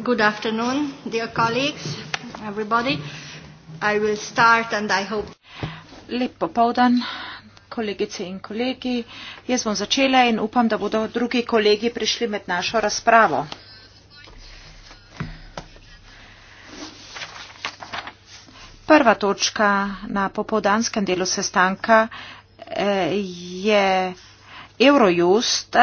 Good afternoon, dear colleagues, everybody. I will start and I hope. Lep popoldan, kolegice in kolegi. Jaz bom začela in upam, da bodo drugi kolegi prišli med našo razpravo. Prva točka na popoldanskem delu sestanka eh, je Eurojust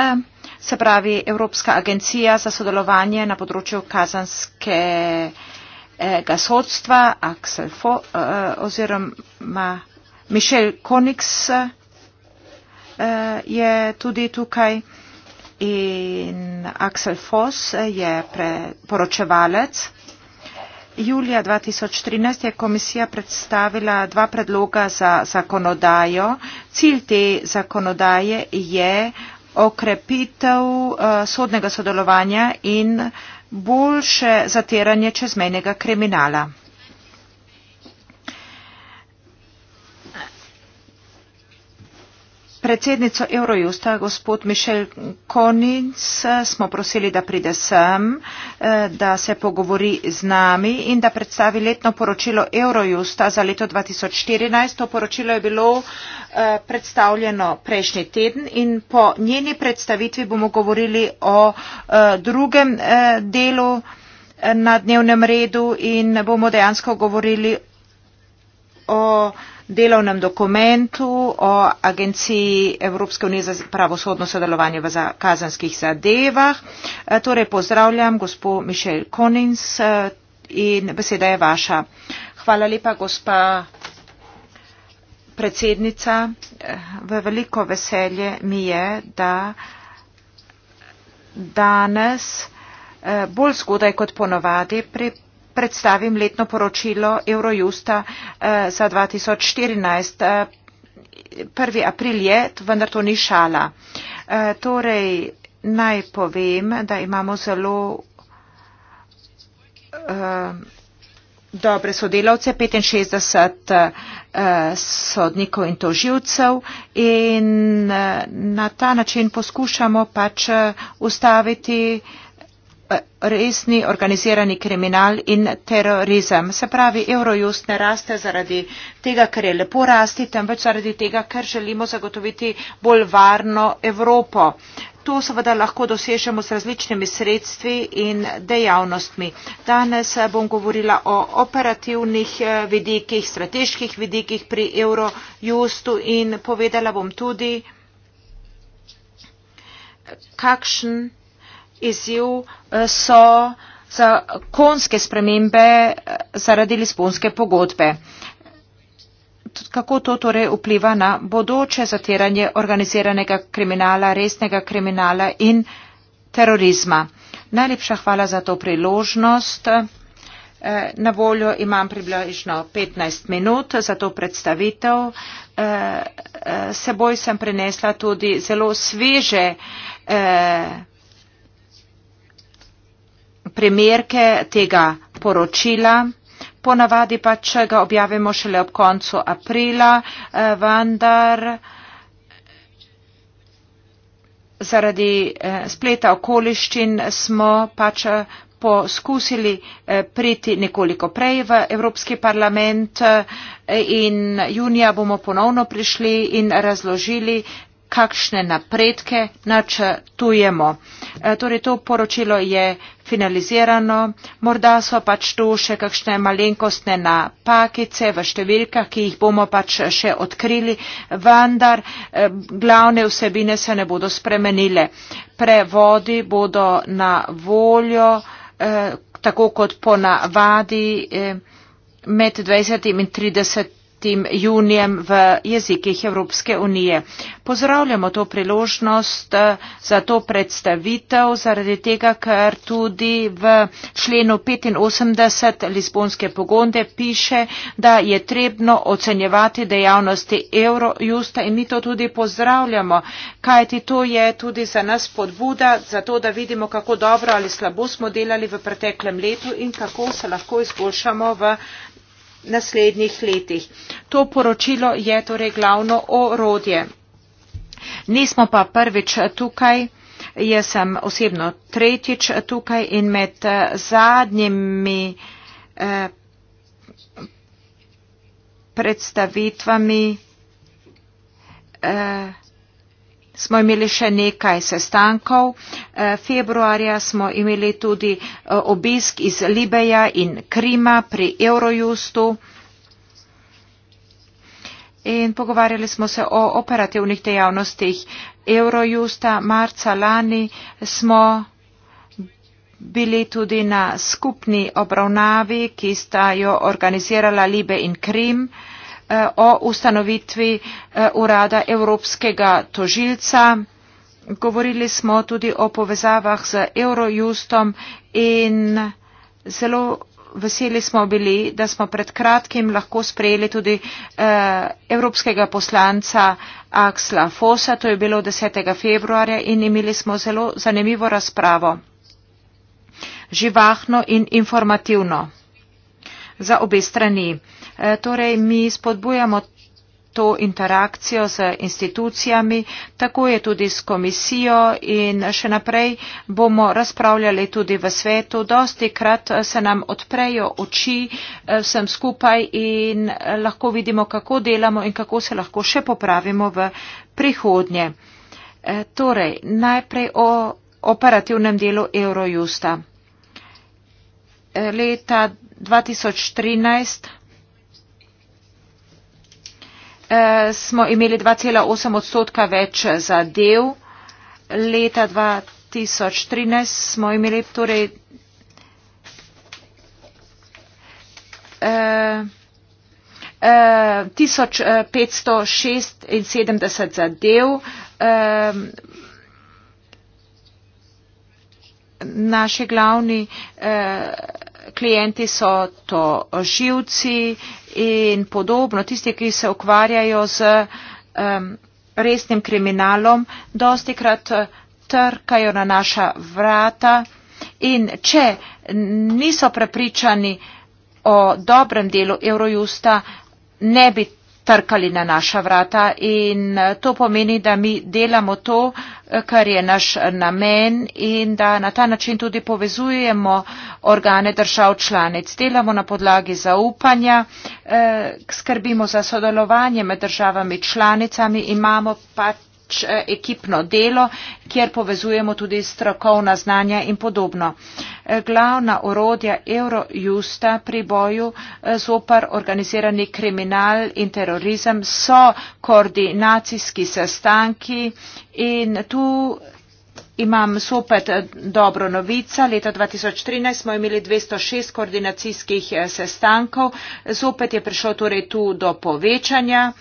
se pravi Evropska agencija za sodelovanje na področju kazanskega sodstva, Axel Fo, eh, oziroma Mišel Koniks eh, je tudi tukaj in Axel Foss je poročevalec. Julija 2013 je komisija predstavila dva predloga za zakonodajo. Cilj te zakonodaje je okrepitev eh, sodnega sodelovanja in boljše zatiranje čezmejnega kriminala. predsednico Eurojusta, gospod Mišel Konic, smo prosili, da pride sem, eh, da se pogovori z nami in da predstavi letno poročilo Eurojusta za leto 2014. To poročilo je bilo eh, predstavljeno prejšnji teden in po njeni predstavitvi bomo govorili o eh, drugem delu na dnevnem redu in bomo dejansko govorili o delovnem dokumentu o Agenciji Evropske unije za pravosodno sodelovanje v kazanskih zadevah. E, torej pozdravljam gospo Mišel Konins e, in beseda je vaša. Hvala lepa, gospa predsednica. E, v veliko veselje mi je, da danes bolj skodaj kot ponovadi pripravljam predstavim letno poročilo Eurojusta eh, za 2014. 1. Eh, april je, vendar to ni šala. Eh, torej, naj povem, da imamo zelo dobre sodelavce, 65 sodnikov in toživcev in na ta način poskušamo pač ustaviti uh, resni organizirani kriminal in terorizem. Se pravi, Eurojust ne raste zaradi tega, ker je lepo rasti, temveč zaradi tega, ker želimo zagotoviti bolj varno Evropo. To seveda lahko dosežemo z različnimi sredstvi in dejavnostmi. Danes eh, bom govorila o operativnih eh, vidikih, strateških vidikih pri Eurojustu in povedala bom tudi, kakšen izziv eh, so zakonske spremembe eh, zaradi Lisbonske pogodbe. Kako to torej vpliva na bodoče zatiranje organiziranega kriminala, resnega kriminala in terorizma? Najlepša hvala za to priložnost. Eh, na voljo imam približno 15 minut za to predstavitev. Seboj sem prinesla tudi zelo sveže primerke tega poročila. Ponavadi pač ga objavimo šele ob koncu aprila, eh, vendar eh, zaradi eh, spleta okoliščin smo pač poskusili priti nekoliko prej v Evropski parlament in junija bomo ponovno prišli in razložili, kakšne napredke načrtujemo. Torej, to poročilo je finalizirano, morda so pač tu še kakšne malenkostne napakice v številkah, ki jih bomo pač še odkrili, vendar eh, glavne vsebine se ne bodo spremenile. Prevodi bodo na voljo, eh, tako kot po navadi, eh, med 20 in 30 junijem v jezikih Evropske unije. Pozdravljamo to priložnost eh, za to predstavitev, zaradi tega, ker tudi v členu 85 Lisbonske pogonde piše, da je trebno ocenjevati dejavnosti Eurojusta in mi to tudi pozdravljamo, kajti to je tudi za nas podbuda, za to, da vidimo, kako dobro ali slabo smo delali v preteklem letu in kako se lahko izboljšamo v naslednjih letih. To poročilo je torej glavno orodje. Nismo pa prvič tukaj. Jaz sem osebno tretjič tukaj in med eh, zadnjimi eh, predstavitvami eh, smo imeli še nekaj sestankov. Eh, februarja smo imeli tudi eh, obisk iz Libeja in Krima pri Eurojustu. In pogovarjali smo se o operativnih dejavnostih Eurojusta. Marca lani smo bili tudi na skupni obravnavi, ki sta jo organizirala Libe in Krim. Eh, o ustanovitvi eh, urada evropskega tožilca. Govorili smo tudi o povezavah z Eurojustom in zelo veseli smo bili, da smo pred kratkim lahko sprejeli tudi eh, evropskega poslanca Aksla Fosa, to je bilo 10. februarja in imeli smo zelo zanimivo razpravo. Živahno in informativno za obe strani. Uh, E, torej, mi spodbujamo to interakcijo z institucijami, tako je tudi s komisijo in še naprej bomo razpravljali tudi v svetu. Dosti krat se nam odprejo oči e, vsem skupaj in e, lahko vidimo, kako delamo in kako se lahko še popravimo v prihodnje. Torej, najprej o operativnem delu Eurojusta. Leta 2013 Eh, smo imeli 2,8 odstotka več zadev. Leta 2013 smo imeli torej eh, eh, 1576 zadev. Eh, Naši glavni eh, klienti so to živci, in podobno, tisti, ki se ukvarjajo z um, resnim kriminalom, dosti krat eh, trkajo na naša vrata in če niso prepričani o dobrem delu Eurojusta, ne bi trkali na naša vrata in eh, to pomeni, da mi delamo to, eh, kar je naš eh, namen in da na ta način tudi povezujemo organe držav članic. Delamo na podlagi zaupanja, skrbimo za sodelovanje med državami članicami, imamo pač pač ekipno delo, kjer povezujemo tudi strokovna znanja in podobno. Eh, glavna orodja Eurojusta pri boju eh, zopar organizirani kriminal in terorizem so koordinacijski sestanki in tu Imam sopet eh, dobro novico. Leta 2013 smo imeli 206 koordinacijskih eh, sestankov. Zopet je prišlo torej tu do povečanja.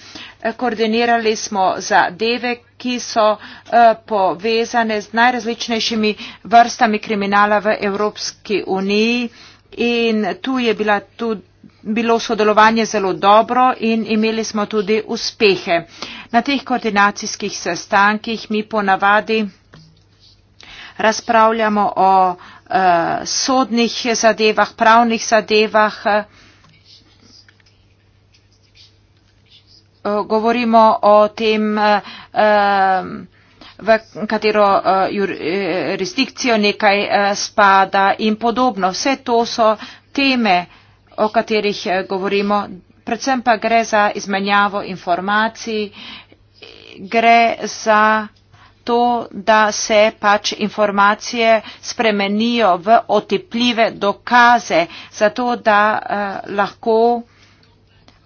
Eh, koordinirali smo zadeve, ki so povezane z najrazličnejšimi vrstami kriminala v Evropski uniji. In tu je bila tudi bilo sodelovanje zelo dobro in imeli smo tudi uspehe. Na teh koordinacijskih sestankih mi ponavadi razpravljamo o uh, sodnih zadevah, pravnih zadevah, uh, govorimo o tem, uh, um, v katero uh, jurisdikcijo nekaj uh, spada in podobno. Vse to so teme, o katerih uh, govorimo, predvsem pa gre za izmenjavo informacij, gre za to, da se pač informacije spremenijo v otepljive dokaze, zato da eh, lahko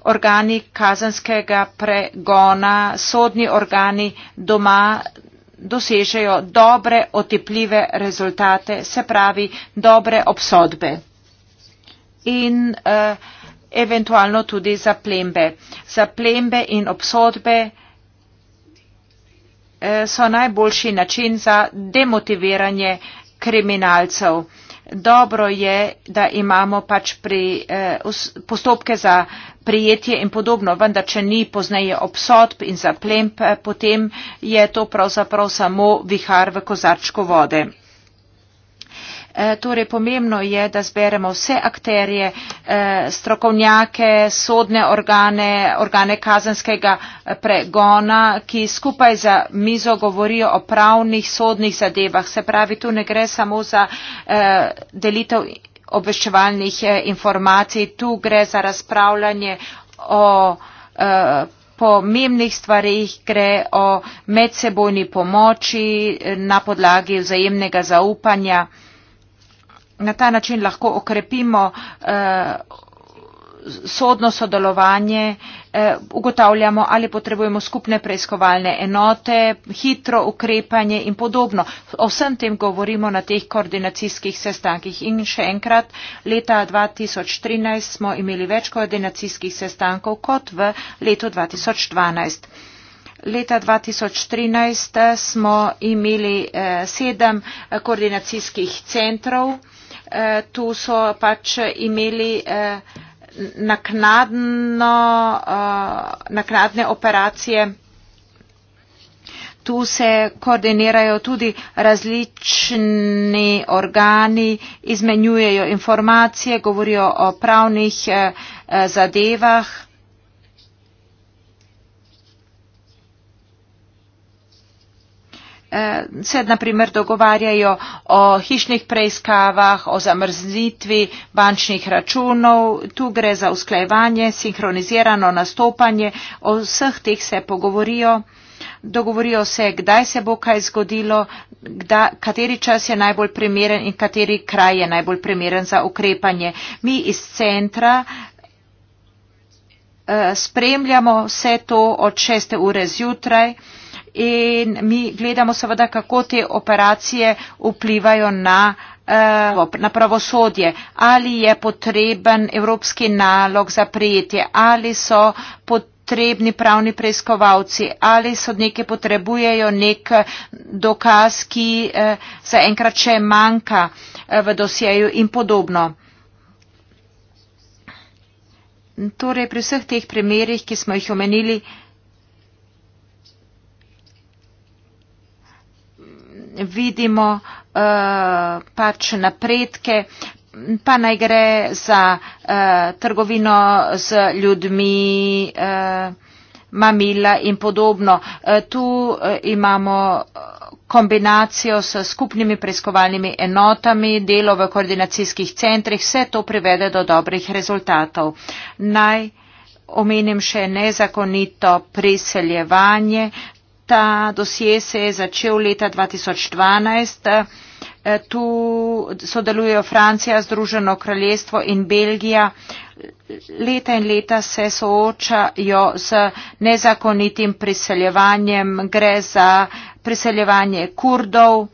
organi kazanskega pregona, sodni organi doma dosežejo dobre otepljive rezultate, se pravi dobre obsodbe in eh, eventualno tudi zaplembe. Zaplembe in obsodbe Eh, so najboljši način za demotiviranje kriminalcev. Dobro je, da imamo pač pri, eh, postopke za prijetje in podobno, vendar če ni pozneje obsodb in zaplemp, eh, potem je to pravzaprav samo vihar v kozarčko vode. E, torej, pomembno je, da zberemo vse akterje, e, strokovnjake, sodne organe, organe kazanskega e, pregona, ki skupaj za mizo govorijo o pravnih sodnih zadevah. Se pravi, tu ne gre samo za delitev obveščevalnih informacij, tu gre za razpravljanje o pomembnih stvarih, gre o medsebojni pomoči na podlagi vzajemnega zaupanja na ta način lahko okrepimo eh, sodno sodelovanje, eh, ugotavljamo, ali potrebujemo skupne preiskovalne enote, hitro ukrepanje in podobno. O vsem tem govorimo na teh koordinacijskih sestankih. In še enkrat, leta 2013 smo imeli več koordinacijskih sestankov kot v letu 2012. Leta 2013 eh, smo imeli sedem koordinacijskih centrov. Eh, tu so pač imeli eh, naknadno, eh, naknadne operacije. Tu se koordinirajo tudi različni organi, izmenjujejo informacije, govorijo o pravnih zadevah. se na primer dogovarjajo o hišnih preiskavah, o zamrznitvi bančnih računov, tu gre za usklajevanje, sinhronizirano nastopanje, o vseh teh se pogovorijo, dogovorijo se, kdaj se bo kaj zgodilo, kda, kateri čas je najbolj primeren in kateri kraj je najbolj primeren za ukrepanje. Mi iz centra eh, spremljamo vse to od 6. ure zjutraj in mi gledamo seveda, kako te operacije vplivajo na, eh, na pravosodje, ali je potreben evropski nalog za prijetje, ali so pot potrebni pravni preiskovalci ali sodniki potrebujejo nek dokaz, ki eh, zaenkrat še manjka eh, v dosjeju in podobno. Torej, pri vseh teh primerjih, ki smo jih omenili, eh, vidimo uh, pač napredke, pa naj gre za uh, trgovino z ljudmi, uh, mamila in podobno. Uh, tu uh, imamo kombinacijo s skupnimi preiskovalnimi enotami, delo v koordinacijskih centrih, vse to privede do dobrih rezultatov. Naj omenim še nezakonito priseljevanje, Ta dosje se je začel leta 2012. E, tu sodelujejo Francija, Združeno kraljestvo in Belgija. Leta in leta se soočajo z nezakonitim priseljevanjem. Gre za priseljevanje kurdov e,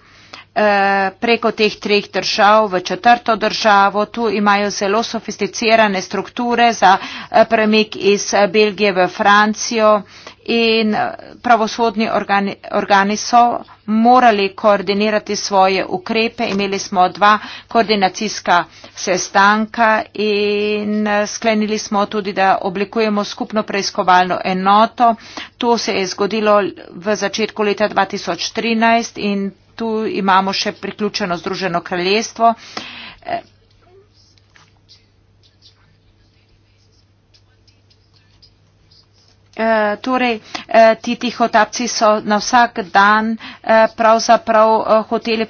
preko teh treh držav v četrto državo. Tu imajo zelo sofisticirane strukture za e, premik iz Belgije v Francijo in eh, pravosodni organi, organi so morali koordinirati svoje ukrepe. Imeli smo dva koordinacijska sestanka in eh, sklenili smo tudi, da oblikujemo skupno preiskovalno enoto. To se je zgodilo v začetku leta 2013 in tu imamo še priključeno Združeno kraljestvo. Eh, Eh, torej, eh, ti tihotapci so na vsak dan eh, pravzaprav hoteli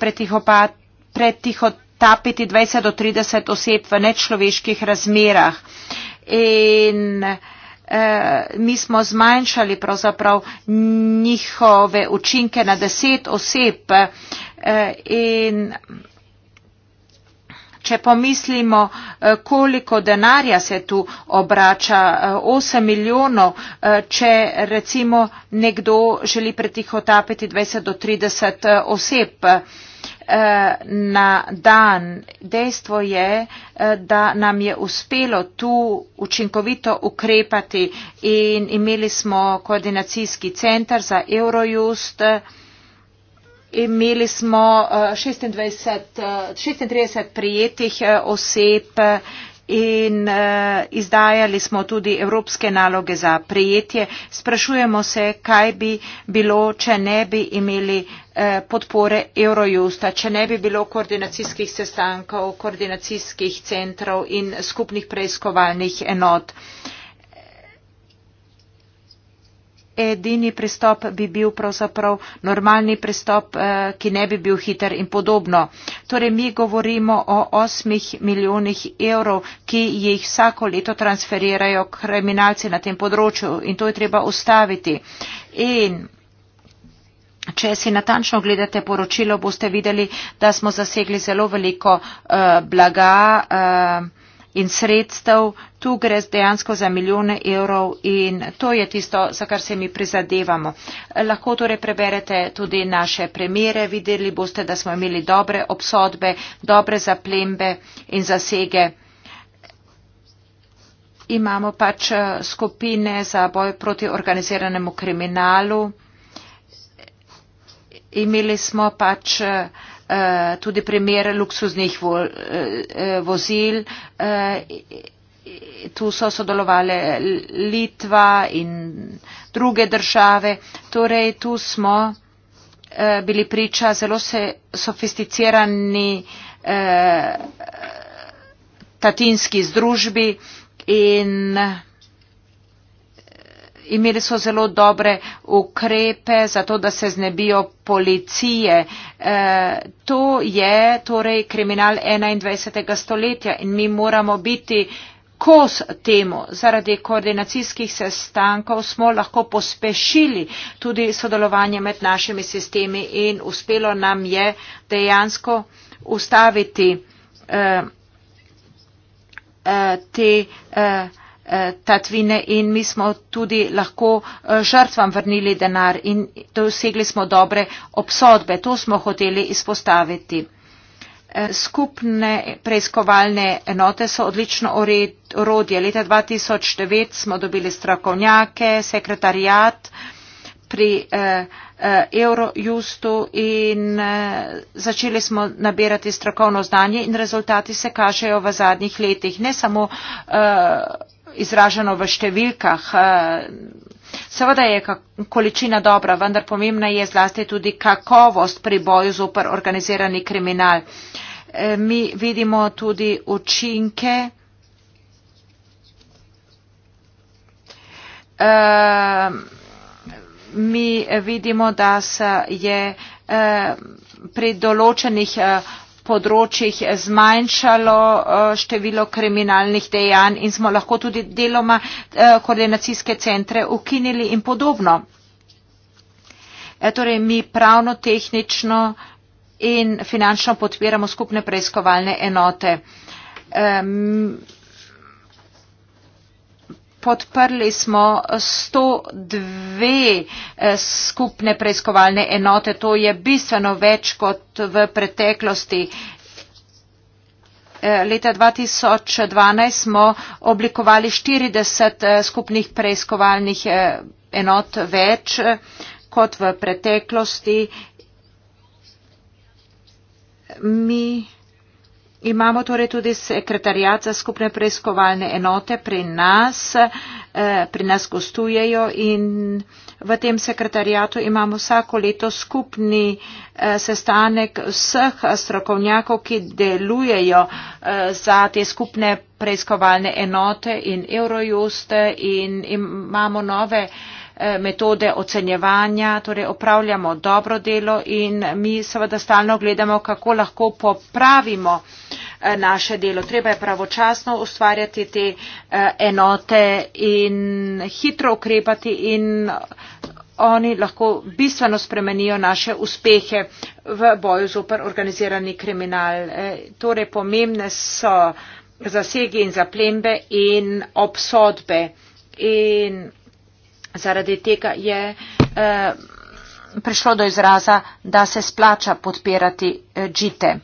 pretihotapiti 20 do 30 oseb v nečloveških razmerah. In mi smo zmanjšali pravzaprav njihove učinke na 10 oseb. In, Če pomislimo, eh, koliko denarja se tu obrača, 8 eh, milijonov, eh, če recimo nekdo želi pretihotapiti 20 do 30 oseb na dan. Dejstvo je, da nam je uspelo tu učinkovito ukrepati in imeli smo koordinacijski centar za Eurojust imeli smo 26, eh, 36 eh, prijetih eh, oseb in izdajali smo tudi evropske naloge za prijetje. Sprašujemo se, kaj bi bilo, če ne bi imeli podpore Eurojusta, če ne bi bilo koordinacijskih sestankov, koordinacijskih centrov in skupnih preiskovalnih enot edini pristop bi bil pravzaprav normalni pristop, eh, ki ne bi bil hiter in podobno. Torej, mi govorimo o 8 milijonih evrov, ki jih vsako leto transferirajo kriminalci na tem področju in to je treba ustaviti. In Če si natančno gledate poročilo, boste videli, da smo zasegli zelo veliko uh, blaga. Uh, in sredstev, tu gre dejansko za milijone evrov in to je tisto, za kar se mi prizadevamo. Lahko torej preberete tudi naše premjere, videli boste, da smo imeli dobre obsodbe, dobre zaplembe in zasege. Imamo pač eh, skupine za boj proti organiziranemu kriminalu. Imeli smo pač uh, Eh, tudi primer luksuznih vo, eh, eh vozil. Eh, tu so sodelovali Litva in druge države. Torej, tu smo eh, bili priča zelo se, sofisticirani eh, tatinski združbi in. Eh, imeli so zelo dobre ukrepe za to, da se znebijo policije. E, to je torej kriminal 21. stoletja in mi moramo biti kos temu. Zaradi koordinacijskih sestankov smo lahko pospešili tudi sodelovanje med našimi sistemi in uspelo nam je dejansko ustaviti e, te. E, Eh, tatvine in mi smo tudi lahko eh, žrtvam vrnili denar in dosegli smo dobre obsodbe. To smo hoteli izpostaviti. Eh, skupne preiskovalne enote so odlično orodje. Leta 2009 smo dobili strokovnjake, sekretarijat pri Eurojustu in začeli smo nabirati strokovno znanje in rezultati se kažejo v zadnjih letih. Ne samo izraženo v številkah. Eh, seveda je količina dobra, vendar pomembna je zlasti tudi kakovost pri boju z opr organizirani kriminal. Eh, mi vidimo tudi učinke. Eh, mi vidimo, da se je pri določenih področjih zmanjšalo eh, število kriminalnih dejanj in smo lahko tudi deloma eh, koordinacijske centre ukinili in podobno. Eh, torej, mi pravno, tehnično in finančno podpiramo skupne preiskovalne enote podprli smo 102 eh, skupne preiskovalne enote. To je bistveno več kot v preteklosti. Eh, leta 2012 smo oblikovali 40 eh, skupnih preiskovalnih enot več kot v preteklosti. Mi Imamo torej tudi sekretarjat za skupne preiskovalne enote pri nas, eh, pri nas gostujejo in v tem sekretarjatu imamo vsako leto skupni eh, sestanek vseh strokovnjakov, ki delujejo eh, za te skupne preiskovalne enote in Eurojust in imamo nove metode ocenjevanja, torej opravljamo dobro delo in mi seveda stalno gledamo, kako lahko popravimo Eh, naše delo. Treba je pravočasno ustvarjati te eh, enote in hitro ukrepati in oni lahko bistveno spremenijo naše uspehe v boju zoper organizirani kriminal. Eh, torej pomembne so zasegi in zaplembe in obsodbe. In zaradi tega je eh, prišlo do izraza, da se splača podpirati eh, džite.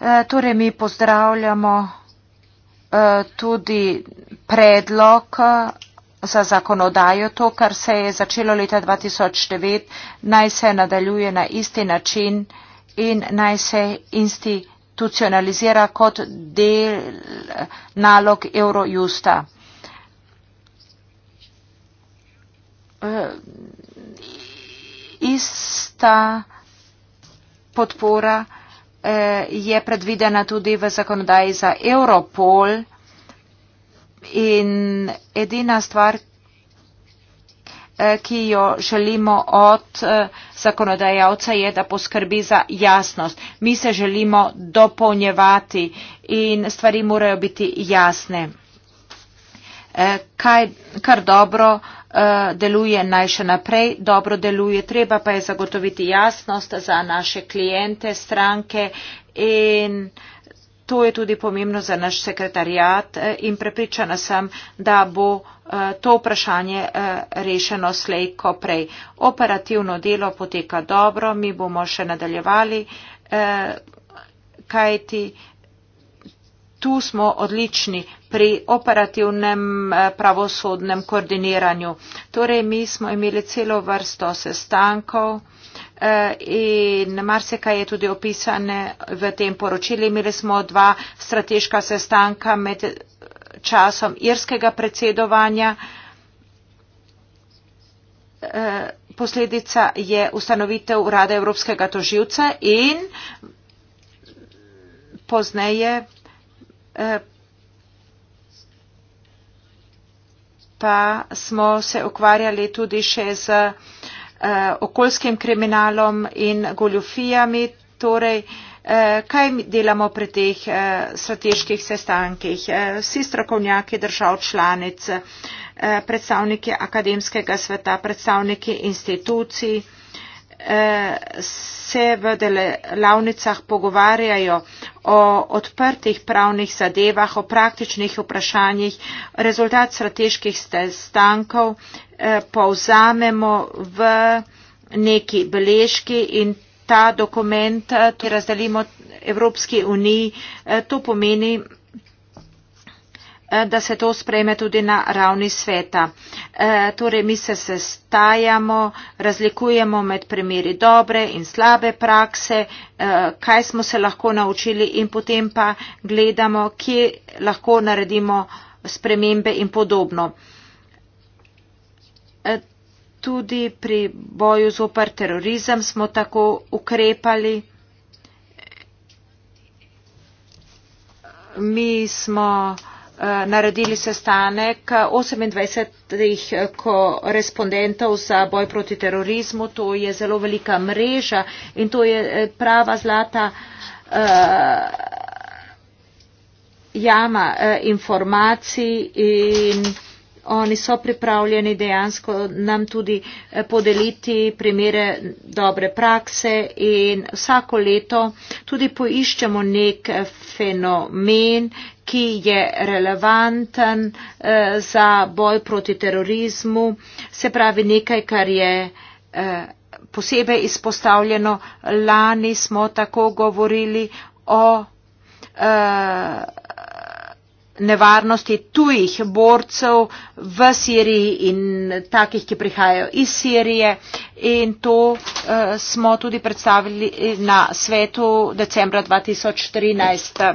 Eh, torej, mi pozdravljamo eh, tudi predlog eh, za zakonodajo, to, kar se je začelo leta 2009, naj se nadaljuje na isti način in naj se institucionalizira kot del nalog Eurojusta. Ista podpora. Eh, je predvidena tudi v zakonodaji za Europol in edina stvar, eh, ki jo želimo od eh, zakonodajalca, je, da poskrbi za jasnost. Mi se želimo dopolnjevati in stvari morajo biti jasne. Kaj, kar dobro, Eh, deluje naj še naprej, dobro deluje, treba pa je zagotoviti jasnost za naše klijente, stranke in to je tudi pomembno za naš sekretarijat eh, in prepričana sem, da bo eh, to vprašanje rešeno slej, ko prej. Operativno delo poteka dobro, mi bomo še nadaljevali, kajti tu smo odlični pri operativnem eh, pravosodnem koordiniranju. Torej, mi smo imeli celo vrsto sestankov eh, in marsikaj je tudi opisane v tem poročilu. Imeli smo dva strateška sestanka med časom irskega predsedovanja. Eh, posledica je ustanovitev Urada Evropskega toživca in pozneje E, pa smo se ukvarjali tudi še z e, okoljskim kriminalom in goljofijami. Torej, e, kaj delamo pri teh strateških sestankih? Vsi strokovnjaki držav članic, predstavniki akademskega sveta, predstavniki institucij, se v delavnicah pogovarjajo o odprtih pravnih zadevah, o praktičnih vprašanjih, rezultat strateških stankov eh, povzamemo v neki beležki in ta dokument, eh, ki razdelimo Evropski uniji, eh, to pomeni, Eh, da se to spreme tudi na ravni sveta. Eh, torej, mi se sestajamo, razlikujemo med primeri dobre in slabe prakse, eh, kaj smo se lahko naučili in potem pa gledamo, kje lahko naredimo spremembe in podobno. Tudi pri boju zopr terorizem smo tako ukrepali. Mi smo Eh, naredili sestanek 28 eh, eh, korespondentov za boj proti terorizmu. To je zelo velika mreža in to je prava zlata uh, jama uh, informacij in oni so pripravljeni dejansko nam tudi eh, podeliti primere dobre prakse in vsako leto tudi poiščemo nek eh, fenomen, ki je relevanten eh, za boj proti terorizmu, se pravi nekaj, kar je posebej izpostavljeno. Lani smo tako govorili o nevarnosti tujih borcev v Siriji in takih, ki prihajajo iz Sirije. In to uh, smo tudi predstavili na svetu decembra 2013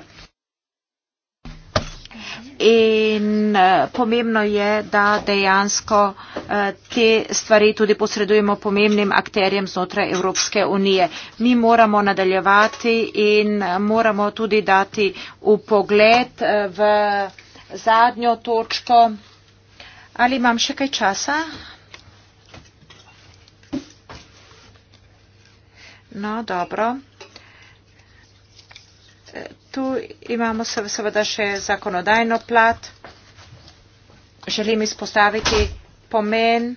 in eh, pomembno je, da dejansko eh, te stvari tudi posredujemo pomembnim akterjem znotraj Evropske unije. Mi moramo nadaljevati in eh, moramo tudi dati v pogled v zadnjo točko. Ali imam še kaj časa? No, dobro tu imamo seveda še zakonodajno plat. Želim izpostaviti pomen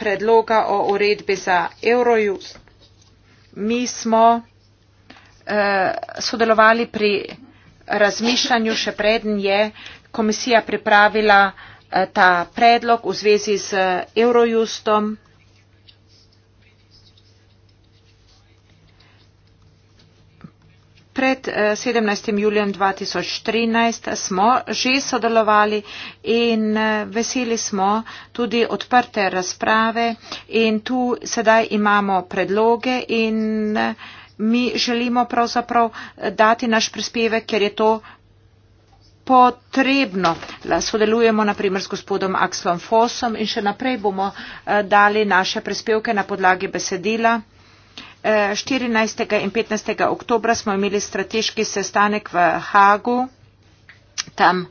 predloga o uredbi za Eurojust. Mi smo eh, sodelovali pri razmišljanju še preden je komisija pripravila eh, ta predlog v zvezi z Eurojustom. pred 17. Eh, julijem 2013 smo že sodelovali in eh, veseli smo tudi odprte razprave in tu sedaj imamo predloge in eh, mi želimo pravzaprav dati naš prispevek, ker je to potrebno. Sodelujemo naprimer s gospodom Axlom Fossom in še naprej bomo dali naše prispevke na podlagi besedila. 14. in 15. oktobra smo imeli strateški sestanek v Hagu. Tam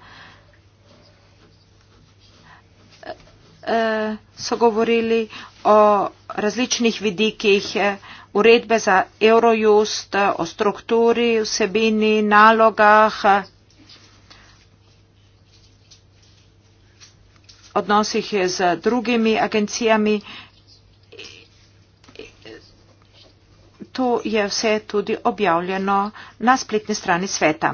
eh, so govorili o različnih vidikih eh, uredbe za Eurojust, o strukturi, vsebini, nalogah, odnosih z drugimi agencijami tu je vse tudi objavljeno na spletni strani sveta.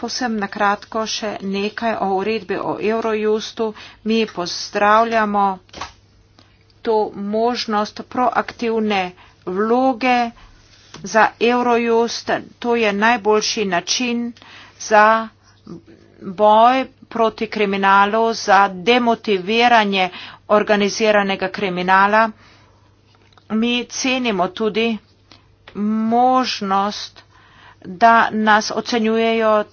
Posem na kratko še nekaj o uredbi o Eurojustu. Mi pozdravljamo to možnost proaktivne vloge za Eurojust. To je najboljši način za boj proti kriminalu, za demotiviranje organiziranega kriminala, mi cenimo tudi možnost, da nas ocenjujejo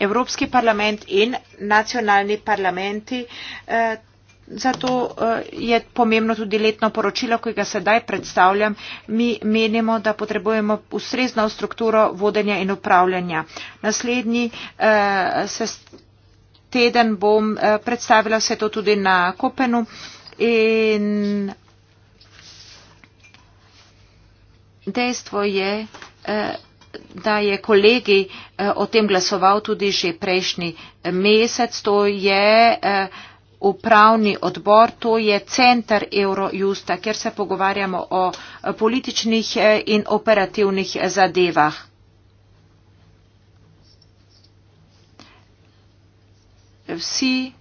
Evropski parlament in nacionalni parlamenti. Eh, zato eh, je pomembno tudi letno poročilo, ki ga sedaj predstavljam. Mi menimo, da potrebujemo ustrezno strukturo vodenja in upravljanja. Naslednji eh, se, teden bom eh, predstavila vse to tudi na Kopenu in dejstvo je, eh, da je kolegi eh, o tem glasoval tudi že prejšnji mesec. To je upravni odbor, to je centar Eurojusta, kjer se pogovarjamo o političnih in operativnih zadevah. vsi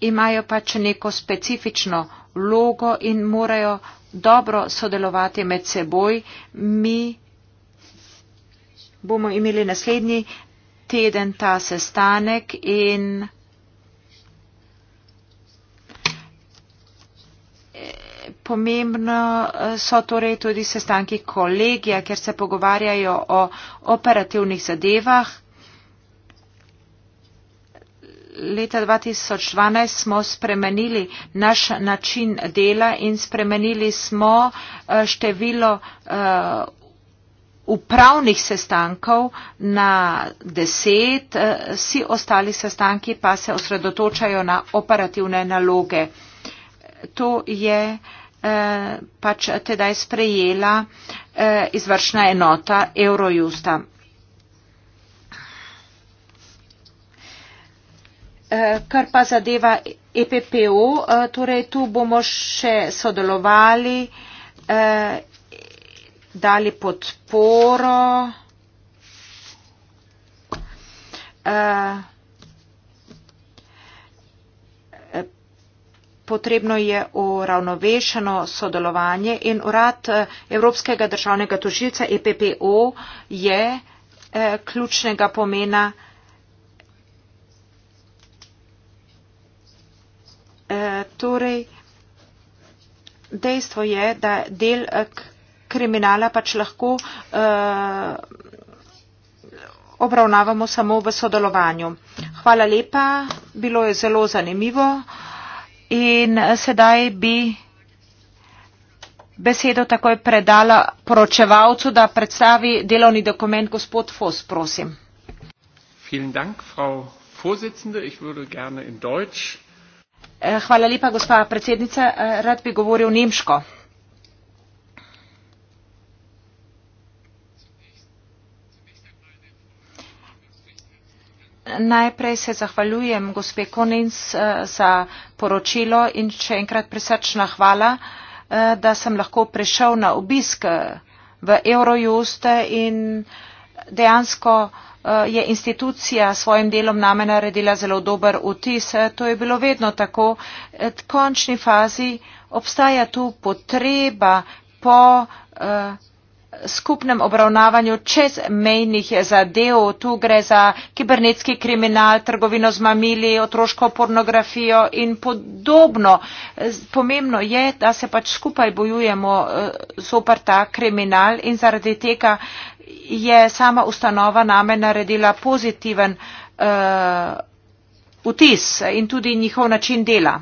imajo pač neko specifično vlogo in morajo dobro sodelovati med seboj. Mi bomo imeli naslednji teden ta sestanek in eh, pomembno eh, so torej tudi sestanki kolegija, ker se pogovarjajo o operativnih zadevah leta 2012 smo spremenili naš način dela in spremenili smo eh, število eh, upravnih sestankov na deset, eh, vsi ostali sestanki pa se osredotočajo na operativne naloge. To je pač tedaj sprejela izvršna enota Eurojusta. Eh, kar pa zadeva EPPO, eh, torej tu bomo še sodelovali, eh, dali podporo. Potrebno je uravnovešeno sodelovanje in urad Evropskega državnega tožilca EPPO je ključnega pomena Eh, torej, dejstvo je, da del eh, kriminala pač lahko eh, obravnavamo samo v sodelovanju. Hvala lepa, bilo je zelo zanimivo in sedaj bi besedo takoj predala poročevalcu, da predstavi delovni dokument gospod Fos, prosim. Vielen Dank, Frau Vorsitzende. Ich würde gerne in Deutsch Eh, hvala lepa, gospa predsednica. Eh, rad bi govoril nemško. Najprej se zahvaljujem gospe Konins eh, za poročilo in še enkrat presrčna hvala, da sem lahko prišel na obisk v Eurojust in dejansko Eh, je institucija s svojim delom name naredila zelo dober vtis. Eh, to je bilo vedno tako. Eh, v končni fazi obstaja tu potreba po skupnem obravnavanju čezmejnih zadev. Tu gre za kibernetski kriminal, trgovino z mamili, otroško pornografijo in podobno. Pomembno je, da se pač skupaj bojujemo zoper ta kriminal in zaradi tega je sama ustanova name naredila pozitiven uh, vtis in tudi njihov način dela.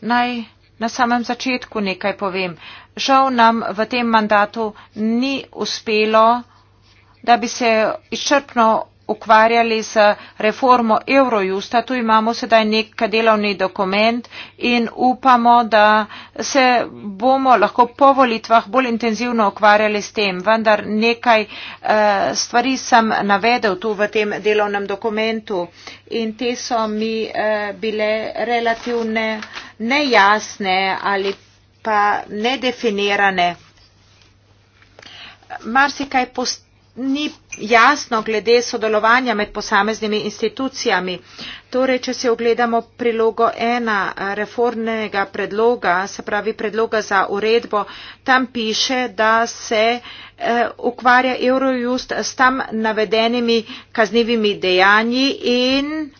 Naj na samem začetku nekaj povem. Žal nam v tem mandatu ni uspelo, da bi se izčrpno ukvarjali z reformo Eurojusta. Tu imamo sedaj nek delovni dokument in upamo, da se bomo lahko po volitvah bolj intenzivno ukvarjali s tem. Vendar nekaj eh, stvari sem navedel tu v tem delovnem dokumentu in te so mi eh, bile relativne nejasne ali pa nedefinirane. Marsikaj postavljamo ni jasno glede sodelovanja med posameznimi institucijami. Torej, če si ogledamo prilogo ena eh, reformnega predloga, se pravi predloga za uredbo, tam piše, da se eh, ukvarja Eurojust s tam navedenimi kaznivimi dejanji in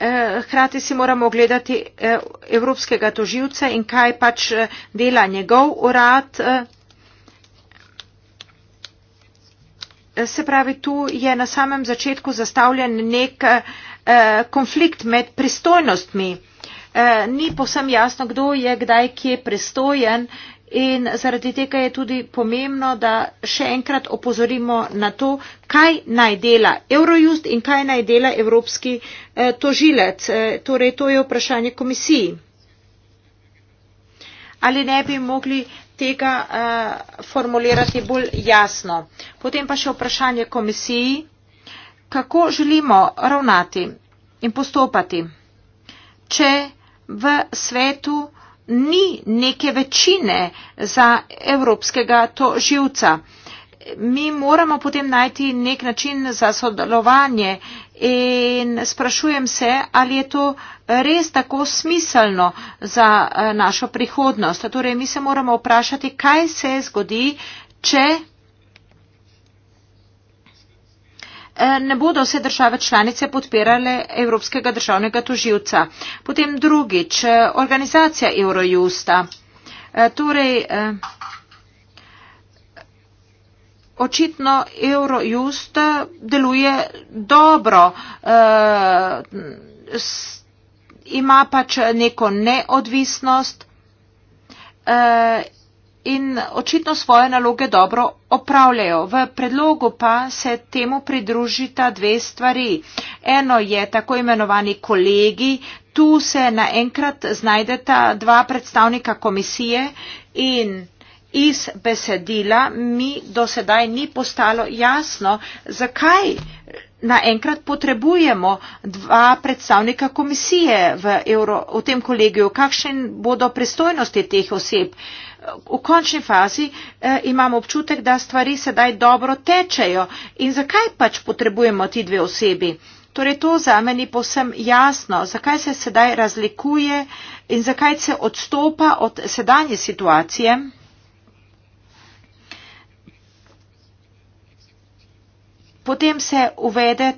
Eh, hkrati si moramo ogledati eh, evropskega toživca in kaj pač eh, dela njegov urad. Se pravi, tu je na samem začetku zastavljen nek konflikt med pristojnostmi. Ni povsem jasno, kdo je kdaj kje pristojen in zaradi tega je tudi pomembno, da še enkrat opozorimo na to, kaj naj dela Eurojust in kaj naj dela Evropski eh, Eh, tožilec. Eh, torej, to je vprašanje komisiji. Ali ne bi mogli tega uh, formulirati bolj jasno. Potem pa še vprašanje komisiji, kako želimo ravnati in postopati, če v svetu ni neke večine za evropskega toživca mi moramo potem najti nek način za sodelovanje in sprašujem se, ali je to res tako smiselno za eh, našo prihodnost. Torej, mi se moramo vprašati, kaj se zgodi, če eh, ne bodo vse države članice podpirale Evropskega državnega toživca. Potem drugič, eh, organizacija Eurojusta. Torej, očitno Eurojust deluje dobro, eh, ima pač neko neodvisnost eh, in očitno svoje naloge dobro opravljajo. V predlogu pa se temu pridružita dve stvari. Eno je tako imenovani kolegi, tu se naenkrat znajdeta dva predstavnika komisije in iz besedila mi do sedaj ni postalo jasno, zakaj naenkrat potrebujemo dva predstavnika komisije v, Euro, v tem kolegiju, kakšne bodo pristojnosti teh oseb. V končni fazi eh, imamo občutek, da stvari sedaj dobro tečejo in zakaj pač potrebujemo ti dve osebi. Torej to za me ni povsem jasno, zakaj se sedaj razlikuje in zakaj se odstopa od sedanje situacije. Potem se uvede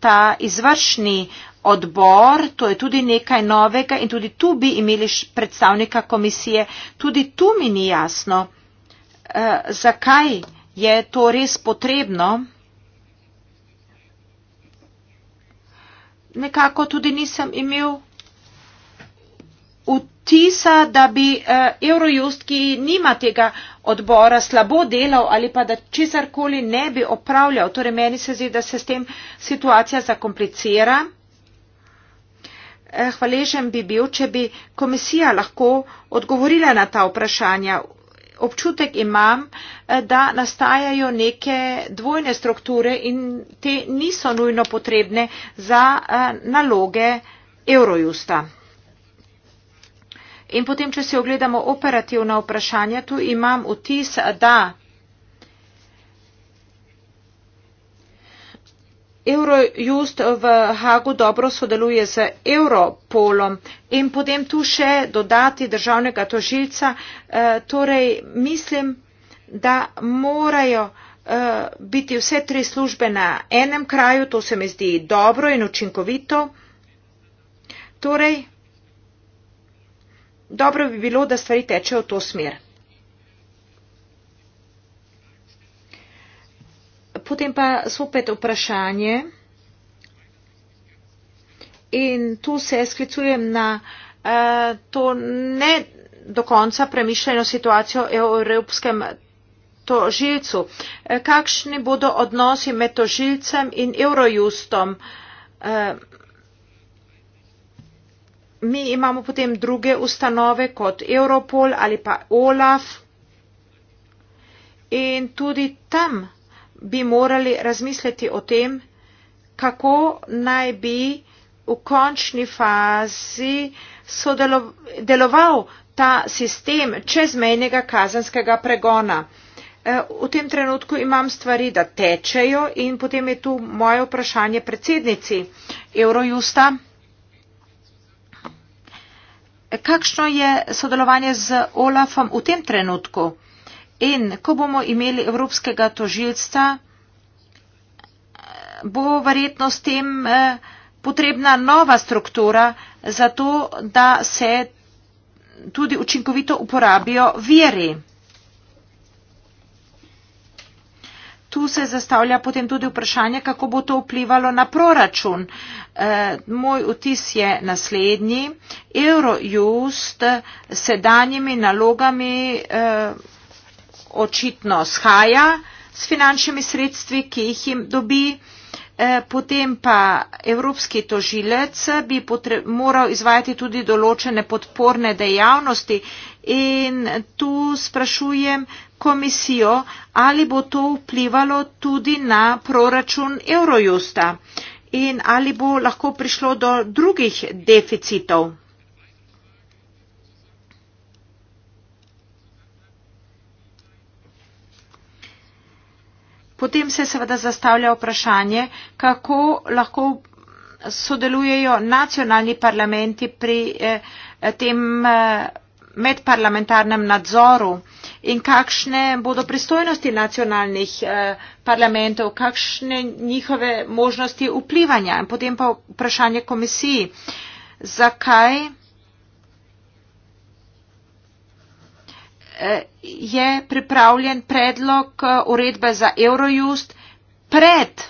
ta izvršni odbor, to je tudi nekaj novega in tudi tu bi imeli predstavnika komisije. Tudi tu mi ni jasno, eh, zakaj je to res potrebno. Nekako tudi nisem imel vtisa, da bi uh, Eurojust, ki nima tega odbora, slabo delal ali pa da česarkoli ne bi opravljal. Torej, meni se zdi, da se s tem situacija zakomplicira. Eh, hvaležen bi bil, če bi komisija lahko odgovorila na ta vprašanja. Občutek imam, eh, da nastajajo neke dvojne strukture in te niso nujno potrebne za naloge Eurojusta. In potem, če si ogledamo operativna vprašanja, tu imam vtis, da Eurojust v Hagu dobro sodeluje z Europolom in potem tu še dodati državnega tožilca. E, torej, mislim, da morajo e, biti vse tri službe na enem kraju, to se mi zdi dobro in učinkovito. Torej, dobro bi bilo, da stvari tečejo v to smer. Potem pa spet vprašanje. In tu se sklicujem na uh, to ne do konca premišljeno situacijo v evropskem tožilcu. Eh, kakšni bodo odnosi med tožilcem in Eurojustom? Uh, mi imamo potem druge ustanove kot Europol ali pa OLAF. In tudi tam bi morali razmisliti o tem, kako naj bi v končni fazi deloval ta sistem čezmejnega kazanskega pregona. Eh, v tem trenutku imam stvari, da tečejo in potem je tu moje vprašanje predsednici Eurojusta kakšno je sodelovanje z Olafom v tem trenutku in ko bomo imeli evropskega tožilca, bo verjetno s tem eh, potrebna nova struktura za to, da se tudi učinkovito uporabijo viri. tu se zastavlja potem tudi vprašanje, kako bo to vplivalo na proračun. Eh, moj vtis je naslednji. Eurojust sedanjimi nalogami eh, očitno shaja s finančnimi sredstvi, ki jih jim dobi. Eh, potem pa evropski tožilec bi potre, moral izvajati tudi določene podporne dejavnosti in tu sprašujem, komisijo, ali bo to vplivalo tudi na proračun Eurojusta in ali bo lahko prišlo do drugih deficitov. Potem se seveda zastavlja vprašanje, kako lahko sodelujejo nacionalni parlamenti pri eh, tem eh, medparlamentarnem nadzoru in kakšne bodo pristojnosti nacionalnih eh, parlamentov, kakšne njihove možnosti vplivanja. Potem pa vprašanje komisiji, zakaj eh, je pripravljen predlog eh, uredbe za Eurojust pred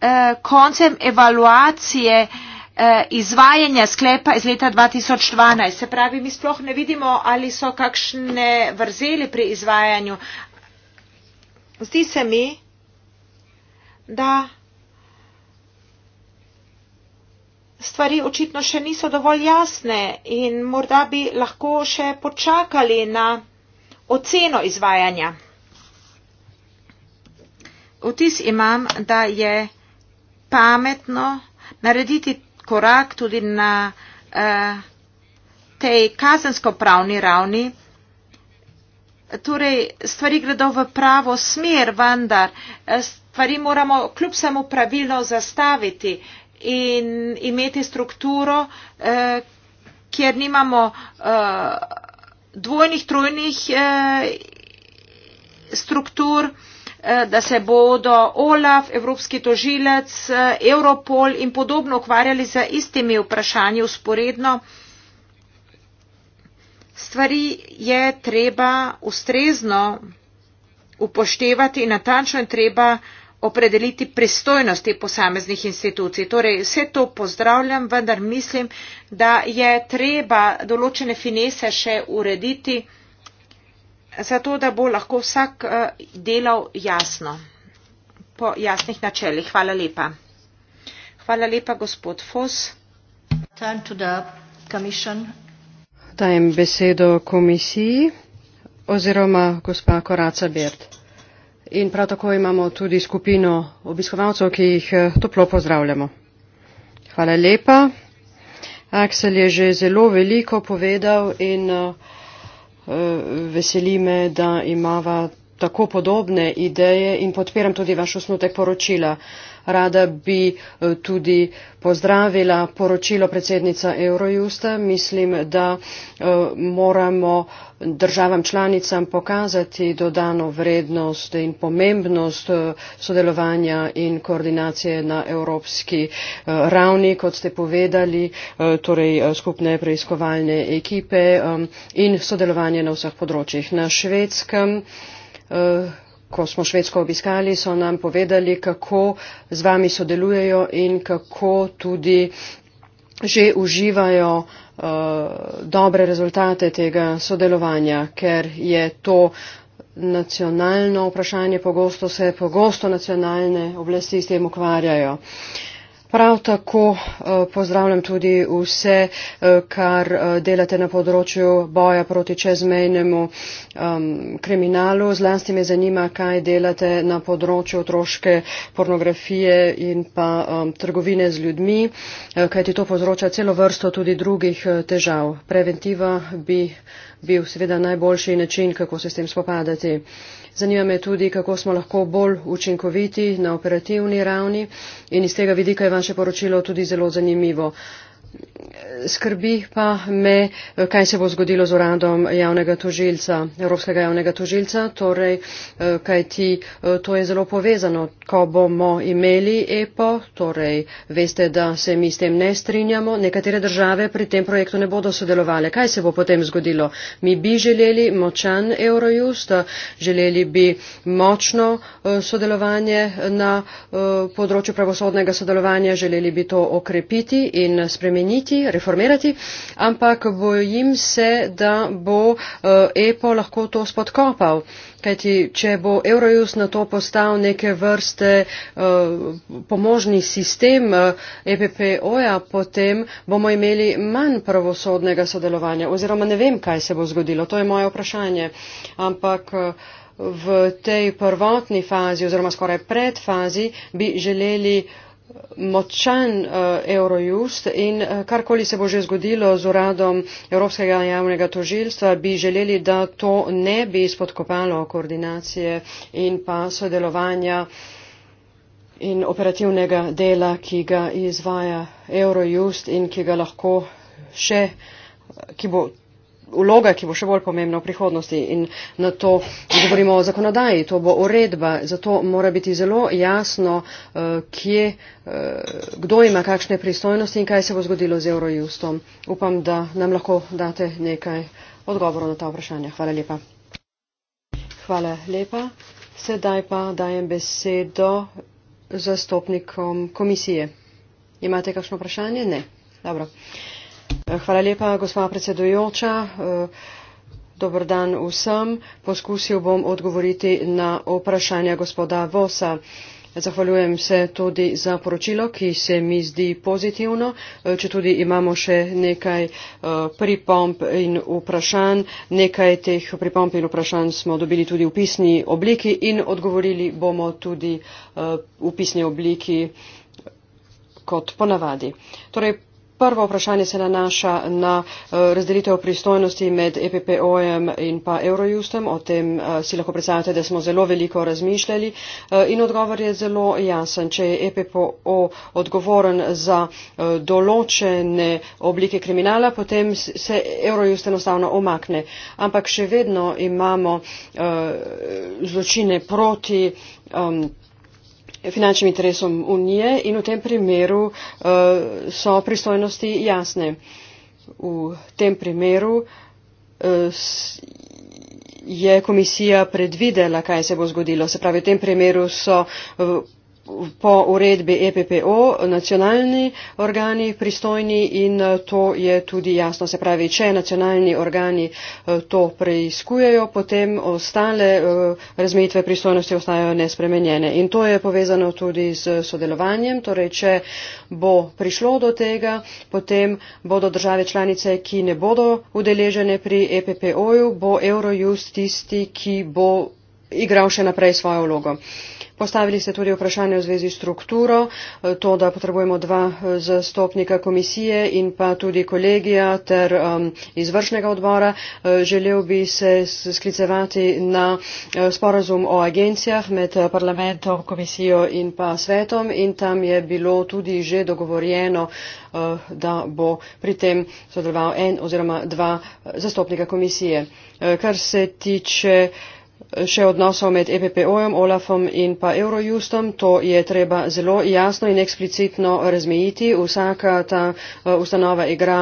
eh, koncem evaluacije eh, Eh, izvajanja sklepa iz leta 2012. Se pravi, mi sploh ne vidimo, ali so kakšne vrzeli pri izvajanju. Zdi se mi, da stvari očitno še niso dovolj jasne in morda bi lahko še počakali na oceno izvajanja. Vtis imam, da je pametno narediti korak tudi na eh, tej kazensko-pravni ravni. Torej, stvari gredo v pravo smer, vendar eh, stvari moramo kljub samo pravilno zastaviti in imeti strukturo, eh, kjer nimamo eh, dvojnih, trojnih eh, struktur. Eh, Eh, da se bodo OLAF, Evropski tožilec, eh, Europol in podobno ukvarjali z istimi vprašanji usporedno. Stvari je treba ustrezno upoštevati in natančno je treba opredeliti pristojnosti posameznih institucij. Torej, vse to pozdravljam, vendar mislim, da je treba določene finese še urediti zato da bo lahko vsak eh, delal jasno, po jasnih načelih. Hvala lepa. Hvala lepa, gospod Fos. Dajem besedo komisiji oziroma gospa Koraca Bert. In prav tako imamo tudi skupino obiskovalcev, ki jih eh, toplo pozdravljamo. Hvala lepa. Aksel je že zelo veliko povedal in uh, veseli me, da imava tako podobne ideje in podpiram tudi vaš osnutek poročila. Rada bi eh, tudi pozdravila poročilo predsednica Eurojusta. Mislim, da eh, moramo državam članicam pokazati dodano vrednost in pomembnost eh, sodelovanja in koordinacije na evropski ravni, kot ste povedali, torej skupne preiskovalne ekipe in sodelovanje na vseh področjih. Na švedskem ko smo Švedsko obiskali, so nam povedali, kako z vami sodelujejo in kako tudi že uživajo uh, dobre rezultate tega sodelovanja, ker je to nacionalno vprašanje, pogosto se pogosto nacionalne oblasti s tem ukvarjajo. Uh, Prav tako eh, pozdravljam tudi vse, eh, kar eh, delate na področju boja proti čezmejnemu ehm, kriminalu. Zlasti me zanima, kaj delate na področju otroške pornografije in pa ehm, trgovine z ljudmi, kajti to povzroča celo vrsto tudi drugih težav. Preventiva bi bil seveda najboljši način, kako se s tem spopadati. Zanima me tudi, kako smo lahko bolj učinkoviti na operativni ravni in iz tega vidika je vaše poročilo tudi zelo zanimivo. Uh, Skrbi pa me, kaj se bo zgodilo z uradom javnega tožilca, Evropskega javnega tožilca, torej, eh, kaj ti eh, to je zelo povezano. Ko bomo imeli EPO, torej veste, da se mi s tem ne strinjamo, nekatere države pri tem projektu ne bodo sodelovali. Kaj se bo potem zgodilo? Mi bi želeli močan Eurojust, želeli bi močno eh, sodelovanje na področju pravosodnega sodelovanja, želeli bi to okrepiti in spremeniti spremeniti, reformirati, ampak bojim se, da bo EPO eh, lahko to spodkopal. Kajti, če bo Eurojust na to postal neke vrste uh, pomožni sistem uh, eh, EPPO-ja, potem bomo imeli manj pravosodnega sodelovanja oziroma ne vem, kaj se bo zgodilo. To je moje vprašanje. Ampak uh, v tej prvotni fazi oziroma skoraj predfazi bi želeli. Uh, močan eh, eurojust in eh, karkoli se bo že zgodilo z uradom Evropskega javnega tožilstva, bi želeli, da to ne bi spodkopalo koordinacije in pa sodelovanja in operativnega dela, ki ga izvaja eurojust in ki ga lahko še, ki bo vloga, ki bo še bolj pomembna v prihodnosti. In na to govorimo o zakonodaji, to bo uredba, zato mora biti zelo jasno, eh, kje, eh, kdo ima kakšne pristojnosti in kaj se bo zgodilo z Eurojustom. Upam, da nam lahko date nekaj odgovorov na ta vprašanja. Hvala lepa. Hvala lepa. Sedaj pa dajem besedo zastopnikom komisije. Imate kakšno vprašanje? Ne. Dobro. Uh, Hvala lepa, gospa predsedujoča. Dobar dan vsem. Poskusil bom odgovoriti na vprašanja gospoda Vosa. Zahvaljujem se tudi za poročilo, ki se mi zdi pozitivno, če tudi imamo še nekaj eh, pripomp in vprašanj. Nekaj teh pripomp in vprašanj smo dobili tudi v pisni obliki in odgovorili bomo tudi eh, v pisni obliki kot ponavadi. Torej, prvo vprašanje se nanaša na eh, razdelitev pristojnosti med EPPO in pa Eurojustom. O tem eh, si lahko predstavljate, da smo zelo veliko razmišljali eh, in odgovor je zelo jasen. Če je EPPO odgovoren za določene oblike kriminala, potem se Eurojust enostavno omakne. Ampak še vedno imamo zločine proti. Um, finančnim interesom unije in v tem primeru uh, so pristojnosti jasne. V tem primeru uh, je komisija predvidela, kaj se bo zgodilo. Se pravi, v tem primeru so uh, po uredbi EPPO nacionalni organi pristojni in eh, to je tudi jasno. Se pravi, če nacionalni organi eh, to preiskujejo, potem ostale eh, razmejitve pristojnosti ostajajo nespremenjene. In to je povezano tudi z sodelovanjem. Torej, če bo prišlo do tega, potem bodo države članice, ki ne bodo udeležene pri EPPO-ju, bo Eurojust tisti, ki bo igral še naprej svojo vlogo. Postavili ste tudi vprašanje v zvezi s strukturo, eh, to, da potrebujemo dva eh, zastopnika komisije in pa tudi kolegija ter um, izvršnega odbora. Eh, želel bi se sklicevati na sporazum o agencijah med parlamentom, komisijo in pa svetom in tam je bilo tudi že dogovorjeno, da bo pri tem sodeloval en oziroma dva zastopnika komisije. Kar se tiče še odnosov med eppo jem olafom in pa eurojustom to je treba zelo jasno in eksplicitno razmejiti vsaka ta eh, ustanova igra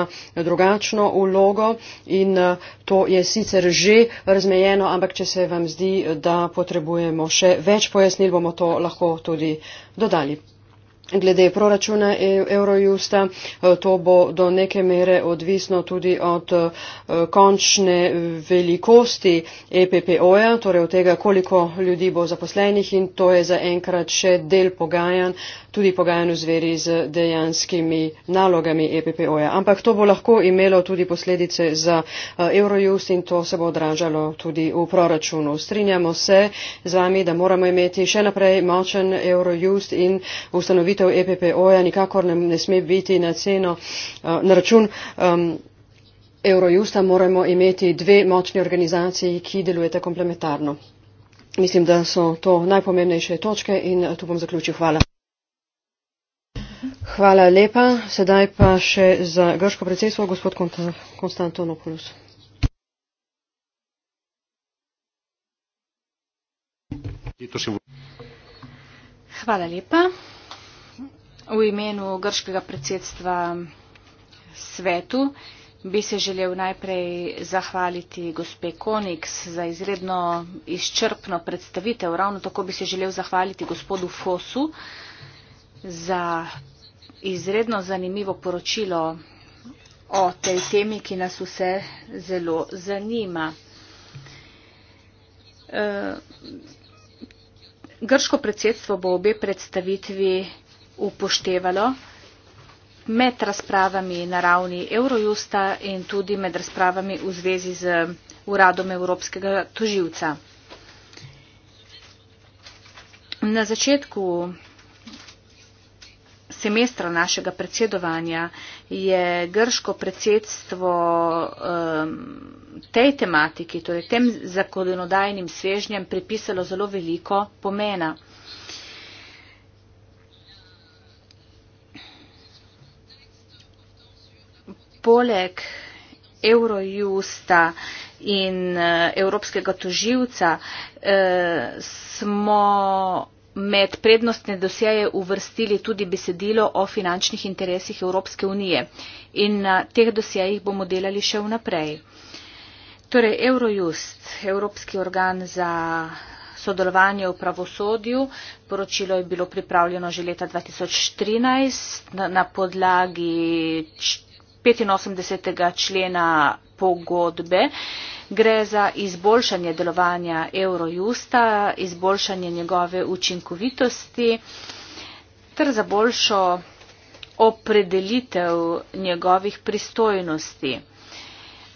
drugačno vlogo in eh, to je sicer že razmejeno ampak če se vam zdi da potrebujemo še več pojasnil bomo to lahko tudi dodali glede proračuna e- Eurojusta. Eh, to bo do neke mere odvisno tudi od eh, končne velikosti EPPO-ja, torej od tega, koliko ljudi bo zaposlenih in to je za enkrat še del pogajanj tudi pogajanj v zveri z dejanskimi nalogami EPPO-ja. Ampak to bo lahko imelo tudi posledice za eh, Eurojust in to se bo odražalo tudi v proračunu. Strinjamo se z vami, da moramo imeti še naprej močen Eurojust in ustanovitev EPPO-ja nikakor ne, ne sme biti na ceno, eh, na račun. Um, Eurojusta moramo imeti dve močni organizaciji, ki delujete komplementarno. Mislim, da so to najpomembnejše točke in eh, tu bom zaključil. Hvala. Hvala lepa. Sedaj pa še za grško predsedstvo, gospod Konstantinopoulos. Hvala lepa. V imenu grškega predsedstva svetu bi se želel najprej zahvaliti gospe Koniks za izredno izčrpno predstavitev. Ravno tako bi se želel zahvaliti gospodu Fosu za izredno zanimivo poročilo o tej temi, ki nas vse zelo zanima. E, grško predsedstvo bo obe predstavitvi upoštevalo med razpravami na ravni Eurojusta in tudi med razpravami v zvezi z uradom Evropskega toživca. Na začetku semestra našega predsedovanja je grško predsedstvo um, tej tematiki, torej tem zakonodajnim svežnjem, pripisalo zelo veliko pomena. Poleg Eurojusta in uh, Evropskega toživca uh, smo med prednostne dosjeje uvrstili tudi besedilo o finančnih interesih Evropske unije in na teh dosjejih bomo delali še vnaprej. Torej, Eurojust, Evropski organ za sodelovanje v pravosodju, poročilo je bilo pripravljeno že leta 2013 na, na podlagi 85. člena pogodbe. Gre za izboljšanje delovanja Eurojusta, izboljšanje njegove učinkovitosti ter za boljšo opredelitev njegovih pristojnosti.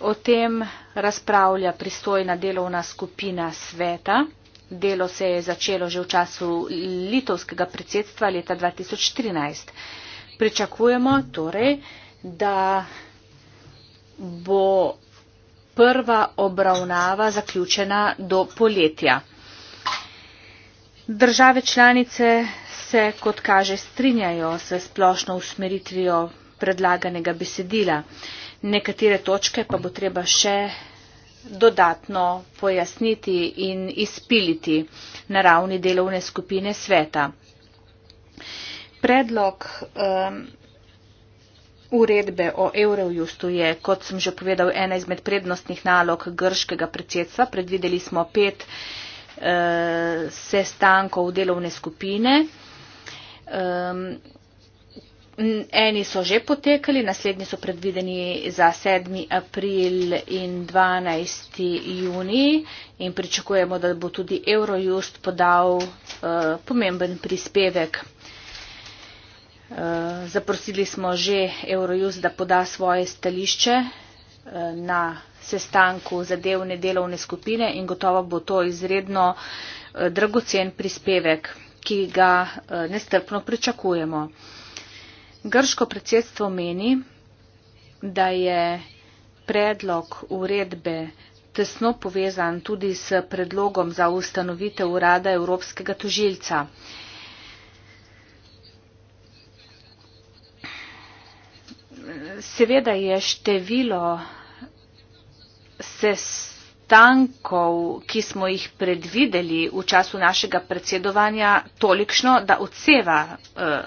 O tem razpravlja pristojna delovna skupina sveta. Delo se je začelo že v času litovskega predsedstva leta 2013. Pričakujemo torej, da bo prva obravnava zaključena do poletja. Države članice se, kot kaže, strinjajo s splošno usmeritvijo predlaganega besedila. Nekatere točke pa bo treba še dodatno pojasniti in izpiliti na ravni delovne skupine sveta. Predlog um, Uredbe o Eurojustu je, kot sem že povedal, ena izmed prednostnih nalog grškega predsedstva. Predvideli smo pet e, sestankov delovne skupine. E, eni so že potekali, naslednji so predvideni za 7. april in 12. juni in pričakujemo, da bo tudi Eurojust podal e, pomemben prispevek. Eh, zaprosili smo že Eurojust, da poda svoje stališče eh, na sestanku zadevne delovne skupine in gotovo bo to izredno eh, dragocen prispevek, ki ga nestrpno pričakujemo. Grško predsedstvo meni, da je predlog uredbe tesno povezan tudi s predlogom za ustanovitev urada Evropskega tožilca. seveda je število sestankov, ki smo jih predvideli v času našega predsedovanja, tolikšno, da odseva eh,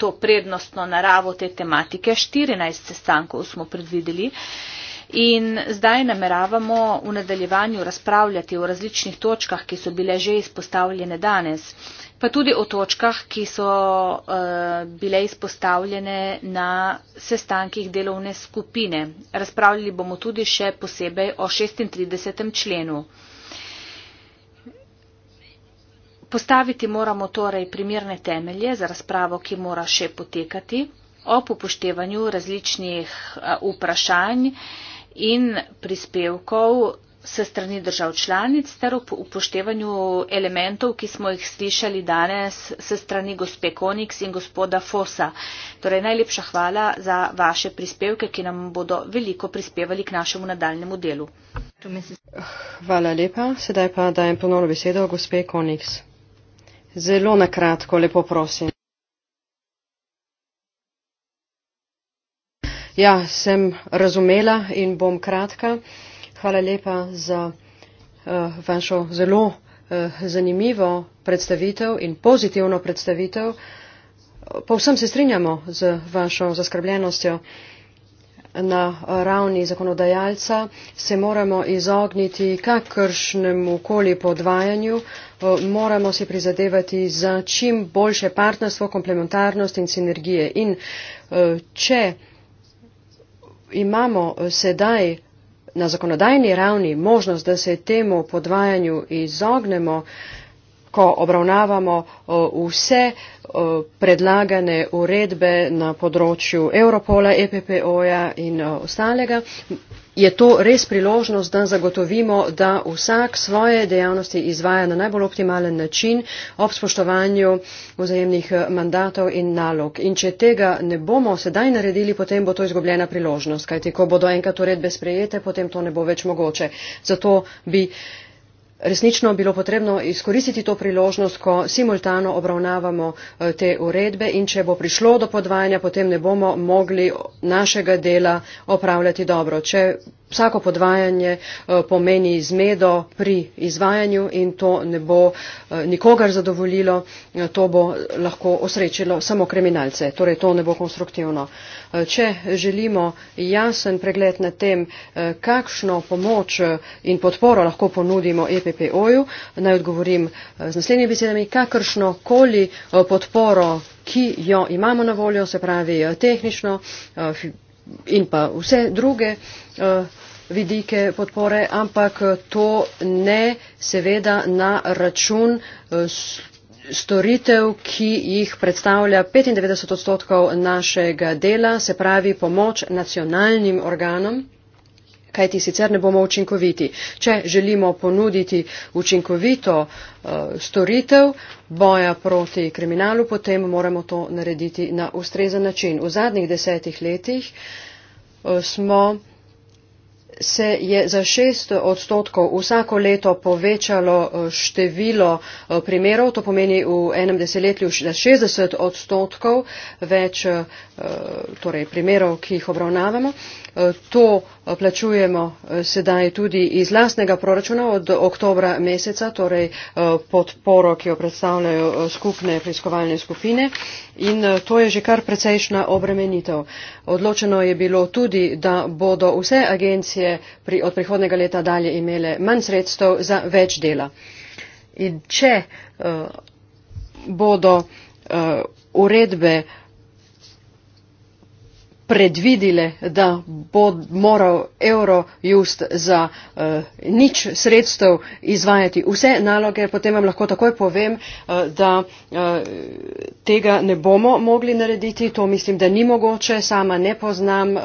to prednostno naravo te tematike. 14 sestankov smo predvideli. In zdaj nameravamo v nadaljevanju razpravljati o različnih točkah, ki so bile že izpostavljene danes pa tudi o točkah, ki so uh, bile izpostavljene na sestankih delovne skupine. Razpravljali bomo tudi še posebej o 36. členu. Postaviti moramo torej primirne temelje za razpravo, ki mora še potekati ob upoštevanju različnih eh, vprašanj in prispevkov se strani držav članic ter ob upoštevanju elementov, ki smo jih slišali danes se strani gospe Koniks in gospoda Fosa. Torej, najlepša hvala za vaše prispevke, ki nam bodo veliko prispevali k našemu nadaljnemu delu. Hvala lepa. Sedaj pa dajem ponovno besedo gospe Koniks. Zelo nakratko, lepo prosim. Ja, sem razumela in bom kratka. Hvala lepa za uh, vašo zelo uh, zanimivo predstavitev in pozitivno predstavitev. Povsem se strinjamo z vašo zaskrbljenostjo. Na ravni zakonodajalca se moramo izogniti kakršnemu koli podvajanju, eh, moramo si prizadevati za čim boljše partnerstvo, komplementarnost in sinergije. In če imamo sedaj na zakonodajni ravni možnost, da se temu podvajanju izognemo, ko obravnavamo vse predlagane uredbe na področju Europola, EPPO-ja in ostalega, je to res priložnost, da zagotovimo, da vsak svoje dejavnosti izvaja na najbolj optimalen način ob spoštovanju vzajemnih eh, mandatov in nalog. In če tega ne bomo sedaj naredili, potem bo to izgubljena priložnost, kajti ko bodo enkrat uredbe sprejete, potem to ne bo več mogoče. Zato bi resnično bilo potrebno izkoristiti to priložnost ko simultano obravnavamo eh, te uredbe in če bo prišlo do podvajanja potem ne bomo mogli našega dela opravljati dobro vsako podvajanje eh, pomeni zmedo pri izvajanju in to ne bo eh, nikogar zadovoljilo, eh, to bo lahko osrečilo samo kriminalce, torej to ne bo konstruktivno. Če želimo jasen pregled na tem, kakšno pomoč in podporo lahko ponudimo EPPO-ju, naj odgovorim z naslednjimi besedami, kakršno koli podporo, ki jo imamo na voljo, se pravi tehnično in pa vse druge, vidike podpore, ampak eh, to ne seveda na račun eh, storitev, ki jih predstavlja 95 odstotkov našega dela, se pravi pomoč nacionalnim organom kajti sicer ne bomo učinkoviti. Če želimo ponuditi učinkovito uh, storitev boja proti kriminalu, potem moramo to narediti na ustrezen način. V zadnjih desetih letih uh, smo se je za šest odstotkov vsako leto povečalo eh, število eh, primerov, to pomeni v enem desetletju za šestdeset odstotkov več eh, torej, primerov, ki jih obravnavamo. Eh, to eh, plačujemo eh, sedaj tudi iz lastnega proračuna od oktobra meseca, torej podporo, ki jo predstavljajo skupne preiskovalne skupine in to je že kar precejšna obremenitev. Odločeno je bilo tudi, da bodo vse agencije pri, od prihodnega leta dalje imele manj sredstev za več dela. In če uh, bodo uh, uredbe uh, predvidile, da bo moral Eurojust za uh, nič sredstev izvajati vse naloge, potem vam lahko takoj povem, uh, da uh, tega ne bomo mogli narediti. To mislim, da ni mogoče. Sama ne poznam uh,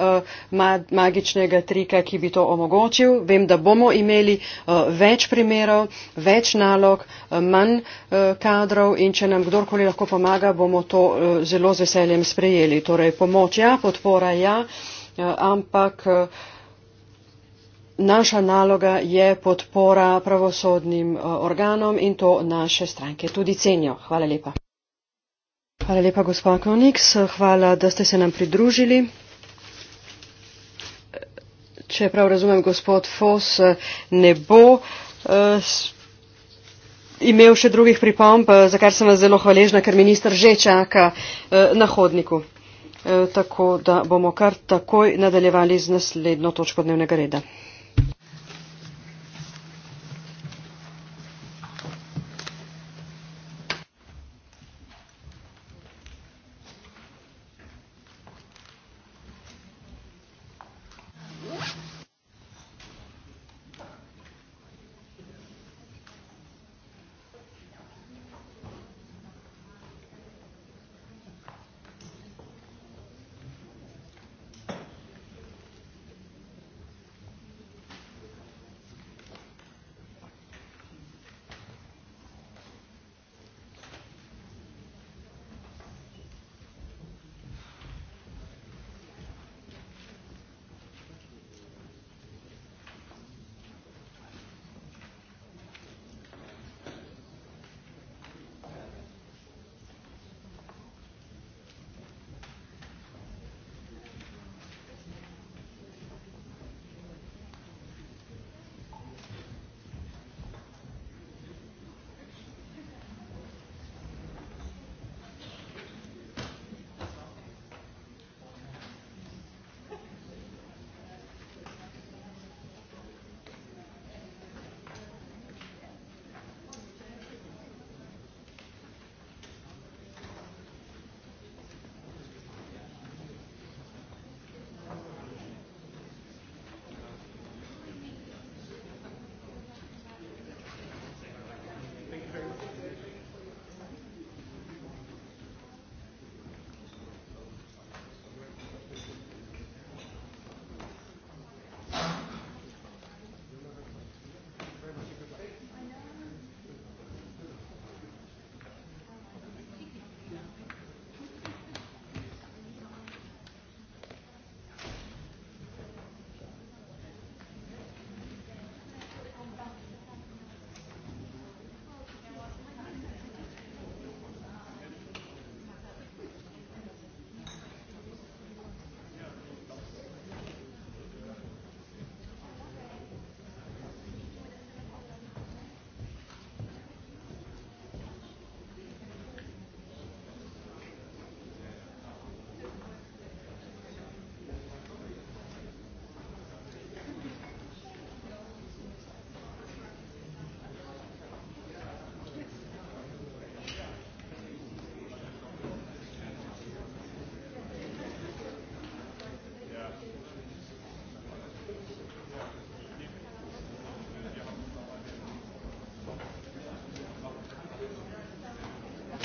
ma magičnega trika, ki bi to omogočil. Vem, da bomo imeli uh, več primerov, več nalog, uh, manj uh, kadrov in če nam kdorkoli lahko pomaga, bomo to uh, zelo z veseljem sprejeli. Torej, pomoč, ja, podpor, podpora ja, ampak naša naloga je podpora pravosodnim organom in to naše stranke tudi cenijo. Hvala lepa. Hvala lepa, gospod Koniks. Hvala, da ste se nam pridružili. Če prav razumem, gospod Fos ne bo uh, imel še drugih pripomb, za kar sem vas zelo hvaležna, ker minister že čaka uh, na hodniku. Eh, tako da bomo kar takoj nadaljevali z naslednjo točko dnevnega reda.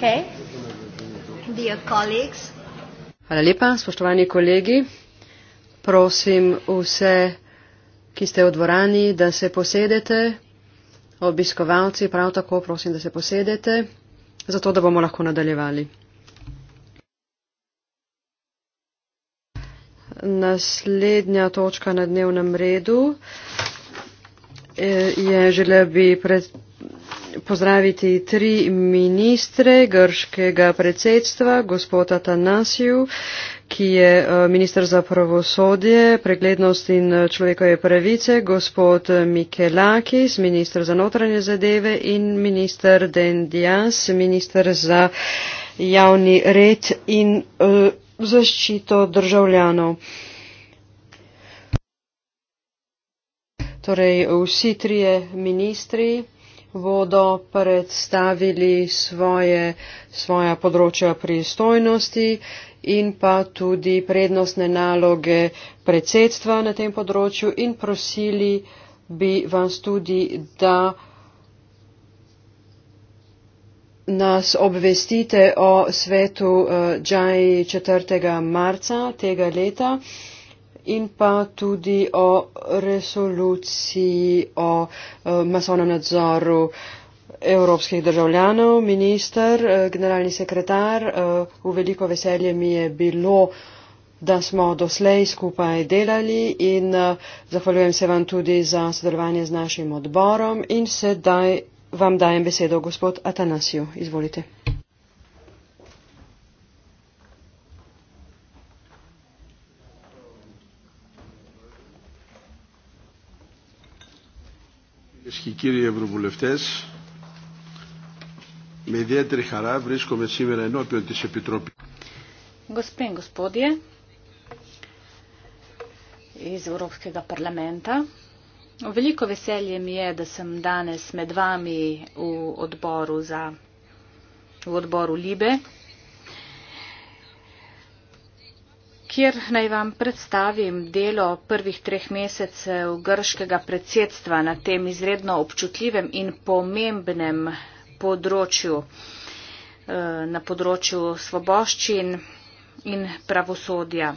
Okay. Dear colleagues. Hvala lepa, spoštovani kolegi. Prosim vse, ki ste v dvorani, da se posedete. Obiskovalci, prav tako prosim, da se posedete, zato da bomo lahko nadaljevali. Naslednja točka na dnevnem redu eh, je, želel bi pred, pozdraviti tri ministre grškega predsedstva, gospoda Tanasiju, ki je eh, minister za pravosodje, preglednost in eh, človekove pravice, gospod eh, Mikelakis, minister za notranje zadeve in minister Dendias, minister za javni red in uh, zaščito državljanov. Torej, vsi trije ministri bodo predstavili svoje, svoja področja pristojnosti in pa tudi prednostne naloge predsedstva na tem področju in prosili bi vas tudi, da nas obvestite o svetu Džaji eh, 4. marca tega leta in pa tudi o resoluciji o eh, masovnem nadzoru evropskih državljanov. Minister, eh, generalni sekretar, eh, v veliko veselje mi je bilo, da smo doslej skupaj delali in zahvaljujem se vam tudi za sodelovanje z našim odborom in sedaj vam dajem besedo, gospod Atanasiju. Izvolite. και κύριοι Ευρωβουλευτές, με ιδιαίτερη χαρά βρίσκομαι σήμερα ενώπιον της Επιτροπής. Господин господие, из Европского парламента, велико веселие ми е да съм данес мед вами у одбору за в отбору Либе, kjer naj vam predstavim delo prvih treh mesecev grškega predsedstva na tem izredno občutljivem in pomembnem področju, eh, na področju svoboščin in pravosodja.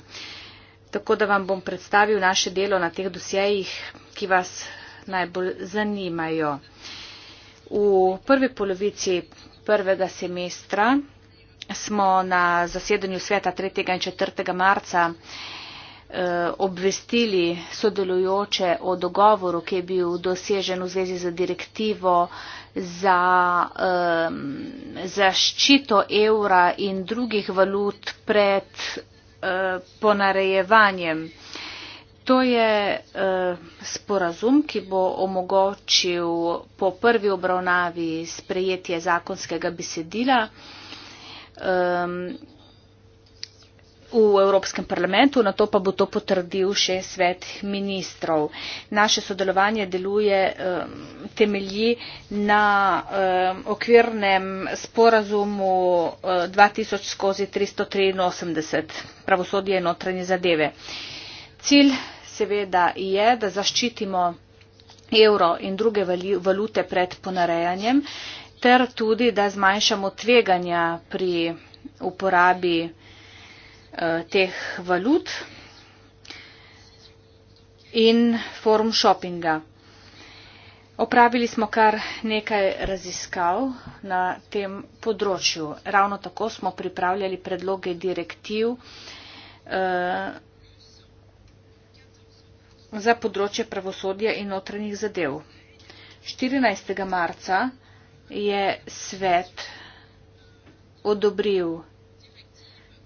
Tako da vam bom predstavil naše delo na teh dosjejih, ki vas najbolj zanimajo. V prvi polovici prvega semestra smo na zasedanju sveta 3. in 4. marca eh, obvestili sodelujoče o dogovoru, ki je bil dosežen v zvezi z direktivo za um, zaščito evra in drugih valut pred uh, ponarejevanjem. To je uh, sporazum, ki bo omogočil po prvi obravnavi sprejetje zakonskega besedila. Uh, um, v Evropskem parlamentu, na to pa bo to potrdil še svet ministrov. Naše sodelovanje deluje um, temelji na um, okvirnem sporazumu um, uh, 2000 skozi 383 pravosodje in notranje zadeve. Cilj seveda je, da zaščitimo evro in druge valute pred ponarejanjem ter tudi, da zmanjšamo tveganja pri uporabi eh, teh valut in form shoppinga. Opravili smo kar nekaj raziskav na tem področju. Ravno tako smo pripravljali predloge direktiv eh, za področje pravosodja in notranjih zadev. 14. marca je svet odobril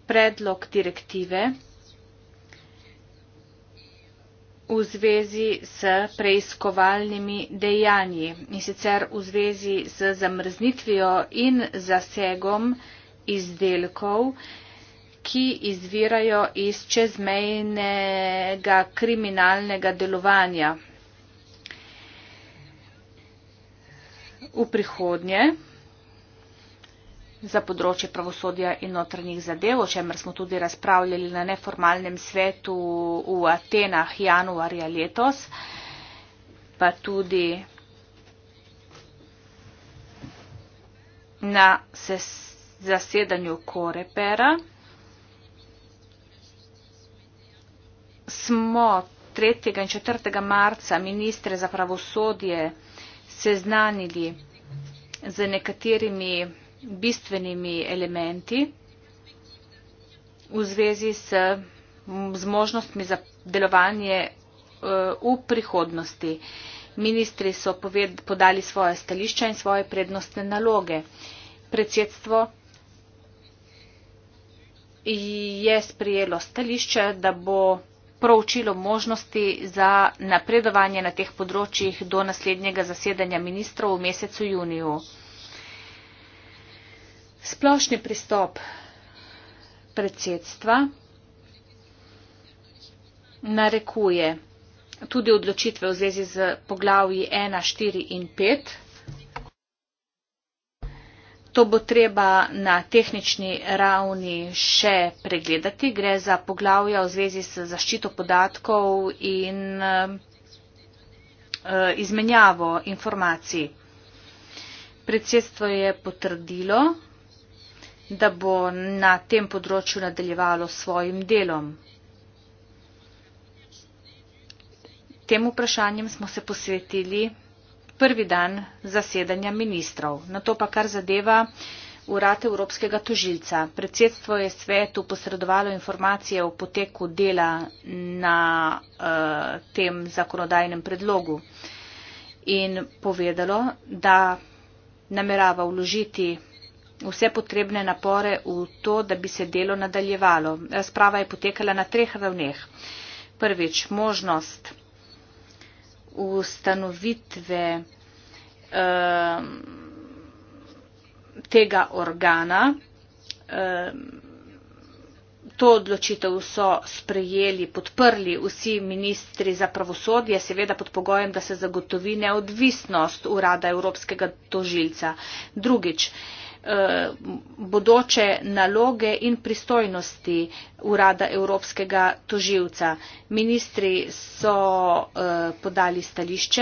predlog direktive v zvezi s preiskovalnimi dejanji in sicer v zvezi z zamrznitvijo in zasegom izdelkov, ki izvirajo iz čezmejnega kriminalnega delovanja. v prihodnje za področje pravosodja in notranjih zadev, o čemer smo tudi razpravljali na neformalnem svetu v Atenah januarja letos, pa tudi na zasedanju Korepera. Smo 3. in 4. marca ministre za pravosodje seznanili z nekaterimi bistvenimi elementi v zvezi s zmožnostmi za delovanje eh, v prihodnosti. Ministri so poved, podali svoje stališča in svoje prednostne naloge. Predsedstvo je sprijelo stališče, da bo proučilo možnosti za napredovanje na teh področjih do naslednjega zasedanja ministrov v mesecu juniju. Splošni pristop predsedstva narekuje tudi odločitve v zvezi z poglavji 1, 4 in 5. To bo treba na tehnični ravni še pregledati. Gre za poglavja v zvezi s zaščito podatkov in eh, eh, izmenjavo informacij. Predsedstvo je potrdilo, da bo na tem področju nadaljevalo svojim delom. Tem vprašanjem smo se posvetili prvi dan zasedanja ministrov. Na to pa kar zadeva urad Evropskega tožilca. Predsedstvo je svetu posredovalo informacije o poteku dela na uh, tem zakonodajnem predlogu in povedalo, da namerava vložiti vse potrebne napore v to, da bi se delo nadaljevalo. Razprava je potekala na treh ravneh. Prvič, možnost ustanovitve um, tega organa. Um, to odločitev so sprejeli, podprli vsi ministri za pravosodje, seveda pod pogojem, da se zagotovi neodvisnost urada Evropskega tožilca. Drugič, Eh, bodoče naloge in pristojnosti urada Evropskega toživca. Ministri so eh, podali stališče,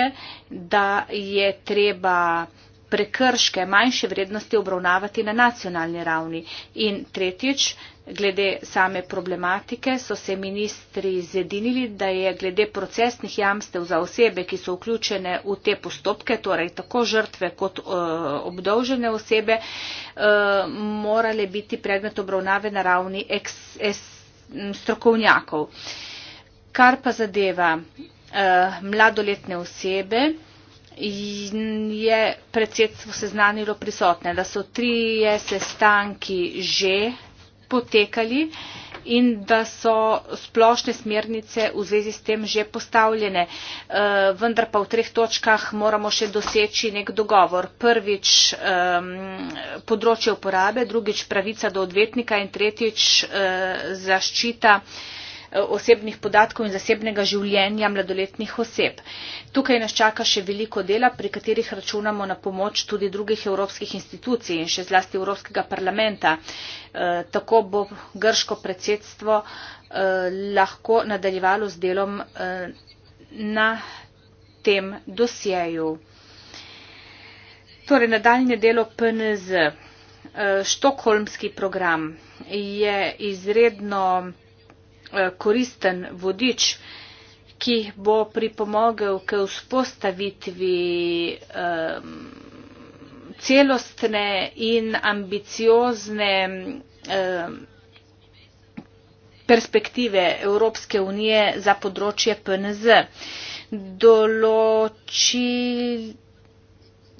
da je treba prekrške manjše vrednosti obravnavati na nacionalni ravni. In tretjič, glede same problematike, so se ministri zedinili, da je glede procesnih jamstev za osebe, ki so vključene v te postopke, torej tako žrtve kot eh, obdolžene osebe, eh, morale biti predmet obravnave na ravni strokovnjakov. Kar pa zadeva eh, mladoletne osebe, je predsedstvo seznanilo prisotne, da so trije sestanki že potekali in da so splošne smernice v zvezi s tem že postavljene. E, vendar pa v treh točkah moramo še doseči nek dogovor. Prvič e, področje uporabe, drugič pravica do odvetnika in tretjič e, zaščita Eh, osebnih podatkov in zasebnega življenja mladoletnih oseb. Tukaj nas čaka še veliko dela, pri katerih računamo na pomoč tudi drugih evropskih institucij in še zlasti Evropskega parlamenta. Eh, tako bo grško predsedstvo eh, lahko nadaljevalo z delom na tem dosjeju. Torej, nadaljne delo PNZ. Štokholmski program je izredno Eh, koristen vodič, ki bo pripomogel k vzpostavitvi eh, celostne in ambiciozne eh, perspektive Evropske unije za področje PNZ. Določi,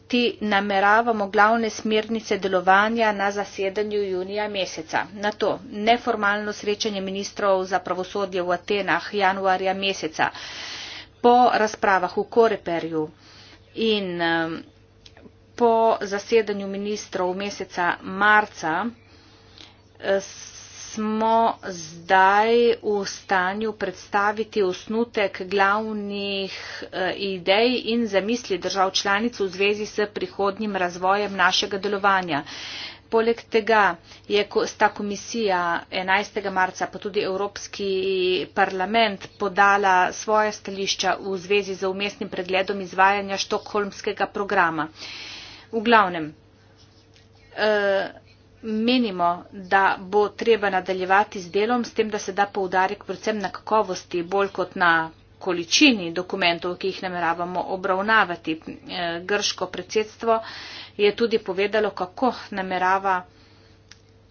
potrditi nameravamo glavne smernice delovanja na zasedanju junija meseca. Na to neformalno srečanje ministrov za pravosodje v Atenah januarja meseca po razpravah v Koreperju in um, po zasedanju ministrov meseca marca smo zdaj v stanju predstaviti osnutek glavnih eh, idej in zamisli držav članic v zvezi s prihodnim razvojem našega delovanja. Poleg tega je sta komisija 11. marca pa tudi Evropski parlament podala svoje stališča v zvezi z umestnim pregledom izvajanja štokholmskega programa. V glavnem, eh, menimo, da bo treba nadaljevati z delom, s tem, da se da poudarek predvsem na kakovosti, bolj kot na količini dokumentov, ki jih nameravamo obravnavati. Eh, grško predsedstvo je tudi povedalo, kako namerava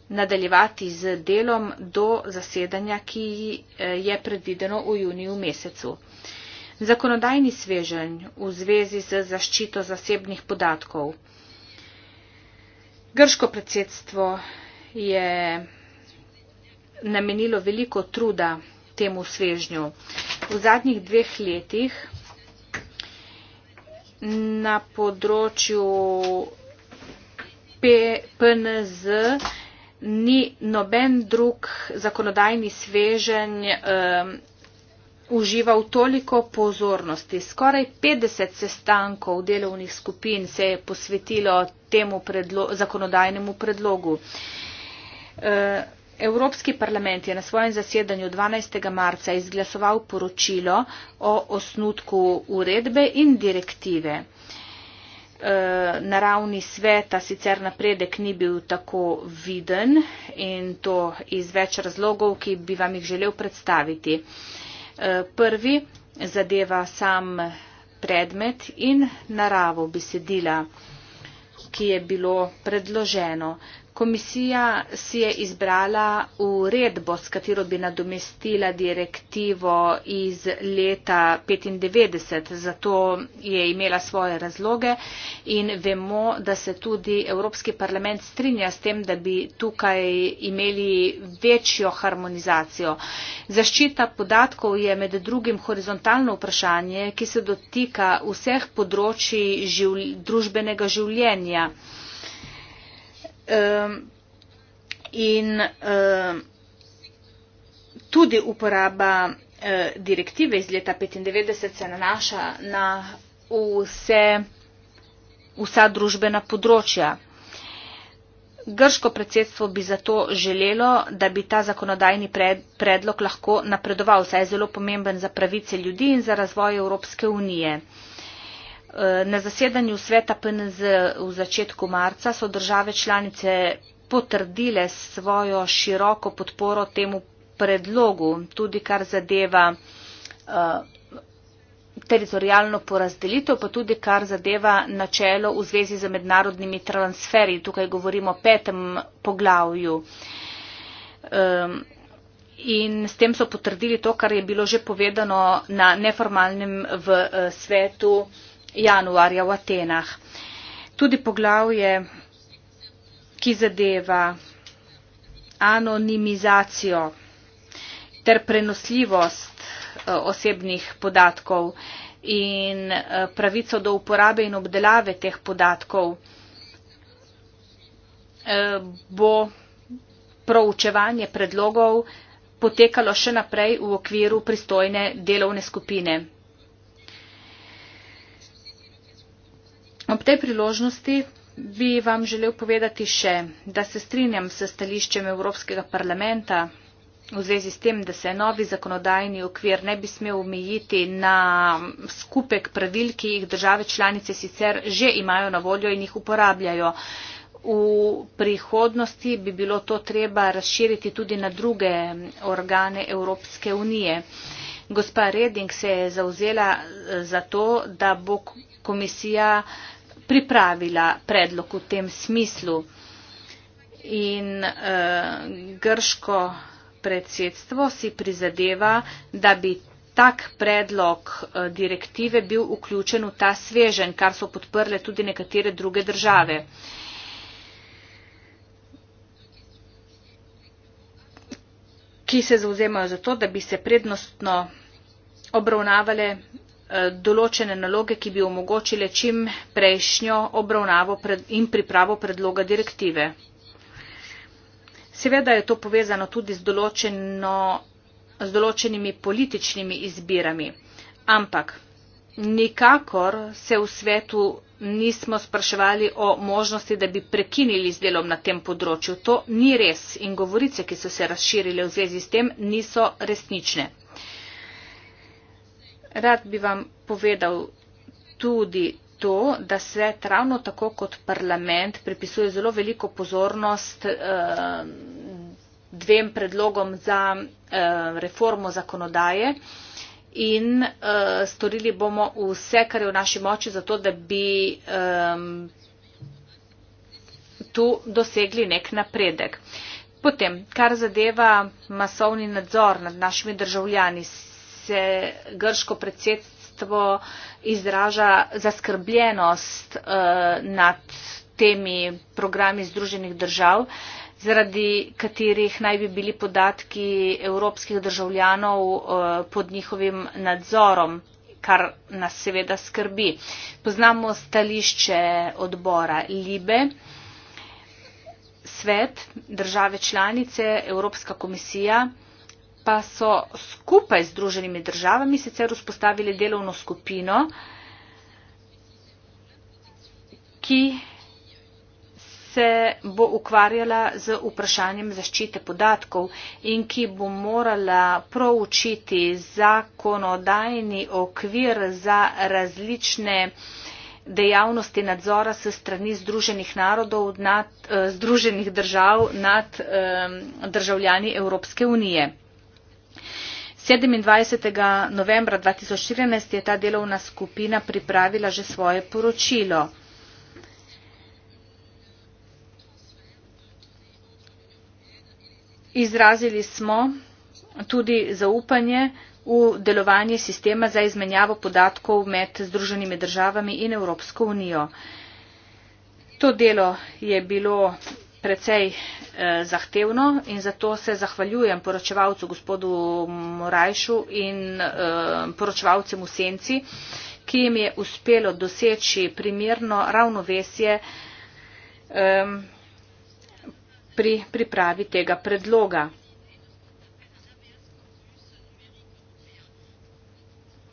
nadaljevati z delom do zasedanja, ki eh, je predvideno v juniju mesecu. Zakonodajni svežanj v zvezi z zaščito zasebnih podatkov Grško predsedstvo je namenilo veliko truda temu svežnju. V zadnjih dveh letih na področju PNZ ni noben drug zakonodajni svežen. Um, eh, užival toliko pozornosti. Skoraj 50 sestankov delovnih skupin se je posvetilo temu predlo zakonodajnemu predlogu. E, Evropski parlament je na svojem zasedanju 12. marca izglasoval poročilo o osnutku uredbe in direktive. E, na ravni sveta sicer napredek ni bil tako viden in to iz več razlogov, ki bi vam jih želel predstaviti. Eh, prvi zadeva sam predmet in naravo besedila, ki je bilo predloženo komisija si je izbrala uredbo, s katero bi nadomestila direktivo iz leta 1995. Zato je imela svoje razloge in vemo, da se tudi Evropski parlament strinja s tem, da bi tukaj imeli večjo harmonizacijo. Zaščita podatkov je med drugim horizontalno vprašanje, ki se dotika vseh področji živl, družbenega življenja um, in um, tudi uporaba uh, direktive iz leta 1995 se nanaša na vse, vsa družbena področja. Grško predsedstvo bi zato želelo, da bi ta zakonodajni predlog lahko napredoval, saj je zelo pomemben za pravice ljudi in za razvoj Evropske unije. Uh, Eh, na zasedanju sveta PNZ v začetku marca so države članice potrdile svojo široko podporo temu predlogu, tudi kar zadeva eh, teritorijalno porazdelitev, pa tudi kar zadeva načelo v zvezi z mednarodnimi transferi. Tukaj govorimo o petem poglavju. In s tem so potrdili to, kar je bilo že povedano na neformalnem v eh, svetu januarja v Atenah. Tudi poglavje, ki zadeva anonimizacijo ter prenosljivost eh, osebnih podatkov in eh, pravico do uporabe in obdelave teh podatkov, eh, bo proučevanje predlogov potekalo še naprej v okviru pristojne delovne skupine. ob tej priložnosti bi vam želel povedati še, da se strinjam s stališčem Evropskega parlamenta v zvezi s tem, da se novi zakonodajni okvir ne bi smel omejiti na skupek pravil, ki jih države članice sicer že imajo na voljo in jih uporabljajo. V prihodnosti bi bilo to treba razširiti tudi na druge organe Evropske unije. Gospa Reding se je zauzela za to, da bo komisija pripravila predlog v tem smislu. In uh, grško predsedstvo si prizadeva, da bi tak predlog uh, direktive bil vključen v ta svežen, kar so podprle tudi nekatere druge države. ki se zauzemajo za to, da bi se prednostno obravnavale Eh, določene naloge, ki bi omogočile čim prejšnjo obravnavo in pripravo predloga direktive. Seveda je to povezano tudi z, določeno, z določenimi političnimi izbirami, ampak nikakor se v svetu nismo spraševali o možnosti, da bi prekinili z delom na tem področju. To ni res in govorice, ki so se razširile v zvezi s tem, niso resnične. Rad bi vam povedal tudi to, da se ravno tako kot parlament pripisuje zelo veliko pozornost eh, dvem predlogom za eh, reformo zakonodaje in eh, storili bomo vse, kar je v naši moči, zato da bi tu dosegli nek napredek. Potem, kar zadeva masovni nadzor nad našimi državljani, se grško predsedstvo izraža zaskrbljenost eh, nad temi programi Združenih držav, zaradi katerih naj bi bili podatki evropskih državljanov eh, pod njihovim nadzorom kar nas seveda skrbi. Poznamo stališče odbora Libe, svet, države članice, Evropska komisija pa so skupaj z Združenimi državami sicer vzpostavili delovno skupino, ki se bo ukvarjala z vprašanjem zaščite podatkov in ki bo morala proučiti zakonodajni okvir za različne dejavnosti nadzora s strani Združenih narodov, nad, eh, Združenih držav nad eh, državljani Evropske unije. 27. novembra 2014 je ta delovna skupina pripravila že svoje poročilo. Izrazili smo tudi zaupanje v delovanje sistema za izmenjavo podatkov med Združenimi državami in Evropsko unijo. To delo je bilo precej eh, zahtevno in zato se zahvaljujem poročevalcu gospodu Morajšu in eh, poročevalcem v senci, ki jim je uspelo doseči primerno ravnovesje pri pripravi tega predloga.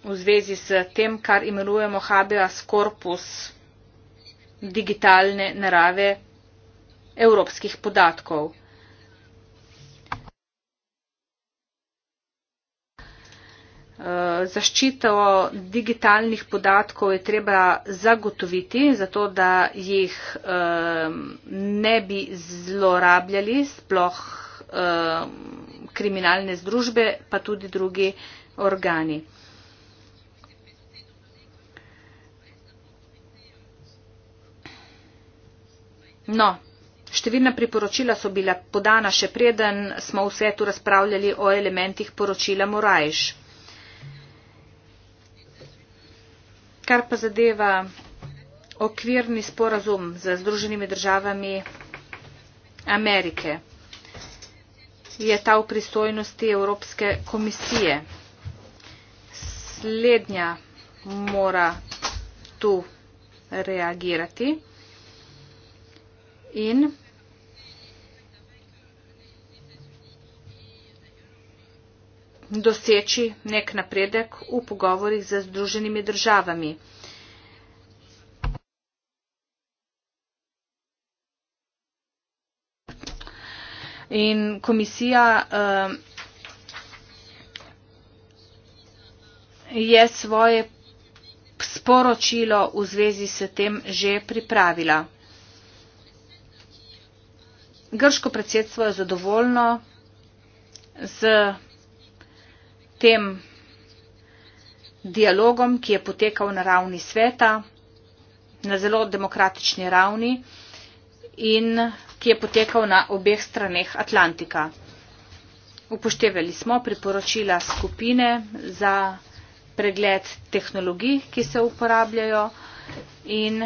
v zvezi s tem, kar imenujemo HBA Scorpus digitalne narave evropskih podatkov. Zaščito digitalnih podatkov je treba zagotoviti, zato da jih ne bi zlorabljali sploh kriminalne združbe, pa tudi drugi organi. No, Številna priporočila so bila podana še preden smo v svetu razpravljali o elementih poročila Morajš. Kar pa zadeva okvirni sporazum za Združenimi državami Amerike, je ta v pristojnosti Evropske komisije. Slednja mora tu reagirati in doseči nek napredek v pogovorih z združenimi državami. In komisija uh, je svoje sporočilo v zvezi s tem že pripravila. Grško predsedstvo je zadovoljno z tem dialogom, ki je potekal na ravni sveta, na zelo demokratični ravni in ki je potekal na obeh straneh Atlantika. Upoštevali smo priporočila skupine za pregled tehnologij, ki se uporabljajo in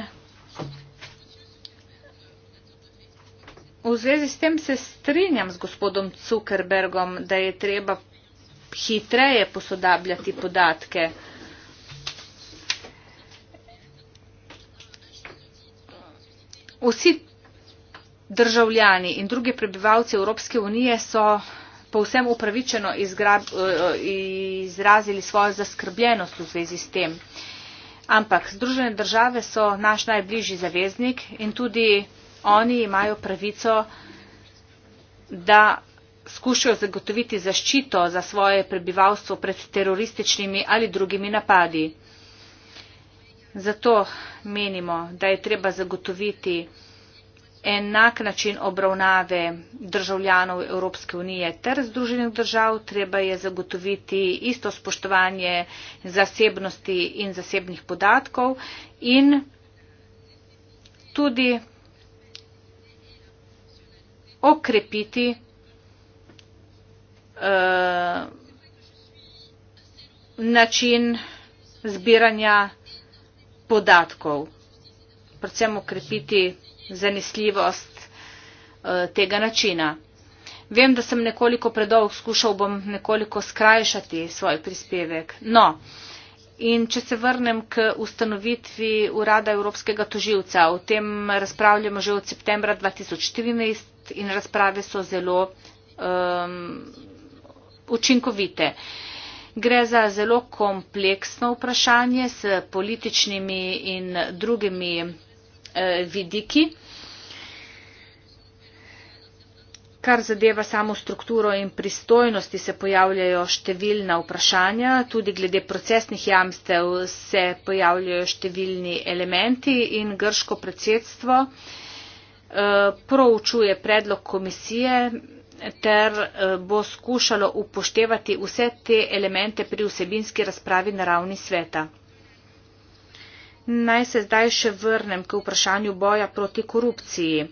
v zvezi s tem se strinjam z gospodom Zuckerbergom, da je treba hitreje posodabljati podatke. Vsi državljani in drugi prebivalci Evropske unije so povsem upravičeno eh, izrazili svojo zaskrbljenost v zvezi s tem. Ampak Združene države so naš najbližji zaveznik in tudi oni imajo pravico, da skušajo zagotoviti zaščito za svoje prebivalstvo pred terorističnimi ali drugimi napadi. Zato menimo, da je treba zagotoviti enak način obravnave državljanov Evropske unije ter Združenih držav, treba je zagotoviti isto spoštovanje zasebnosti in zasebnih podatkov in tudi okrepiti Eh, način zbiranja podatkov, predvsem ukrepiti zanesljivost eh, tega načina. Vem, da sem nekoliko predolg skušal, bom nekoliko skrajšati svoj prispevek. No, in če se vrnem k ustanovitvi Urada Evropskega toživca, o tem razpravljamo že od septembra 2014 in razprave so zelo um, učinkovite. Gre za zelo kompleksno vprašanje s političnimi in drugimi eh, vidiki, kar zadeva samo strukturo in pristojnosti, se pojavljajo številna vprašanja, tudi glede procesnih jamstev se pojavljajo številni elementi in grško predsedstvo eh, proučuje predlog komisije ter eh, bo skušalo upoštevati vse te elemente pri vsebinski razpravi na ravni sveta. Naj se zdaj še vrnem k vprašanju boja proti korupciji.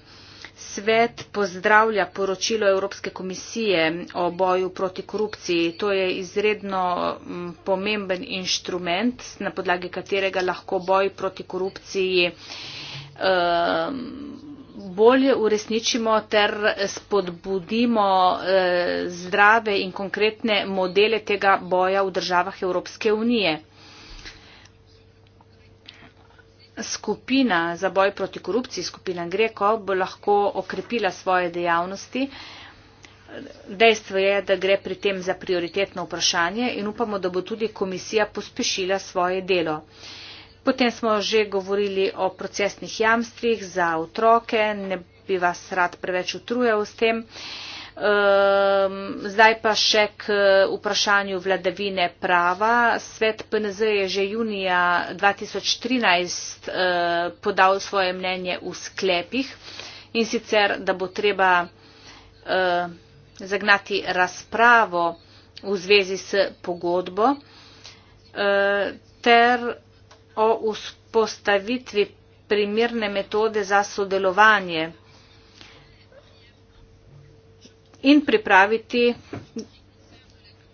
Svet pozdravlja poročilo Evropske komisije o boju proti korupciji. To je izredno mm, pomemben inštrument, na podlagi katerega lahko boj proti korupciji um, bolje uresničimo ter spodbudimo eh, zdrave in konkretne modele tega boja v državah Evropske unije. Skupina za boj proti korupciji, skupina Greko, bo lahko okrepila svoje dejavnosti. Dejstvo je, da gre pri tem za prioritetno vprašanje in upamo, da bo tudi komisija pospešila svoje delo. Potem smo že govorili o procesnih jamstvih za otroke, ne bi vas rad preveč utrujal s tem. Ehm, zdaj pa še k eh, vprašanju vladavine prava. Svet PNZ je že junija 2013 eh, podal svoje mnenje v sklepih in sicer, da bo treba eh, zagnati razpravo v zvezi s pogodbo ter o vzpostavitvi primirne metode za sodelovanje in pripraviti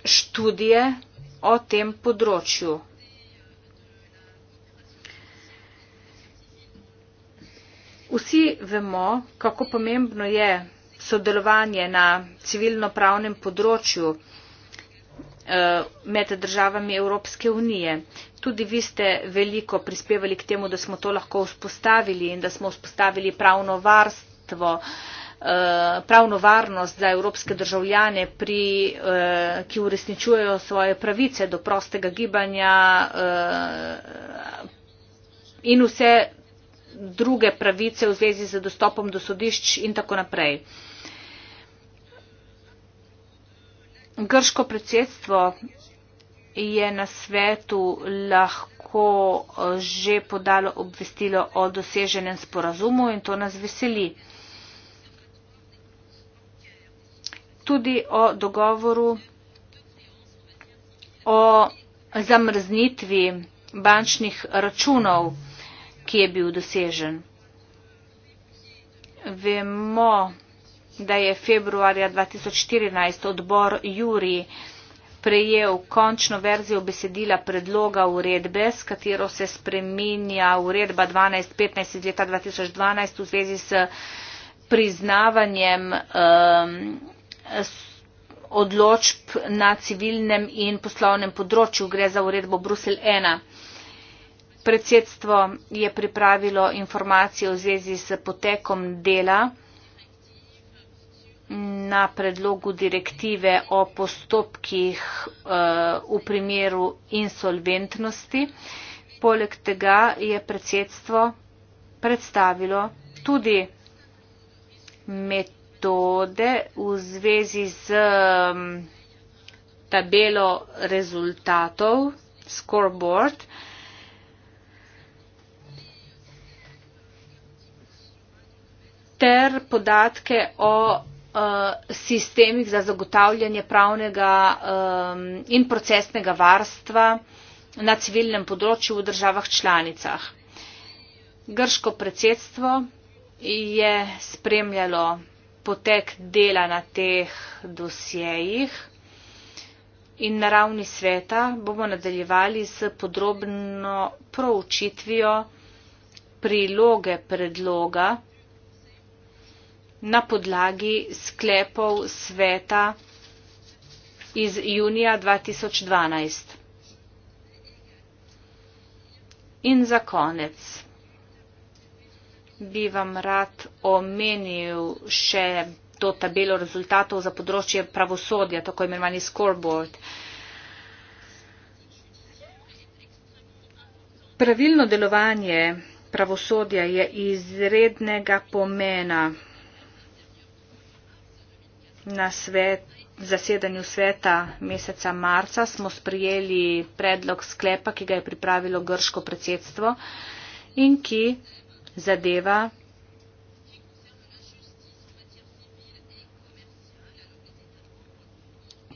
študije o tem področju. Vsi vemo, kako pomembno je sodelovanje na civilno-pravnem področju. Eh, med državami Evropske unije. Tudi vi ste veliko prispevali k temu, da smo to lahko vzpostavili in da smo vzpostavili pravno varstvo, eh, pravno varnost za evropske državljane, pri, eh, ki uresničujejo svoje pravice do prostega gibanja in vse druge pravice v zvezi z dostopom do sodišč in tako naprej. grško predsedstvo je na svetu lahko eh, že podalo obvestilo o doseženem sporazumu in to nas veseli. Tudi o dogovoru o zamrznitvi bančnih računov, ki je bil dosežen. Vemo, da je februarja 2014 odbor Juri prejel končno verzijo besedila predloga uredbe, s katero se spreminja uredba 1215 iz leta 2012 v zvezi s priznavanjem um, odločb na civilnem in poslovnem področju. Gre za uredbo Brusel 1. Predsedstvo je pripravilo informacije v zvezi s potekom dela na predlogu direktive o postopkih eh, v primeru insolventnosti. Poleg tega je predsedstvo predstavilo tudi metode v zvezi z mm, tabelo rezultatov, scoreboard. ter podatke o uh, sistemih za zagotavljanje pravnega um, in procesnega varstva na civilnem področju v državah članicah. Grško predsedstvo je spremljalo potek dela na teh dosjejih in na ravni sveta bomo nadaljevali s podrobno proučitvijo priloge predloga na podlagi sklepov sveta iz junija 2012. In za konec bi vam rad omenil še to tabelo rezultatov za področje pravosodja, tako imenovani scoreboard. Pravilno delovanje pravosodja je izrednega pomena na svet, zasedanju sveta meseca marca smo sprijeli predlog sklepa, ki ga je pripravilo grško predsedstvo in ki zadeva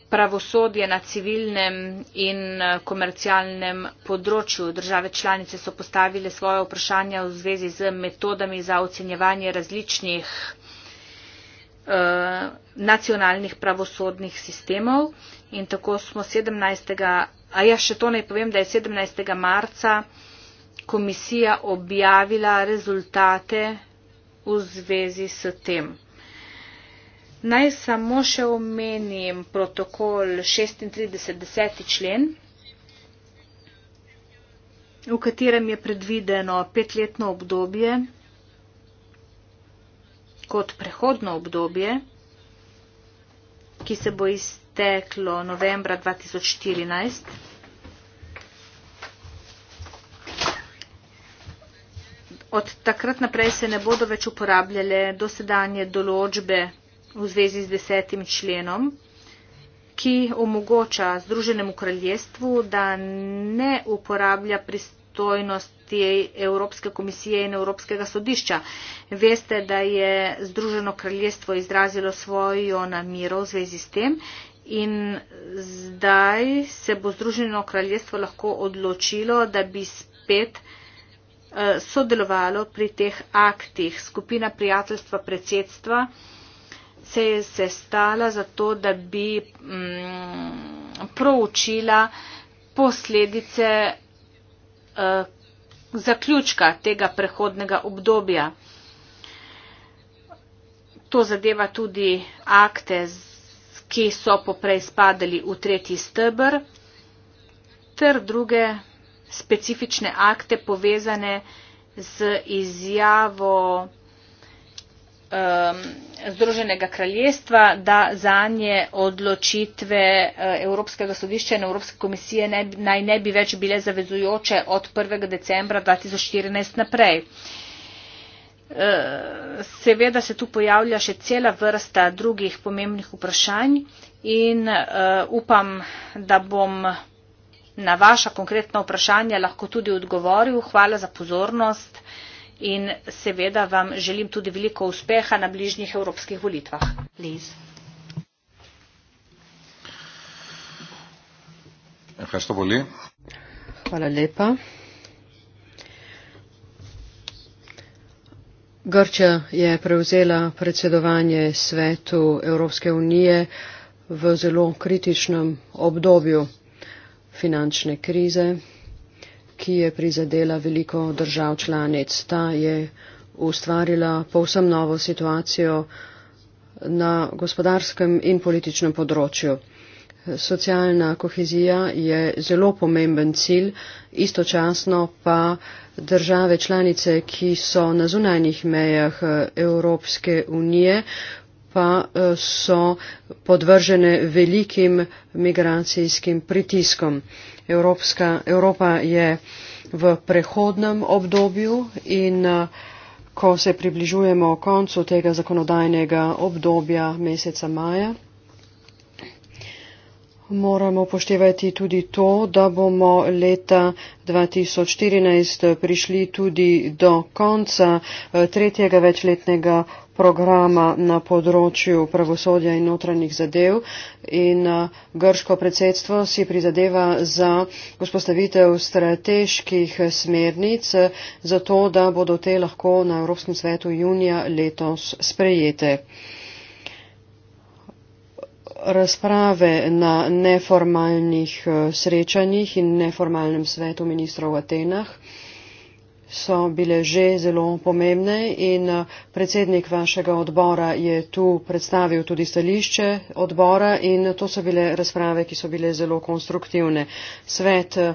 pravosodje na civilnem in eh, komercialnem področju. Države članice so postavile svoje vprašanja v zvezi z metodami za ocenjevanje različnih Eh, nacionalnih pravosodnih sistemov in tako smo 17. a ja še to naj povem, da je 17. marca komisija objavila rezultate v zvezi s tem. Naj samo še omenim protokol 36. člen, v katerem je predvideno petletno obdobje kot prehodno obdobje, ki se bo izteklo novembra 2014. Od takrat naprej se ne bodo več uporabljale dosedanje določbe v zvezi z desetim členom, ki omogoča Združenemu kraljestvu, da ne uporablja pristopnosti pristojnosti Evropske komisije in Evropskega sodišča. Veste, da je Združeno kraljestvo izrazilo svojo namero v zvezi s tem in zdaj se bo Združeno kraljestvo lahko odločilo, da bi spet eh, sodelovalo pri teh aktih. Skupina prijateljstva predsedstva se je sestala zato, da bi mm, proučila posledice Eh, zaključka tega prehodnega obdobja. To zadeva tudi akte, ki so poprej spadali v tretji stebr, ter druge specifične akte povezane z izjavo Um, Združenega kraljestva, da zanje odločitve uh, Evropskega sodišča in Evropske komisije ne, naj ne bi več bile zavezujoče od 1. decembra 2014 naprej. Uh, seveda se tu pojavlja še cela vrsta drugih pomembnih vprašanj in uh, upam, da bom na vaša konkretna vprašanja lahko tudi odgovoril. Hvala za pozornost in seveda vam želim tudi veliko uspeha na bližnjih evropskih volitvah. Liz. Hvala lepa. Grčija je prevzela predsedovanje svetu Evropske unije v zelo kritičnem obdobju finančne krize, ki je prizadela veliko držav članic. Ta je ustvarila povsem novo situacijo na gospodarskem in političnem področju. Socialna kohezija je zelo pomemben cilj, istočasno pa države članice, ki so na zunanjih mejah Evropske unije, pa eh, so podvržene velikim migracijskim pritiskom. Evropska, Evropa je v prehodnem obdobju in eh, ko se približujemo koncu tega zakonodajnega obdobja meseca maja, Moramo upoštevati tudi to, da bomo leta 2014 prišli tudi do konca eh, tretjega večletnega programa na področju pravosodja in notranjih zadev in eh, grško predsedstvo si prizadeva za vzpostavitev strateških smernic, eh, zato da bodo te lahko na Evropskem svetu junija letos sprejete razprave na neformalnih eh, srečanjih in neformalnem svetu ministrov v Atenah so bile že zelo pomembne in eh, predsednik vašega odbora je tu predstavil tudi stališče odbora in to so bile razprave, ki so bile zelo konstruktivne. Svet eh,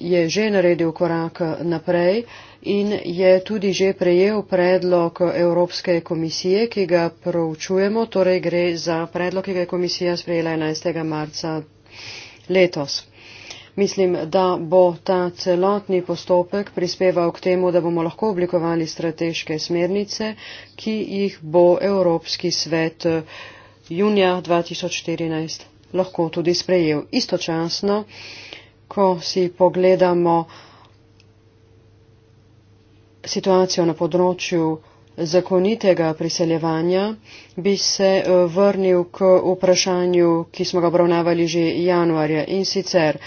je že naredil korak naprej in je tudi že prejel predlog Evropske komisije, ki ga proučujemo. Torej gre za predlog, ki ga je komisija sprejela 11. marca letos. Mislim, da bo ta celotni postopek prispeval k temu, da bomo lahko oblikovali strateške smernice, ki jih bo Evropski svet eh, junija 2014 lahko tudi sprejel. Istočasno, ko si pogledamo situacijo na področju zakonitega priseljevanja, bi se eh, vrnil k vprašanju, ki smo ga obravnavali že januarja. In sicer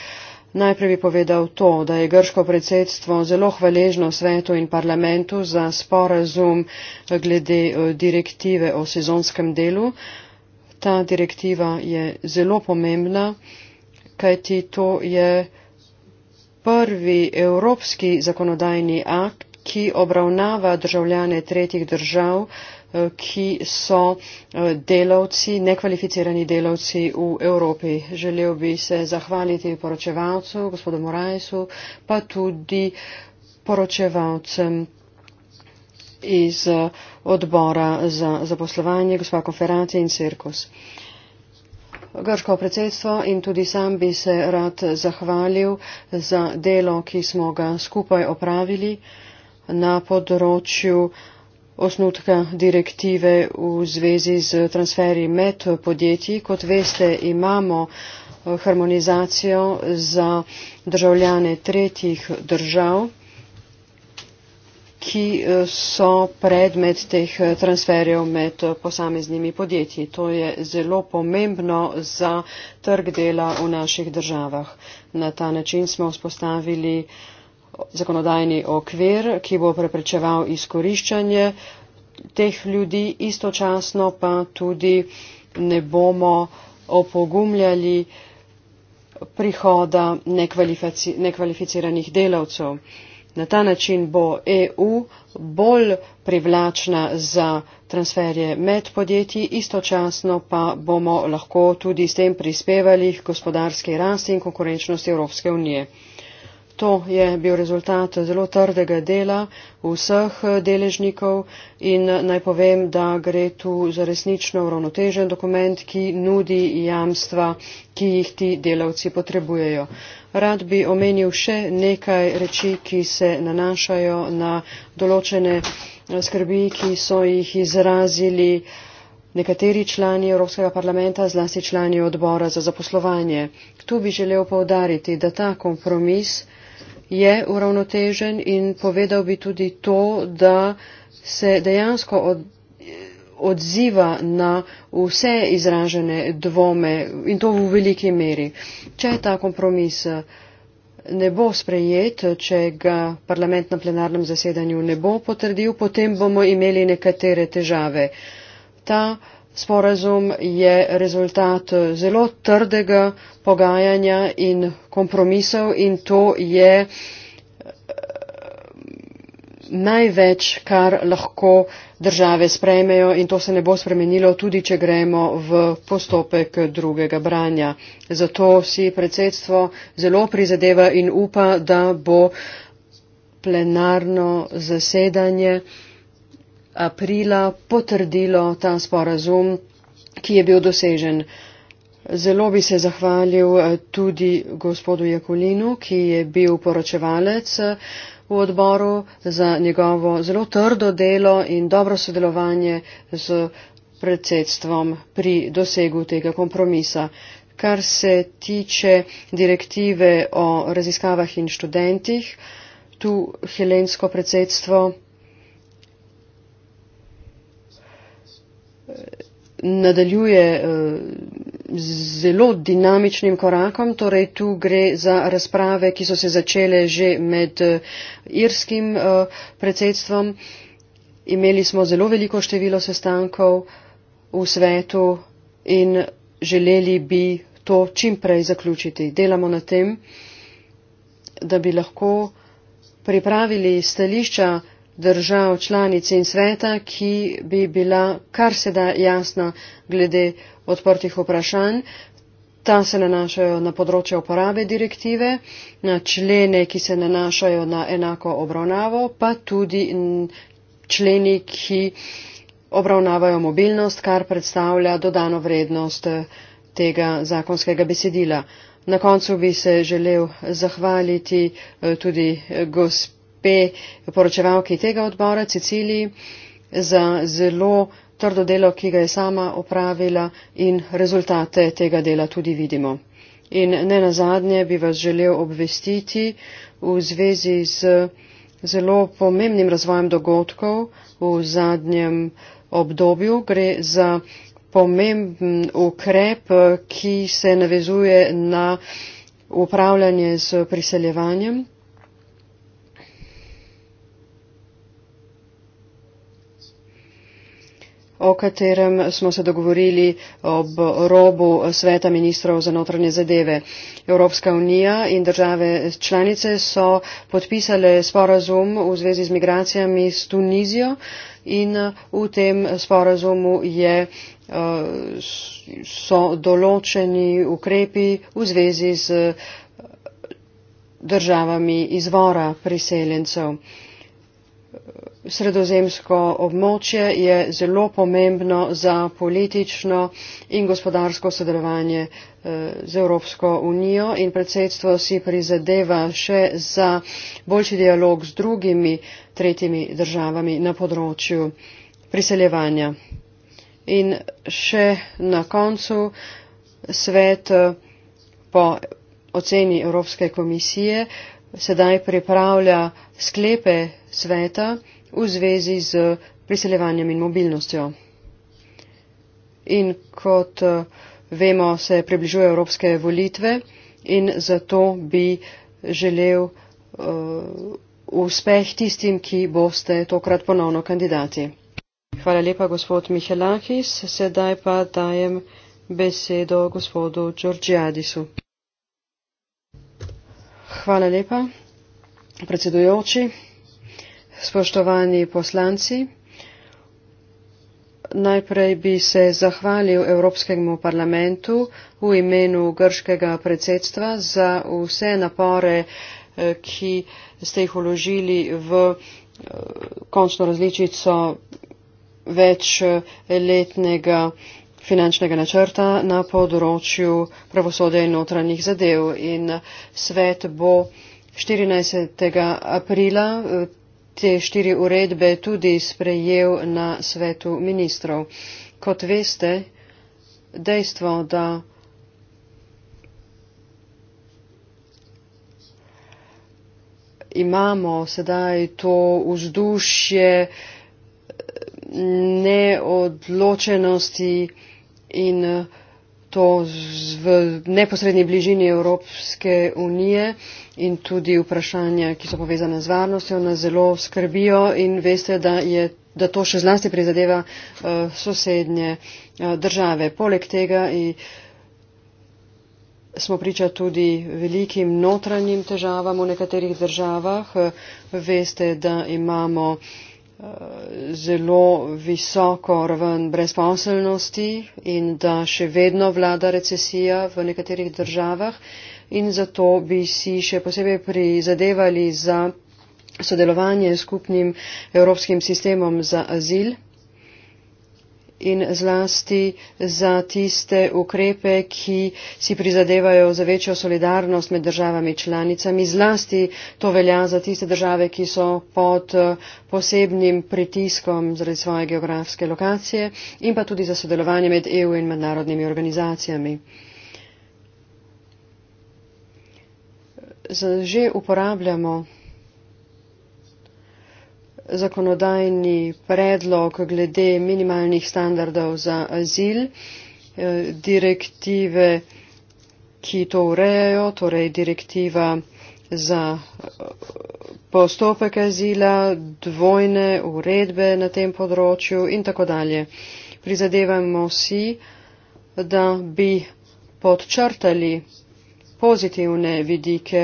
najprej bi povedal to, da je grško predsedstvo zelo hvaležno svetu in parlamentu za sporazum eh, glede eh, direktive o sezonskem delu. Ta direktiva je zelo pomembna, kajti to je prvi evropski zakonodajni akt, ki obravnava državljane tretjih držav, eh, ki so eh, delavci, nekvalificirani delavci v Evropi. Želel bi se zahvaliti poročevalcu, gospodu Morajsu, pa tudi poročevalcem iz eh, odbora za zaposlovanje, gospa Konferacija in Cirkus. Grško predsedstvo in tudi sam bi se rad zahvalil za delo, ki smo ga skupaj opravili na področju osnutka direktive v zvezi z transferji med podjetji. Kot veste, imamo eh, harmonizacijo za državljane tretjih držav, ki eh, so predmet teh eh, transferjev med posameznimi podjetji. To je zelo pomembno za trg dela v naših državah. Na ta način smo vzpostavili uh, zakonodajni okvir, ki bo preprečeval izkoriščanje teh ljudi, istočasno pa tudi ne bomo opogumljali prihoda nekvalifici nekvalificiranih delavcev. Na ta način bo EU bolj privlačna za transferje med podjetji, istočasno pa bomo lahko tudi s tem prispevali k gospodarski rasti in konkurenčnosti Evropske unije. To je bil rezultat zelo trdega dela vseh deležnikov in naj povem, da gre tu za resnično uravnotežen dokument, ki nudi jamstva, ki jih ti delavci potrebujejo. Rad bi omenil še nekaj reči, ki se nanašajo na določene skrbi, ki so jih izrazili nekateri člani Evropskega parlamenta, zlasti člani odbora za zaposlovanje. Tu bi želel povdariti, da ta kompromis, je uravnotežen in povedal bi tudi to, da se dejansko od, odziva na vse izražene dvome in to v veliki meri. Če ta kompromis ne bo sprejet, če ga parlament na plenarnem zasedanju ne bo potrdil, potem bomo imeli nekatere težave. Ta uh, sporazum je rezultat zelo trdega pogajanja in kompromisov in to je eh, največ, kar lahko države sprejmejo in to se ne bo spremenilo, tudi če gremo v postopek drugega branja. Zato si predsedstvo zelo prizadeva in upa, da bo plenarno zasedanje aprila potrdilo ta sporazum, ki je bil dosežen. Zelo bi se zahvalil eh, tudi gospodu Jakulinu, ki je bil poročevalec eh, v odboru za njegovo zelo trdo delo in dobro sodelovanje z predsedstvom pri dosegu tega kompromisa. Kar se tiče direktive o raziskavah in študentih, tu helensko predsedstvo nadaljuje eh, z zelo dinamičnim korakom. Torej, tu gre za razprave, ki so se začele že med eh, irskim eh, predsedstvom. Imeli smo zelo veliko število sestankov v svetu in želeli bi to čim prej zaključiti. Delamo na tem, da bi lahko pripravili stališča držav članic in sveta, ki bi bila kar se da jasna glede odprtih vprašanj. Ta se nanašajo na področje uporabe direktive, na člene, ki se nanašajo na enako obravnavo, pa tudi členi, ki obravnavajo mobilnost, kar predstavlja dodano vrednost eh, tega zakonskega besedila. Na koncu bi se želel zahvaliti eh, tudi eh, gospod gospe poročevalki tega odbora Ciciliji za zelo trdo delo, ki ga je sama opravila in rezultate tega dela tudi vidimo. In ne nazadnje bi vas želel obvestiti v zvezi z zelo pomembnim razvojem dogodkov v zadnjem obdobju. Gre za pomemben ukrep, ki se navezuje na upravljanje z priseljevanjem. o katerem smo se dogovorili ob robu sveta ministrov za notranje zadeve. Evropska unija in države članice so podpisale sporazum v zvezi z migracijami s Tunizijo in v tem sporazumu je, eh, so določeni ukrepi v zvezi z državami izvora priseljencev sredozemsko območje je zelo pomembno za politično in gospodarsko sodelovanje eh, z Evropsko unijo in predsedstvo si prizadeva še za boljši dialog z drugimi tretjimi državami na področju priseljevanja. In še na koncu svet eh, po oceni Evropske komisije sedaj pripravlja sklepe sveta v zvezi z priseljevanjem in mobilnostjo. In kot eh, vemo, se približuje evropske volitve in zato bi želel uh, uspeh tistim, ki boste tokrat ponovno kandidati. Hvala lepa, gospod Michelakis. Sedaj pa dajem besedo gospodu Georgiadisu. Hvala lepa, predsedujoči. Spoštovani poslanci, najprej bi se zahvalil Evropskemu parlamentu v imenu grškega predsedstva za vse napore, eh, ki ste jih uložili v eh, končno različico večletnega eh, finančnega načrta na področju pravosodja in notranjih zadev. In svet bo 14. aprila te štiri uredbe tudi sprejel na svetu ministrov. Kot veste, dejstvo, da imamo sedaj to vzdušje neodločenosti in uh, to v neposrednji bližini Evropske unije in tudi vprašanja, ki so povezane z varnostjo, nas zelo skrbijo in veste, da, je, da to še zlasti prizadeva uh, sosednje uh, države. Poleg tega smo priča tudi velikim notranjim težavam v nekaterih državah. Uh, veste, da imamo uh, zelo visoko raven brezposelnosti in da še vedno vlada recesija v nekaterih državah in zato bi si še posebej prizadevali za sodelovanje s skupnim evropskim sistemom za azil in zlasti za tiste ukrepe, ki si prizadevajo za večjo solidarnost med državami članicami. Zlasti to velja za tiste države, ki so pod eh, posebnim pritiskom zaradi svoje geografske lokacije in pa tudi za sodelovanje med EU in mednarodnimi organizacijami. Že uporabljamo zakonodajni predlog glede minimalnih standardov za azil, eh, direktive, ki to urejajo, torej direktiva za eh, postopek azila, dvojne uredbe na tem področju in tako dalje. Prizadevamo si, da bi podčrtali pozitivne vidike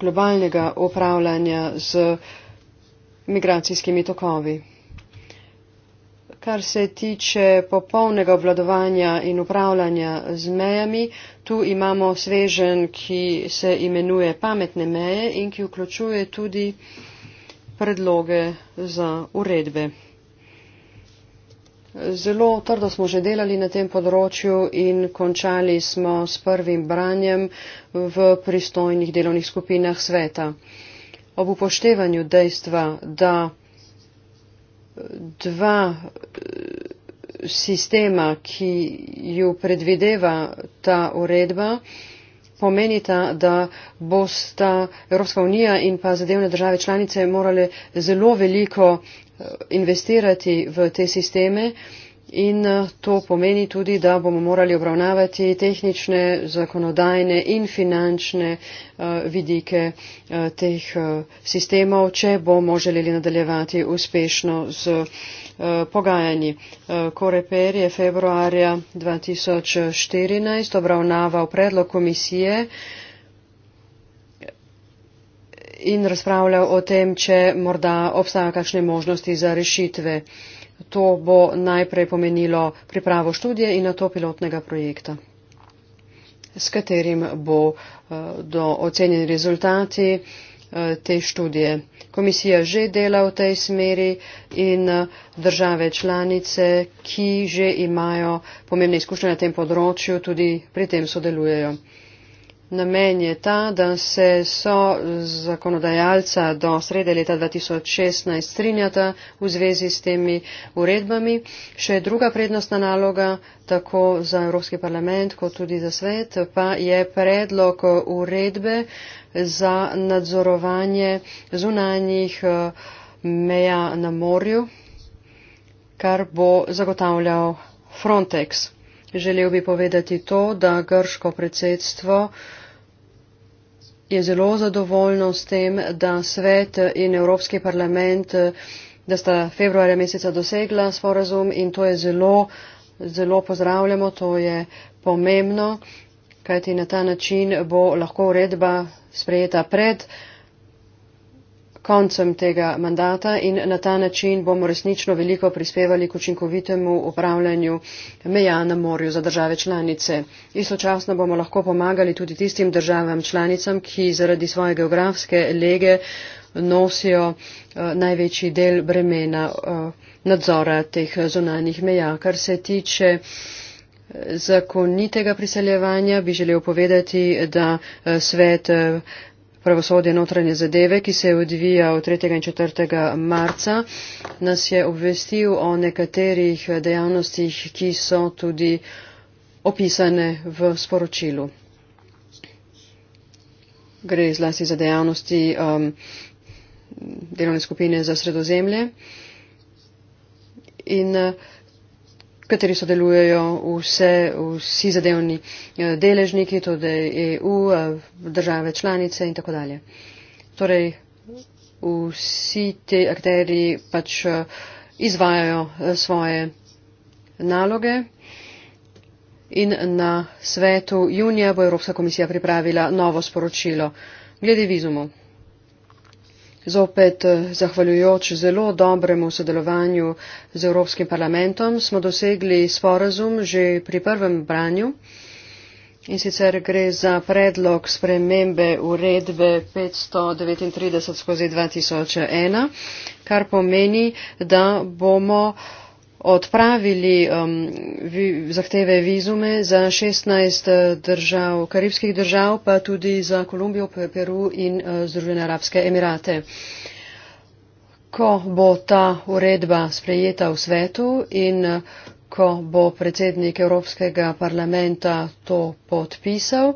globalnega upravljanja z migracijskimi tokovi. Kar se tiče popolnega obvladovanja in upravljanja z mejami, tu imamo svežen, ki se imenuje pametne meje in ki vključuje tudi predloge za uredbe. Zelo trdo smo že delali na tem področju in končali smo s prvim branjem v pristojnih delovnih skupinah sveta. Ob upoštevanju dejstva, da dva eh, sistema, ki ju predvideva ta uredba, pomenita, da bosta Evropska unija in pa zadevne države članice morale zelo veliko investirati v te sisteme in eh, to pomeni tudi, da bomo morali obravnavati tehnične, zakonodajne in finančne eh, vidike eh, teh sistemov, če bomo želeli nadaljevati uspešno z pogajanji. Koreper je februarja 2014 obravnaval predlog komisije in razpravljal o tem, če morda obstaja kakšne možnosti za rešitve. To bo najprej pomenilo pripravo študije in na to pilotnega projekta, s katerim bo eh, do ocenjeni rezultati eh, te študije. Komisija že dela v tej smeri in eh, države članice, ki že imajo pomembne izkušnje na tem področju, tudi pri tem sodelujejo. Namen je ta, da se so zakonodajalca do srede leta 2016 strinjata v zvezi s temi uredbami. Še druga prednostna naloga, tako za Evropski parlament, kot tudi za svet, pa je predlog uredbe za nadzorovanje zunanjih eh, meja na morju, kar bo zagotavljal Frontex. Želel bi povedati to, da grško predsedstvo je zelo zadovoljno s tem, da svet in Evropski parlament, da sta februarja meseca dosegla sporazum in to je zelo, zelo pozdravljamo, to je pomembno, kajti na ta način bo lahko uredba sprejeta pred koncem tega mandata in na ta način bomo resnično veliko prispevali k učinkovitemu upravljanju meja na morju za države članice. Istočasno bomo lahko pomagali tudi tistim državam članicam, ki zaradi svoje geografske lege nosijo eh, največji del bremena eh, nadzora teh zunanjih meja. Kar se tiče eh, zakonitega priseljevanja, bi želel povedati, da svet pravosodje notranje zadeve, ki se je odvijal 3. in 4. marca, nas je obvestil o nekaterih dejavnostih, ki so tudi opisane v sporočilu. Gre zlasti za dejavnosti um, delovne skupine za sredozemlje. In uh, v kateri sodelujejo vse, vsi zadevni eh, deležniki, tudi EU, eh, države članice in tako dalje. Torej, vsi ti akteri pač eh, izvajajo svoje naloge in na svetu junija bo Evropska komisija pripravila novo sporočilo glede vizumov. Zopet eh, zahvaljujoč zelo dobremu sodelovanju z Evropskim parlamentom smo dosegli sporazum že pri prvem branju. In sicer gre za predlog spremembe uredbe 539 skozi 2001, kar pomeni, da bomo odpravili um, vi, zahteve vizume za 16 eh, držav, karibskih držav, pa tudi za Kolumbijo, Peru in uh, Združene arabske emirate. Ko bo ta uredba sprejeta v svetu in uh, ko bo predsednik Evropskega parlamenta to podpisal,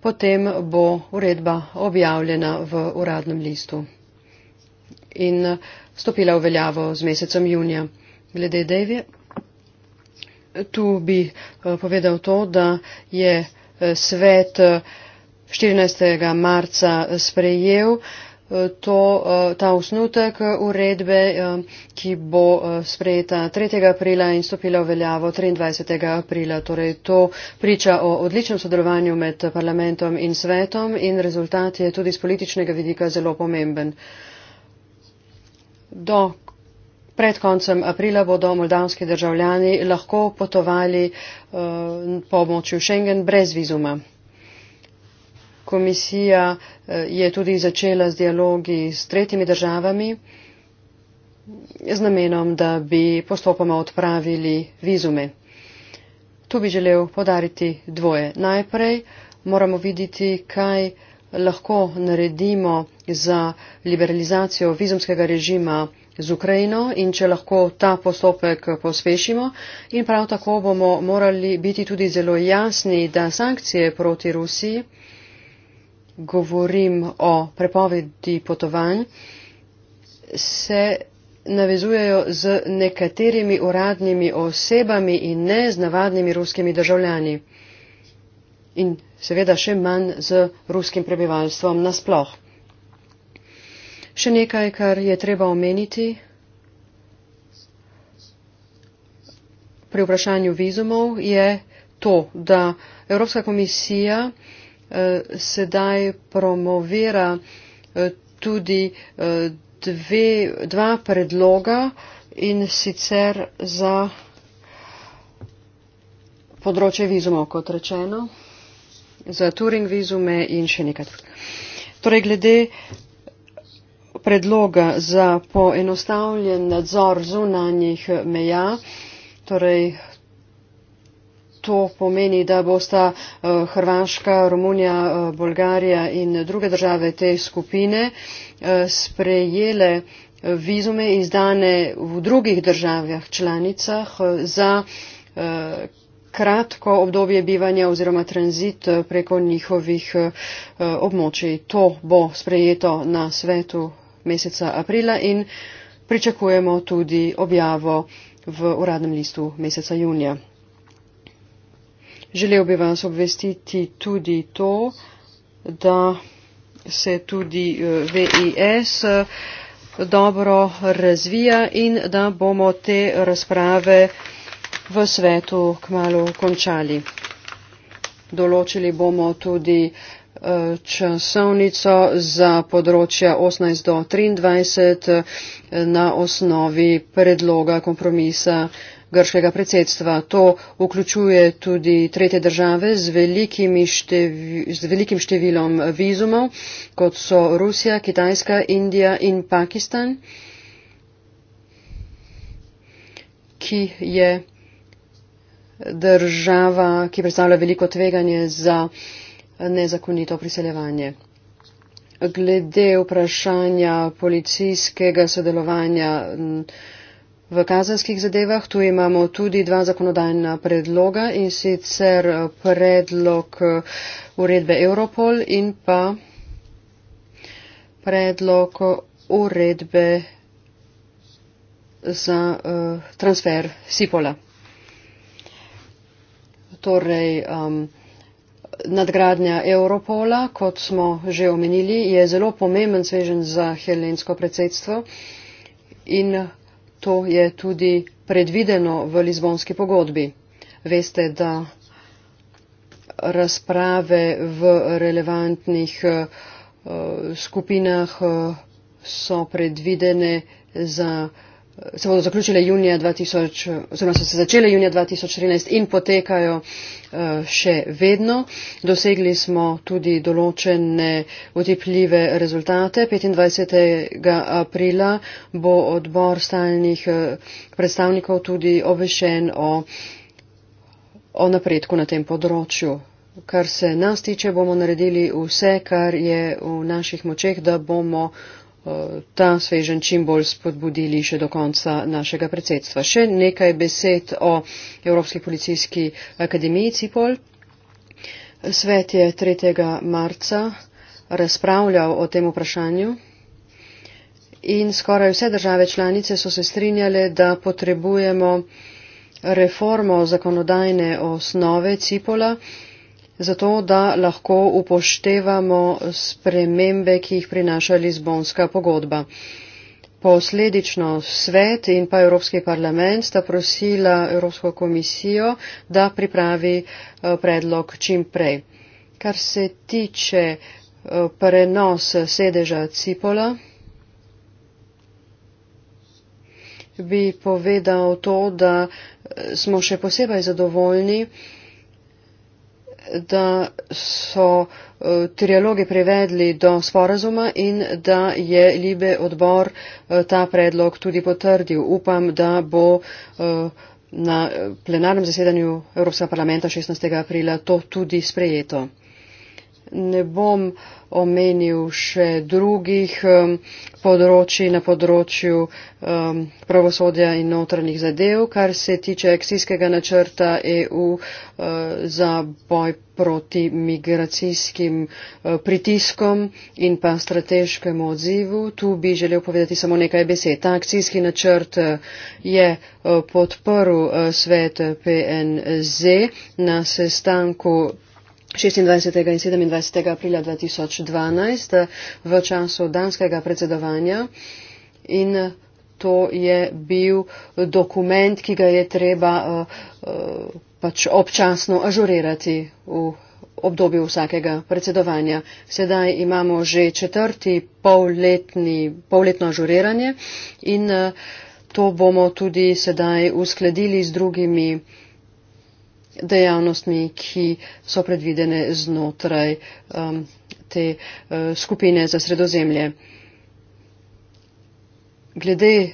potem bo uredba objavljena v uradnem listu in stopila v veljavo z mesecem junija glede Devije. Tu bi eh, povedal to, da je eh, svet 14. Eh, marca sprejel to, ta osnutek uredbe, ki bo sprejeta 3. aprila in stopila v veljavo 23. aprila. Torej, to priča o odličnem sodelovanju med parlamentom in svetom in rezultat je tudi z političnega vidika zelo pomemben. Do Pred koncem aprila bodo moldavski državljani lahko potovali eh, po območju Schengen brez vizuma. Komisija eh, je tudi začela z dialogi s tretjimi državami z namenom, da bi postopoma odpravili vizume. Tu bi želel podariti dvoje. Najprej moramo videti, kaj lahko naredimo za liberalizacijo vizumskega režima z Ukrajino in če lahko ta postopek pospešimo. In prav tako bomo morali biti tudi zelo jasni, da sankcije proti Rusiji, govorim o prepovedi potovanj, se navezujejo z nekaterimi uradnimi osebami in ne z navadnimi ruskimi državljani. In seveda še manj z ruskim prebivalstvom nasploh. Še nekaj, kar je treba omeniti pri vprašanju vizumov, je to, da Evropska komisija eh, sedaj promovira eh, tudi eh, dve, dva predloga in sicer za področje vizumov, kot rečeno, za Turing vizume in še nekaj. Torej, glede predloga za poenostavljen nadzor zunanjih meja, torej to pomeni, da bosta eh, Hrvaška, Romunija, eh, Bolgarija in druge države te skupine eh, sprejele vizume izdane v drugih državah članicah za kratko obdobje bivanja oziroma tranzit preko njihovih območij. To bo sprejeto na svetu meseca aprila in pričakujemo tudi objavo v uradnem listu meseca junija. Želel bi vas obvestiti tudi to, da se tudi eh, VIS eh, dobro razvija in da bomo te razprave v svetu kmalo končali. Določili bomo tudi uh, časovnico za področja 18 do 23 eh, na osnovi predloga kompromisa grškega predsedstva. To vključuje tudi tretje države z, števi, z velikim številom vizumov, kot so Rusija, Kitajska, Indija in Pakistan, ki je država, ki predstavlja veliko tveganje za nezakonito priseljevanje. Glede vprašanja policijskega sodelovanja v kazenskih zadevah, tu imamo tudi dva zakonodajna predloga in sicer eh, predlog eh, uredbe Europol in pa predlog eh, uredbe za uh, transfer Sipola. Torej, um, nadgradnja Europola, kot smo že omenili, je zelo pomemben svežen za helensko predsedstvo in to je tudi predvideno v Lizbonski pogodbi. Veste, da razprave v relevantnih uh, skupinah uh, so predvidene za uh, se bodo zaključile junija 2000, oziroma so se začele junija 2013 in potekajo eh, še vedno. Dosegli smo tudi določene utepljive rezultate. 25. aprila bo odbor stalnih eh, predstavnikov tudi obvešen o, o napredku na tem področju. Kar se nas tiče, bomo naredili vse, kar je v naših močeh, da bomo Eh, ta svežen čim bolj spodbudili še do konca našega predsedstva. Še nekaj besed o Evropski policijski akademiji Cipol. Svet je 3. marca razpravljal o tem vprašanju in skoraj vse države članice so se strinjale, da potrebujemo reformo zakonodajne osnove Cipola zato da lahko upoštevamo spremembe, ki jih prinaša Lizbonska pogodba. Posledično svet in pa Evropski parlament sta prosila Evropsko komisijo, da pripravi eh, predlog čim prej. Kar se tiče eh, prenos sedeža Cipola, bi povedal to, da eh, smo še posebej zadovoljni, da so eh, trialoge privedli do sporazuma in da je Libe odbor eh, ta predlog tudi potrdil. Upam, da bo eh, na plenarnem zasedanju Evropskega parlamenta 16. aprila to tudi sprejeto. Ne bom uh, omenil še drugih um, področji na področju um, pravosodja in notranjih zadev, kar se tiče akcijskega načrta EU uh, za boj proti migracijskim uh, pritiskom in pa strateškemu odzivu. Tu bi želel povedati samo nekaj besed. Ta akcijski načrt uh, je uh, podprl uh, svet PNZ na sestanku 26. in 27. aprila 2012 eh, v času danskega predsedovanja in eh, to je bil dokument, ki ga je treba uh, pač občasno ažurirati v obdobju vsakega predsedovanja. Sedaj imamo že četrti polletni, polletno ažuriranje in uh, to bomo tudi sedaj uskladili z drugimi. Uh, dejavnostmi, ki so predvidene znotraj um, te uh, skupine za sredozemlje. Glede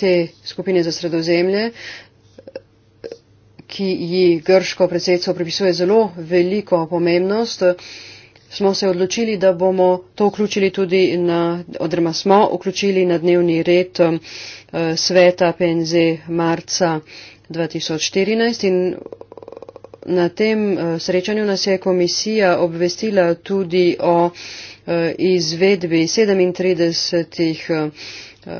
te skupine za sredozemlje, ki ji grško predsedstvo pripisuje zelo veliko pomembnost, smo se odločili, da bomo to vključili tudi na, odrema smo vključili na dnevni red um, uh, sveta PNZ marca 2014 in na tem eh, srečanju nas je komisija obvestila tudi o eh, izvedbi 37 eh,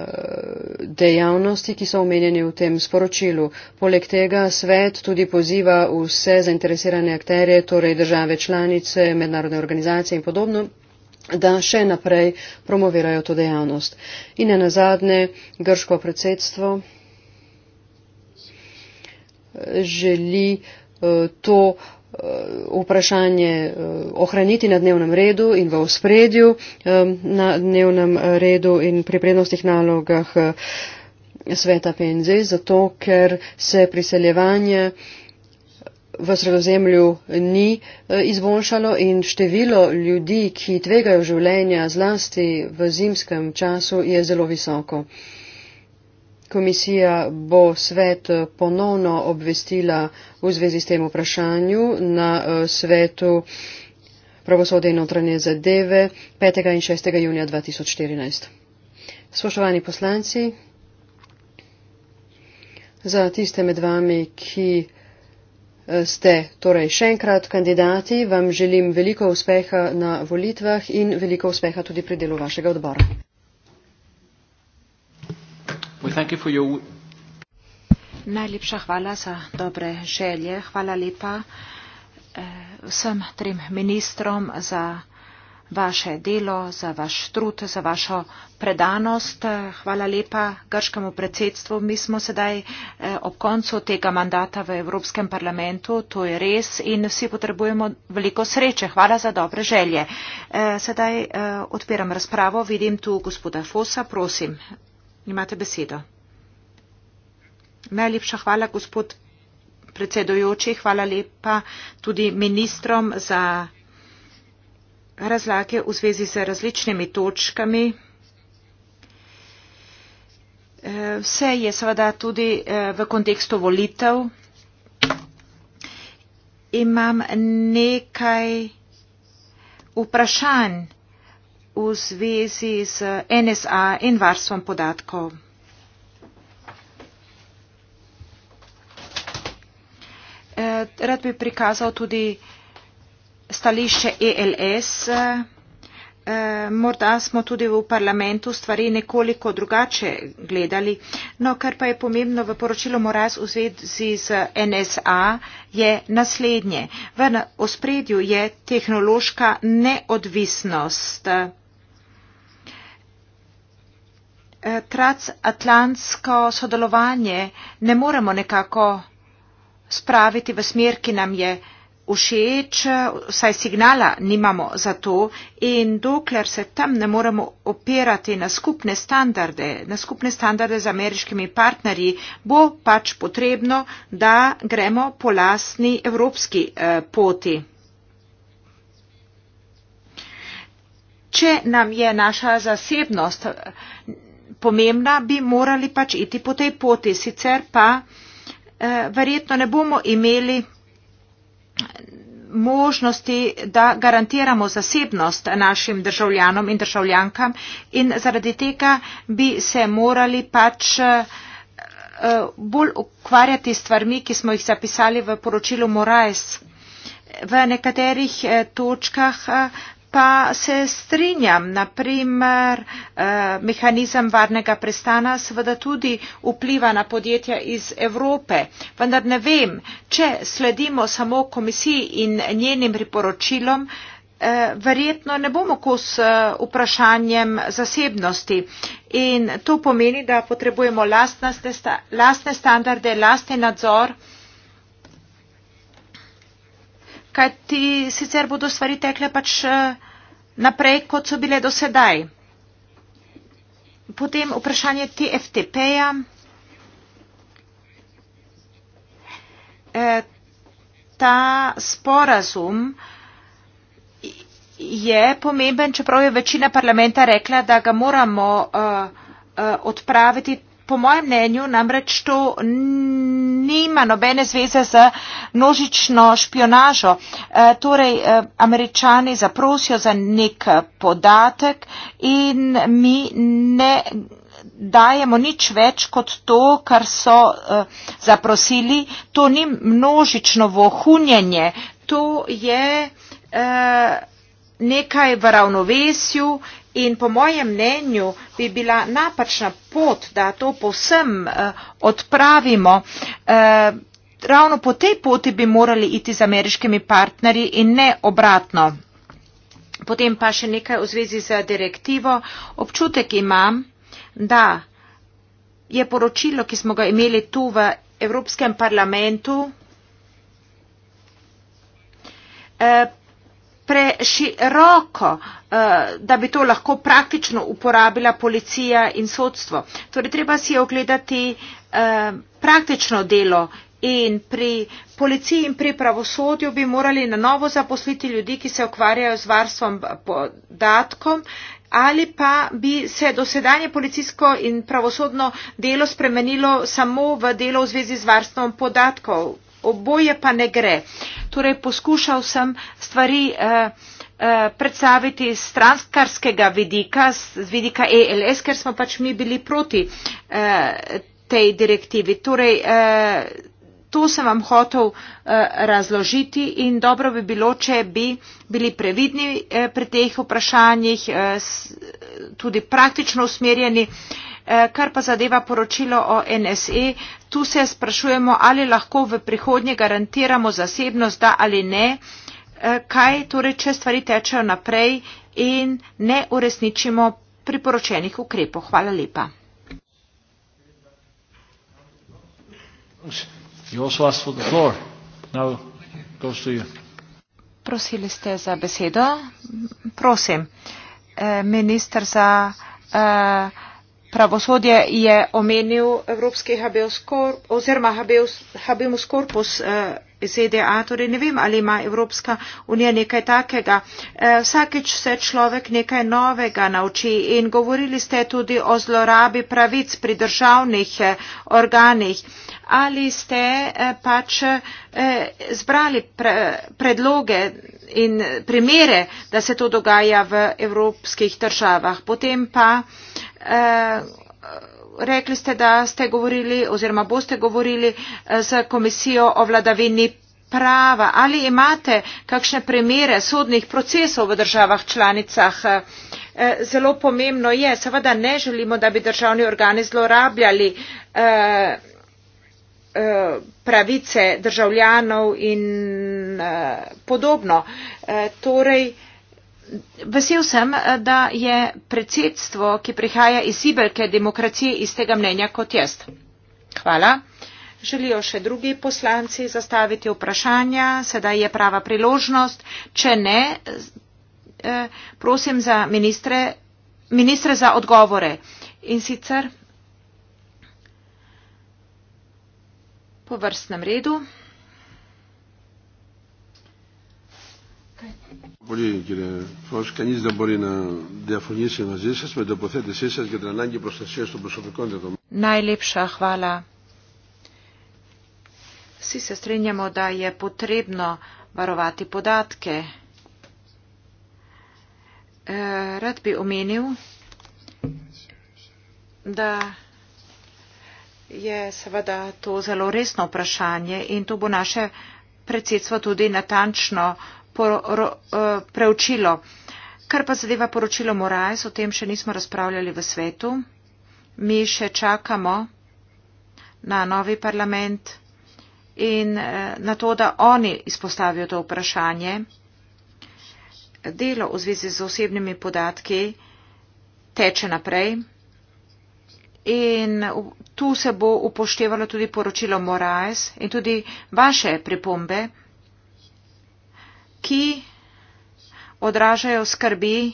dejavnosti, ki so omenjeni v tem sporočilu. Poleg tega svet tudi poziva vse zainteresirane akterje, torej države članice, mednarodne organizacije in podobno da še naprej promovirajo to dejavnost. In ne nazadnje, grško predsedstvo želi uh, to eh, vprašanje eh, ohraniti na dnevnem redu in v ospredju eh, na dnevnem redu in pri prednostih nalogah sveta penzi, zato ker se priseljevanje v sredozemlju ni izboljšalo in število ljudi, ki tvegajo življenja zlasti v zimskem času, je zelo visoko. Komisija bo svet eh, ponovno obvestila v zvezi s tem vprašanju na eh, svetu pravosodje in notranje zadeve 5. in 6. junija 2014. Spoštovani poslanci, za tiste med vami, ki eh, ste torej še enkrat kandidati, vam želim veliko uspeha na volitvah in veliko uspeha tudi pri delu vašega odbora. Najlepša hvala za dobre želje. Hvala lepa eh, vsem trim ministrom za vaše delo, za vaš trud, za vašo predanost. Hvala lepa grškemu predsedstvu. Mi smo sedaj eh, ob koncu tega mandata v Evropskem parlamentu, to je res in vsi potrebujemo veliko sreče. Hvala za dobre želje. Eh, sedaj odpiram razpravo, vidim tu gospoda Fosa, prosim. Imate besedo. Najlepša hvala, gospod predsedojoči. Hvala lepa tudi ministrom za razlake v zvezi z različnimi točkami. Vse je seveda tudi eh, v kontekstu volitev. Imam nekaj vprašanj v zvezi z NSA in varstvom podatkov. Eh, rad bi prikazal tudi stališče ELS. Eh, morda smo tudi v parlamentu stvari nekoliko drugače gledali. No, kar pa je pomembno v poročilu Moraz v zvezi z NSA je naslednje. V ospredju je tehnološka neodvisnost. Eh, transatlantsko sodelovanje ne moremo nekako spraviti v smer, ki nam je všeč, saj signala nimamo za to in dokler se tam ne moremo opirati na skupne standarde, na skupne standarde z ameriškimi partnerji, bo pač potrebno, da gremo po lastni evropski eh, poti. Če nam je naša zasebnost pomembna, bi morali pač iti po tej poti, sicer pa eh, verjetno ne bomo imeli eh, možnosti, da garantiramo zasebnost našim državljanom in državljankam in zaradi tega bi se morali pač eh, eh bolj ukvarjati stvarmi, ki smo jih zapisali v poročilu Moraes. V nekaterih eh, točkah eh, pa se strinjam, naprimer, eh, mehanizem varnega prestana seveda tudi vpliva na podjetja iz Evrope, vendar ne vem, če sledimo samo komisiji in njenim priporočilom, eh, verjetno ne bomo kos eh, vprašanjem zasebnosti. In to pomeni, da potrebujemo lastne standarde, lastni nadzor kaj ti sicer bodo stvari tekle pač eh, naprej, kot so bile do sedaj. Potem vprašanje TFTP-ja. Eh, ta sporazum je pomemben, čeprav je večina parlamenta rekla, da ga moramo uh, uh, odpraviti, po mojem mnenju namreč to nima nobene zveze z množično špionažo. E, torej, e, američani zaprosijo za nek podatek in mi ne dajemo nič več kot to, kar so e, zaprosili. To ni množično vohunjenje, to je nekaj v ravnovesju In po mojem mnenju bi bila napačna pot, da to povsem eh, odpravimo. Eh, ravno po tej poti bi morali iti z ameriškimi partnerji in ne obratno. Potem pa še nekaj v zvezi z direktivo. Občutek imam, da je poročilo, ki smo ga imeli tu v Evropskem parlamentu, eh, preširoko, eh, da bi to lahko praktično uporabila policija in sodstvo. Torej, treba si je ogledati eh, praktično delo in pri policiji in pri pravosodju bi morali na novo zaposliti ljudi, ki se ukvarjajo z varstvom podatkom ali pa bi se dosedanje policijsko in pravosodno delo spremenilo samo v delo v zvezi z varstvom podatkov, oboje pa ne gre. Torej, poskušal sem stvari uh, uh, predstaviti iz transkarskega vidika, z vidika ELS, ker smo pač mi bili proti uh, tej direktivi. Torej, uh, To sem vam hotel eh, razložiti in dobro bi bilo, če bi bili previdni eh, pri teh vprašanjih, eh, s, tudi praktično usmerjeni. Eh, Eh, kar pa zadeva poročilo o NSE, tu se sprašujemo, ali lahko v prihodnje garantiramo zasebnost, da ali ne, eh, kaj torej, če stvari tečejo naprej in ne uresničimo priporočenih ukrepov. Hvala lepa. Prosili ste za besedo. Prosim, eh, minister za. Uh, pravosodje je omenil Evropski habeus corpus oziroma habeus corpus eh, ZDA, torej ne vem, ali ima Evropska unija nekaj takega. Eh, Vsakeč se človek nekaj novega nauči in govorili ste tudi o zlorabi pravic pri državnih eh, organih. Ali ste pač zbrali predloge in primere, da se to dogaja v evropskih državah? Potem pa Eh, rekli ste, da ste govorili oziroma boste govorili z eh, komisijo o vladavini prava. Ali imate kakšne primere sodnih procesov v državah članicah? Eh, zelo pomembno je, seveda ne želimo, da bi državni organi zlorabljali pravice državljanov in podobno. Torej, vesel sem, da je predsedstvo, ki prihaja iz Sibelke demokracije, iz tega mnenja kot jaz. Hvala. Želijo še drugi poslanci zastaviti vprašanja, sedaj je prava priložnost. Če ne, eh, prosim za ministre, ministre za odgovore. In sicer po vrstnem redu. πολύ κύριε Φως. Κανείς δεν μπορεί να διαφωνήσει μαζί σας με τοποθέτησή σας για την ανάγκη προστασίας των προσωπικών δεδομένων. Να ελείψα χβάλα. Σι σε στρίνια μου ότι είναι πωτρίπνο βαροβάτι ποδάτκε. Ρέτ πι ομίνιου. Да, je seveda to zelo resno vprašanje in to bo naše predsedstvo tudi natančno uh, poro, uh, preučilo. Kar pa zadeva poročilo Morajs, o tem še nismo razpravljali v svetu. Mi še čakamo na novi parlament in uh, na to, da oni izpostavijo to vprašanje. Delo v zvezi z osebnimi podatki teče naprej. In tu se bo upoštevalo tudi poročilo Moraes in tudi vaše pripombe, ki odražajo skrbi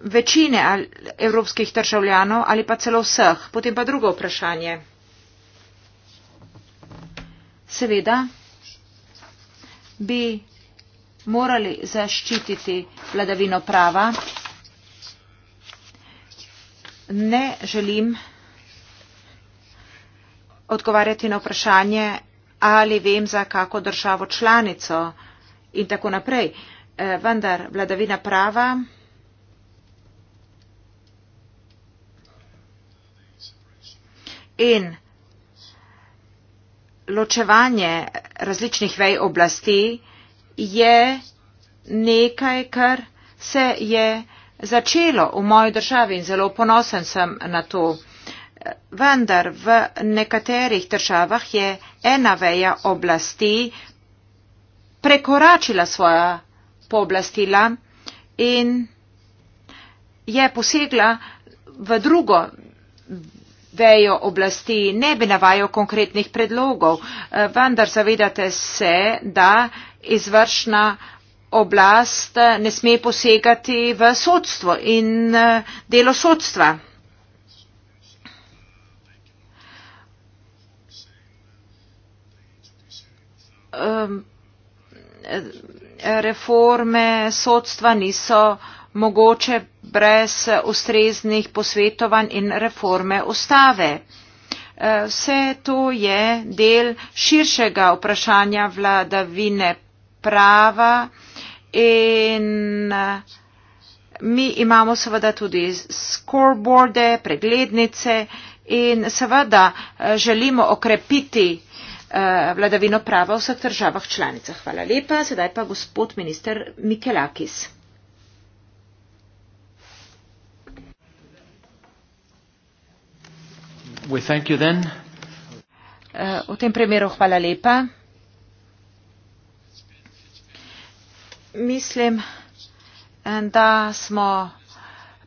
večine evropskih državljanov ali pa celo vseh. Potem pa drugo vprašanje. Seveda bi morali zaščititi vladavino prava. Ne želim odgovarjati na vprašanje, ali vem za kako državo članico in tako naprej. Eh, vendar vladavina prava in ločevanje različnih vej oblasti je nekaj, kar se je začelo v moji državi in zelo ponosen sem na to vendar v nekaterih državah je ena veja oblasti prekoračila svoja pooblastila in je posegla v drugo vejo oblasti. Ne bi navajal konkretnih predlogov, eh, vendar zavedate se, da izvršna oblast ne sme posegati v sodstvo in eh, delo sodstva. um, reforme sodstva niso mogoče brez ustreznih posvetovanj in reforme ustave. Uh, vse to je del širšega vprašanja vladavine prava in uh, mi imamo seveda tudi scoreboarde, preglednice in seveda uh, želimo okrepiti Eh, vladavino prava v vseh državah članicah. Hvala lepa. Sedaj pa gospod minister Mikelakis. Uh, v tem primeru hvala lepa. Mislim, da smo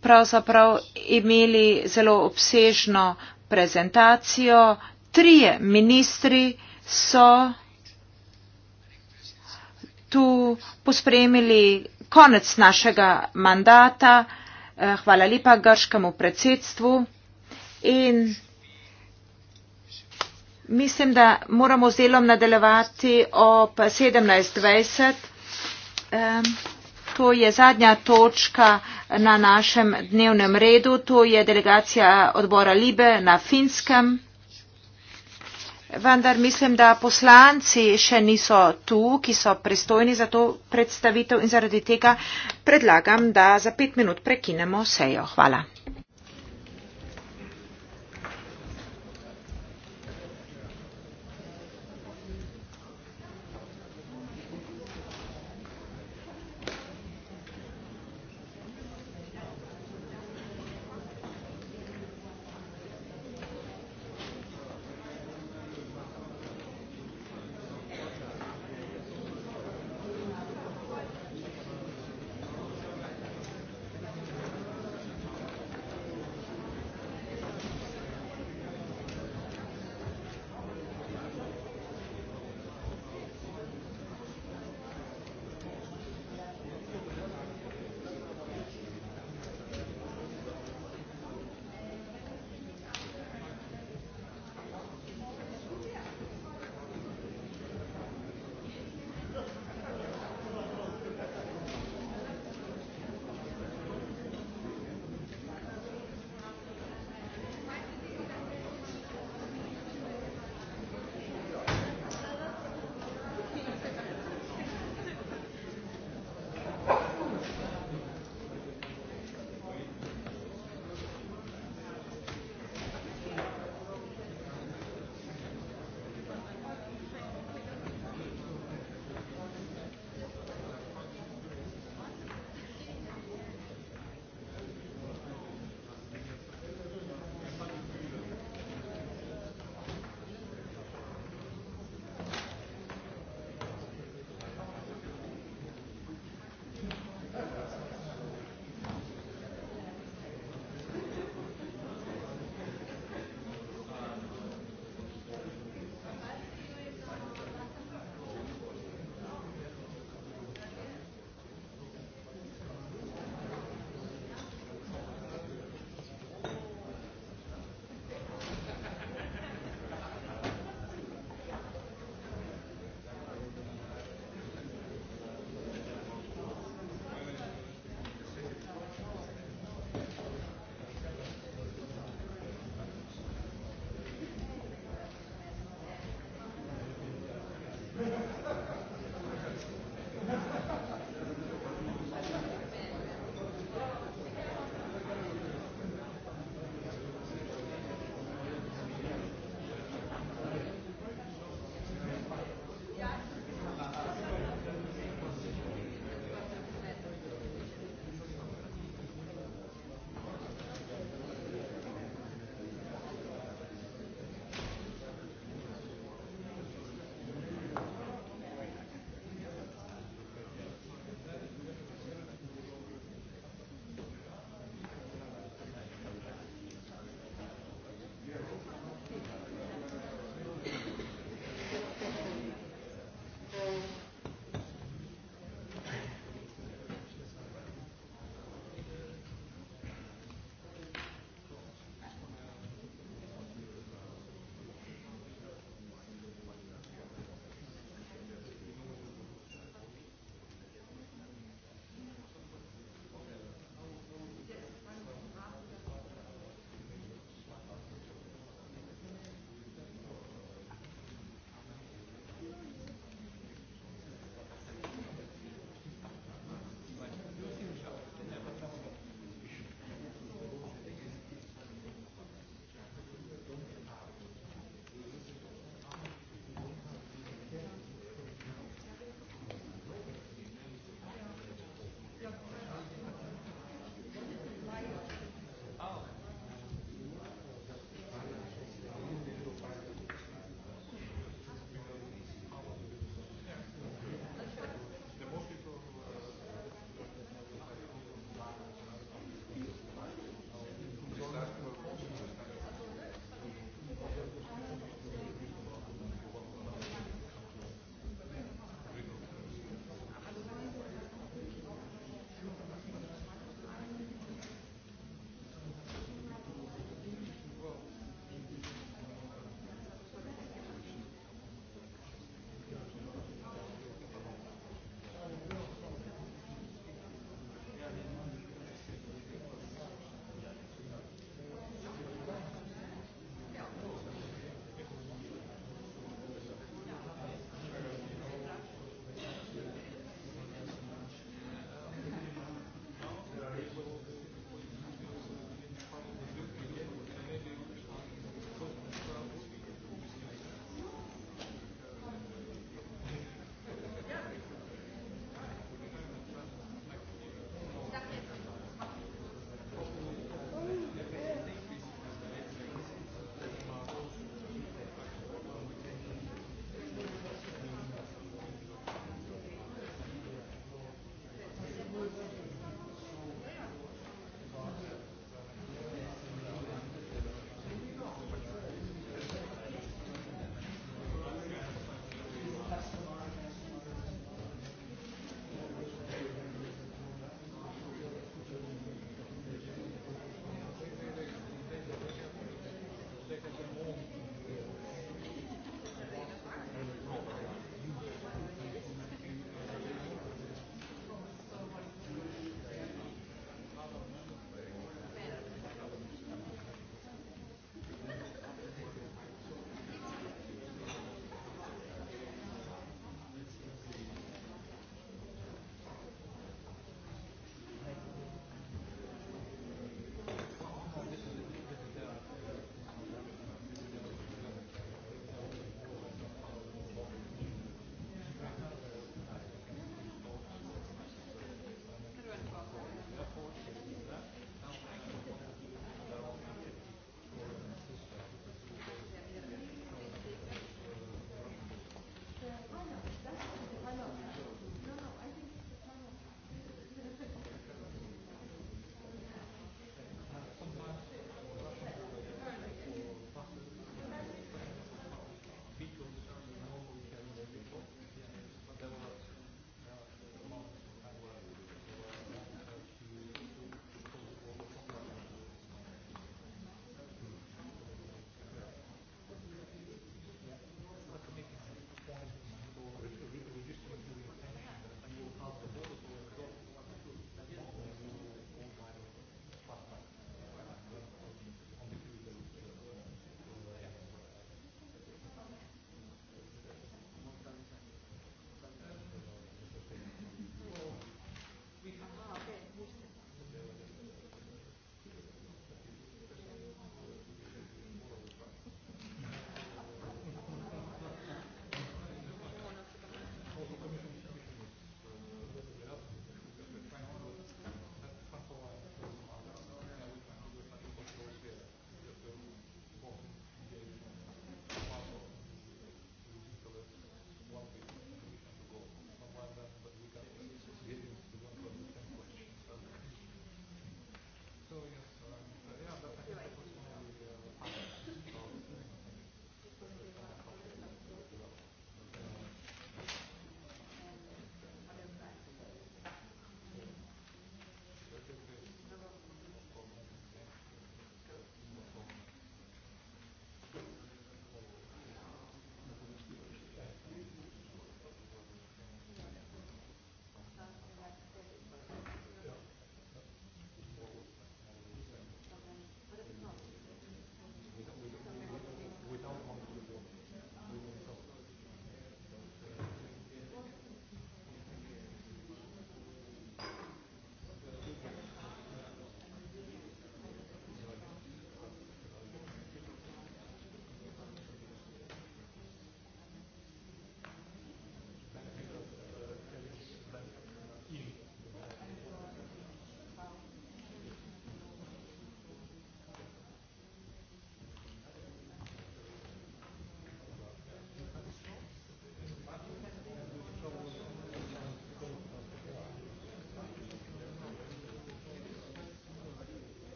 pravzaprav imeli zelo obsežno prezentacijo trije ministri so tu pospremili konec našega mandata. Eh, hvala lepa grškemu predsedstvu. In mislim, da moramo z delom nadaljevati ob 17.20. To je zadnja točka na našem dnevnem redu. To je delegacija odbora Libe na Finskem vendar mislim, da poslanci še niso tu, ki so pristojni za to predstavitev in zaradi tega predlagam, da za pet minut prekinemo sejo. Hvala.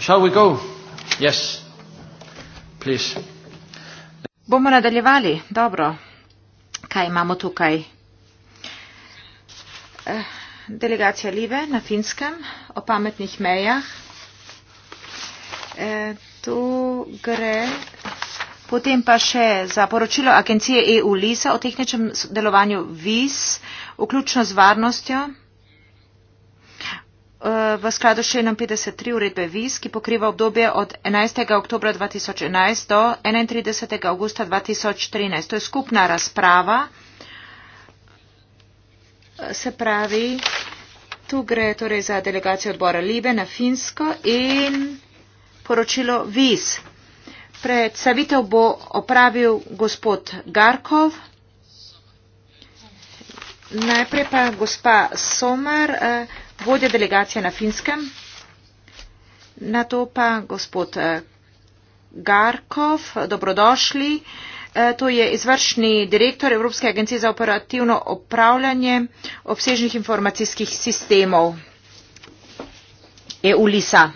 shall we go? Yes. Please. Bomo nadaljevali. Dobro. Kaj imamo tukaj? Eh, delegacija Live na Finskem o pametnih mejah. Eh, tu gre potem pa še za poročilo agencije EU-LISA o tehničnem delovanju VIS, vključno z varnostjo v skladu s členom 53 uredbe VIS, ki pokriva obdobje od 11. oktobra 2011 do 31. augusta 2013. To je skupna razprava. Se pravi, tu gre torej za delegacijo odbora Libe na Finsko in poročilo VIS. Predstavitev bo opravil gospod Garkov. Najprej pa gospa Somer. Eh, vodja delegacije na Finskem, na to pa gospod eh, Garkov, dobrodošli. Eh, to je izvršni direktor Evropske agencije za operativno upravljanje obsežnih informacijskih sistemov EULISA.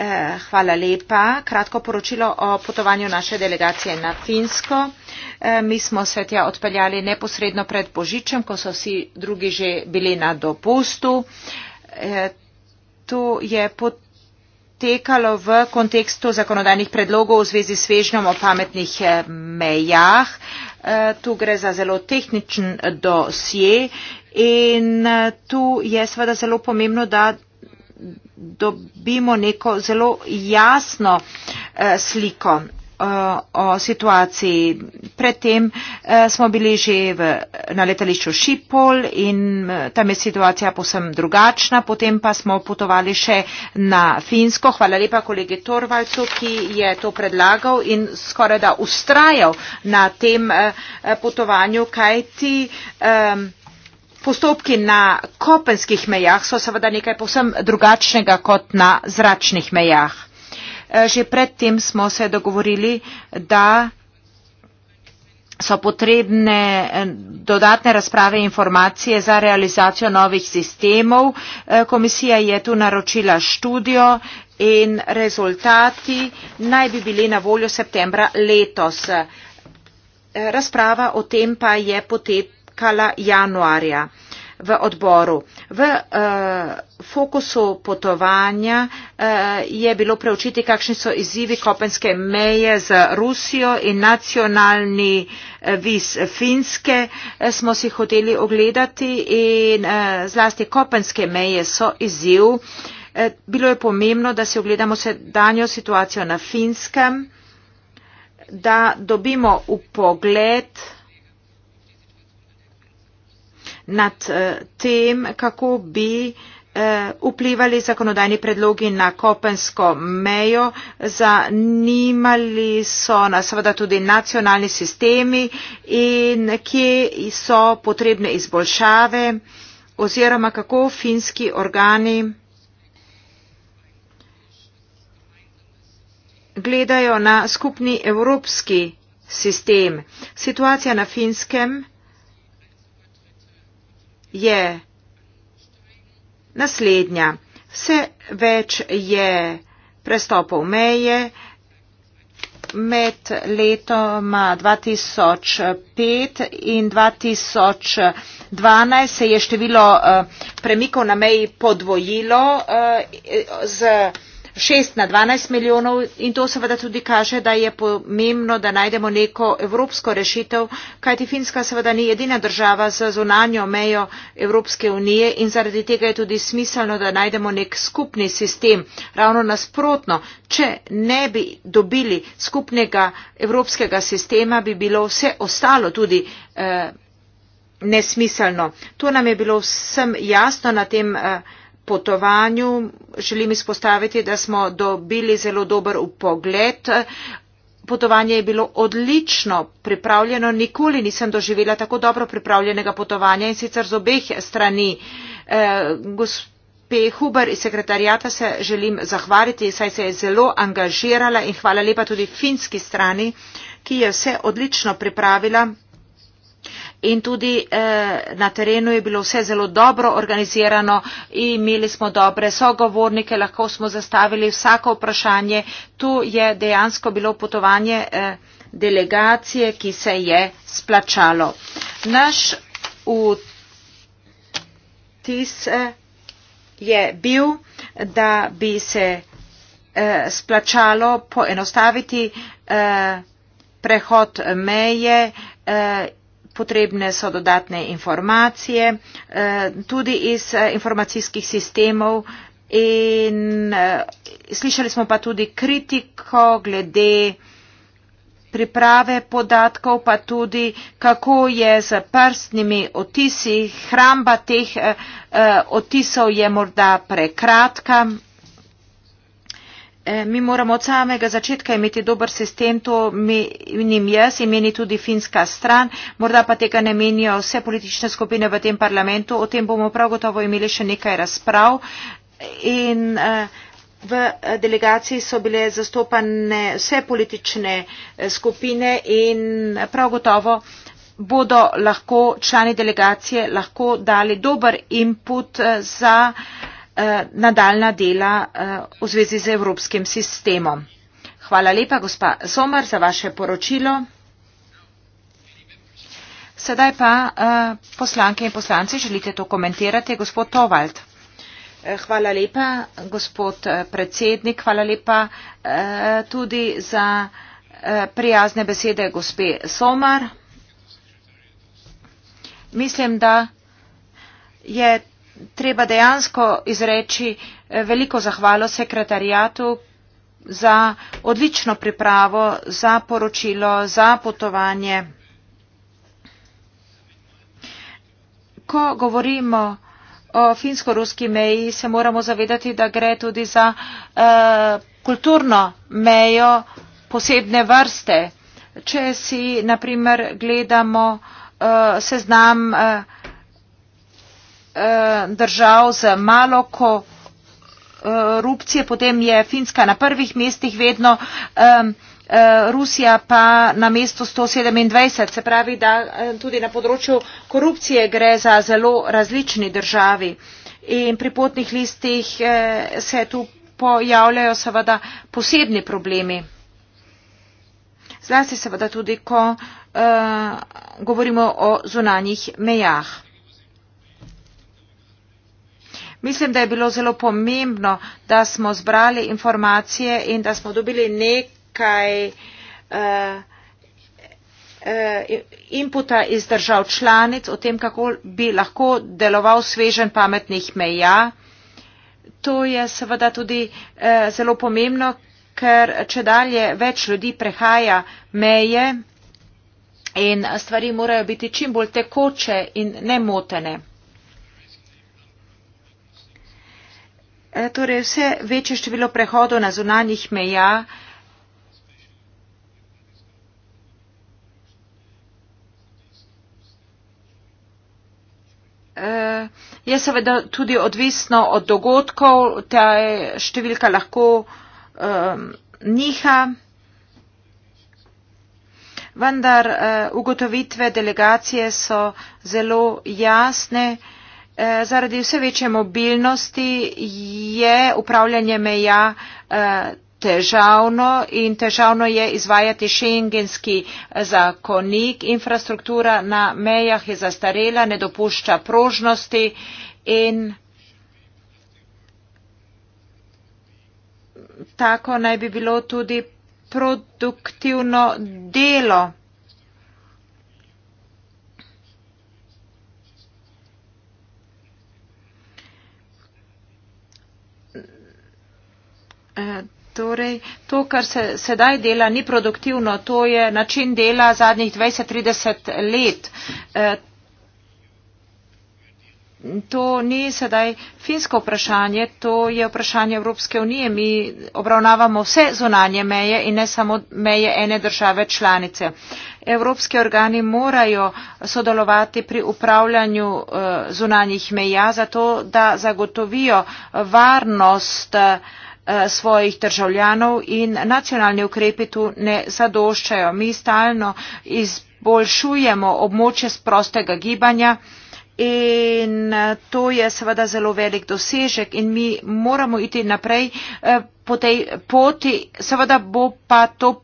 Eh, hvala lepa. Kratko poročilo o potovanju naše delegacije na Finsko. Eh, mi smo se tja odpeljali neposredno pred Božičem, ko so vsi drugi že bili na dopustu. Eh, tu je potekalo v kontekstu zakonodajnih predlogov v zvezi s svežnjom o pametnih mejah. Tu gre za zelo tehničen dosje in tu je seveda zelo pomembno, da dobimo neko zelo jasno eh, sliko eh, o situaciji. Predtem eh, smo bili že v, na letališču Šipol in tam je situacija posem drugačna. Potem pa smo potovali še na Finsko. Hvala lepa kolegi Torvalcu, ki je to predlagal in skoraj da ustrajal na tem eh, potovanju, kajti. Eh, postopki na kopenskih mejah so seveda nekaj posem drugačnega kot na zračnih mejah. Eh, že predtem smo se dogovorili, da so potrebne eh, dodatne razprave informacije za realizacijo novih sistemov. Eh, komisija je tu naročila študijo in rezultati naj bi bili na voljo septembra letos. Razprava o tem pa je potep potekala januarja v odboru. V uh, fokusu potovanja uh, je bilo preučiti, kakšni so izzivi kopenske meje z Rusijo in nacionalni uh, viz Finske uh, smo si hoteli ogledati in uh, zlasti kopenske meje so izziv. Uh, bilo je pomembno, da si ogledamo sedanjo situacijo na Finskem, da dobimo v pogled nad eh, tem, kako bi eh, vplivali zakonodajni predlogi na kopensko mejo. Zanimali so nas seveda tudi nacionalni sistemi in kje so potrebne izboljšave oziroma kako finski organi gledajo na skupni evropski sistem. Situacija na finskem je naslednja. Vse več je prestopov meje med letoma 2005 in 2012 se je število eh, premikov na meji podvojilo eh, z šest na dvanajst milijonov in to seveda tudi kaže da je pomembno da najdemo neko evropsko rešitev kajti finska seveda ni edina država z zunanjo mejo evropske unije in zaradi tega je tudi smiselno da najdemo nek skupni sistem ravno nasprotno če ne bi dobili skupnega evropskega sistema bi bilo vse ostalo tudi eh, nesmiselno to nam je bilo vsem jasno na tem eh, potovanju želim izpostaviti, da smo dobili zelo dober upogled. Potovanje je bilo odlično pripravljeno, nikoli nisem doživela tako dobro pripravljenega potovanja in sicer z obeh strani. E, gospe Huber iz sekretarijata se želim zahvaliti, saj se je zelo angažirala in hvala lepa tudi finski strani, ki je vse odlično pripravila in tudi eh, na terenu je bilo vse zelo dobro organizirano in imeli smo dobre sogovornike, lahko smo zastavili vsako vprašanje. Tu je dejansko bilo potovanje eh, delegacije, ki se je splačalo. Naš vtis eh, je bil, da bi se eh, splačalo poenostaviti eh, prehod meje eh, potrebne so dodatne informacije, eh, tudi iz eh, informacijskih sistemov. In eh, slišali smo pa tudi kritiko glede priprave podatkov, pa tudi kako je z prstnimi otisi. Hramba teh otisov je morda prekratka Eh, mi moramo od samega začetka imeti dober sistem, to menim jaz in meni tudi finska stran, morda pa tega ne menijo vse politične skupine v tem parlamentu, o tem bomo prav gotovo imeli še nekaj razprav in eh, v delegaciji so bile zastopane vse politične eh, skupine in prav gotovo bodo lahko člani delegacije lahko dali dober input za. Eh, nadaljna dela eh, v zvezi z evropskim sistemom. Hvala lepa, gospa Somar, za vaše poročilo. Sedaj pa eh, poslanke in poslanci, želite to komentirati, gospod Tovald. Hvala lepa, gospod predsednik, hvala lepa tudi za prijazne besede gospe Somar. Mislim, da je treba dejansko izreči eh, veliko zahvalo sekretarijatu za odlično pripravo, za poročilo, za potovanje. Ko govorimo o finsko-ruski meji, se moramo zavedati, da gre tudi za uh, kulturno mejo posebne vrste. Če si, na primer, gledamo uh, seznam uh, Eh, držav z malo korupcije, potem je Finska na prvih mestih vedno, eh, Rusija pa na mestu 127, se pravi, da tudi na področju korupcije gre za zelo različni državi. In pri potnih listih eh, se tu pojavljajo seveda posebni problemi. Zlasti seveda tudi, ko uh, govorimo o zunanjih mejah. Mislim, da je bilo zelo pomembno, da smo zbrali informacije in da smo dobili nekaj uh, uh, inputa iz držav članic o tem, kako bi lahko deloval svežen pametnih meja. To je seveda tudi uh, zelo pomembno, ker če dalje več ljudi prehaja meje in stvari morajo biti čim bolj tekoče in nemotene. E, torej vse večje število prehodov na zunanjih meja e, je seveda tudi odvisno od dogodkov, ta številka lahko um, niha. Vendar uh, ugotovitve delegacije so zelo jasne. Uh, Eh, zaradi vse večje mobilnosti je upravljanje meja eh, težavno in težavno je izvajati šengenski eh, zakonik. Infrastruktura na mejah je zastarela, ne dopušča prožnosti in tako naj bi bilo tudi produktivno delo. Eh, torej, to, kar se sedaj dela, ni produktivno. To je način dela zadnjih 20-30 let. Eh, to ni sedaj finsko vprašanje, to je vprašanje Evropske unije. Mi obravnavamo vse zunanje meje in ne samo meje ene države članice. Evropske organi morajo sodelovati pri upravljanju eh, zunanjih meja, zato da zagotovijo varnost. Eh, svojih državljanov in nacionalni ukrepi tu ne zadoščajo. Mi stalno izboljšujemo območje sprostega gibanja in eh, to je seveda zelo velik dosežek in mi moramo iti naprej eh, po tej poti. Seveda bo pa to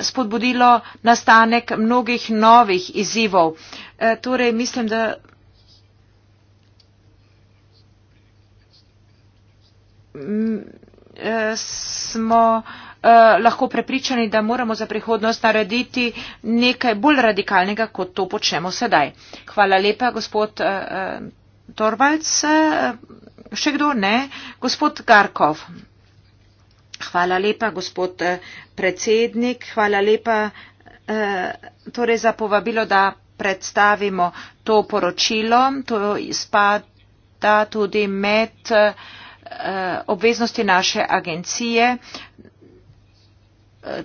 spodbudilo nastanek mnogih novih izzivov. Torej, mislim, da Mm, eh, smo eh, lahko prepričani, da moramo za prihodnost narediti nekaj bolj radikalnega, kot to počnemo sedaj. Hvala lepa, gospod eh, Torvalc. Še kdo? Ne. Gospod Garkov. Hvala lepa, gospod predsednik. Hvala lepa torej za povabilo, da predstavimo to poročilo. To spada tudi med. Eh, obveznosti naše agencije. Eh,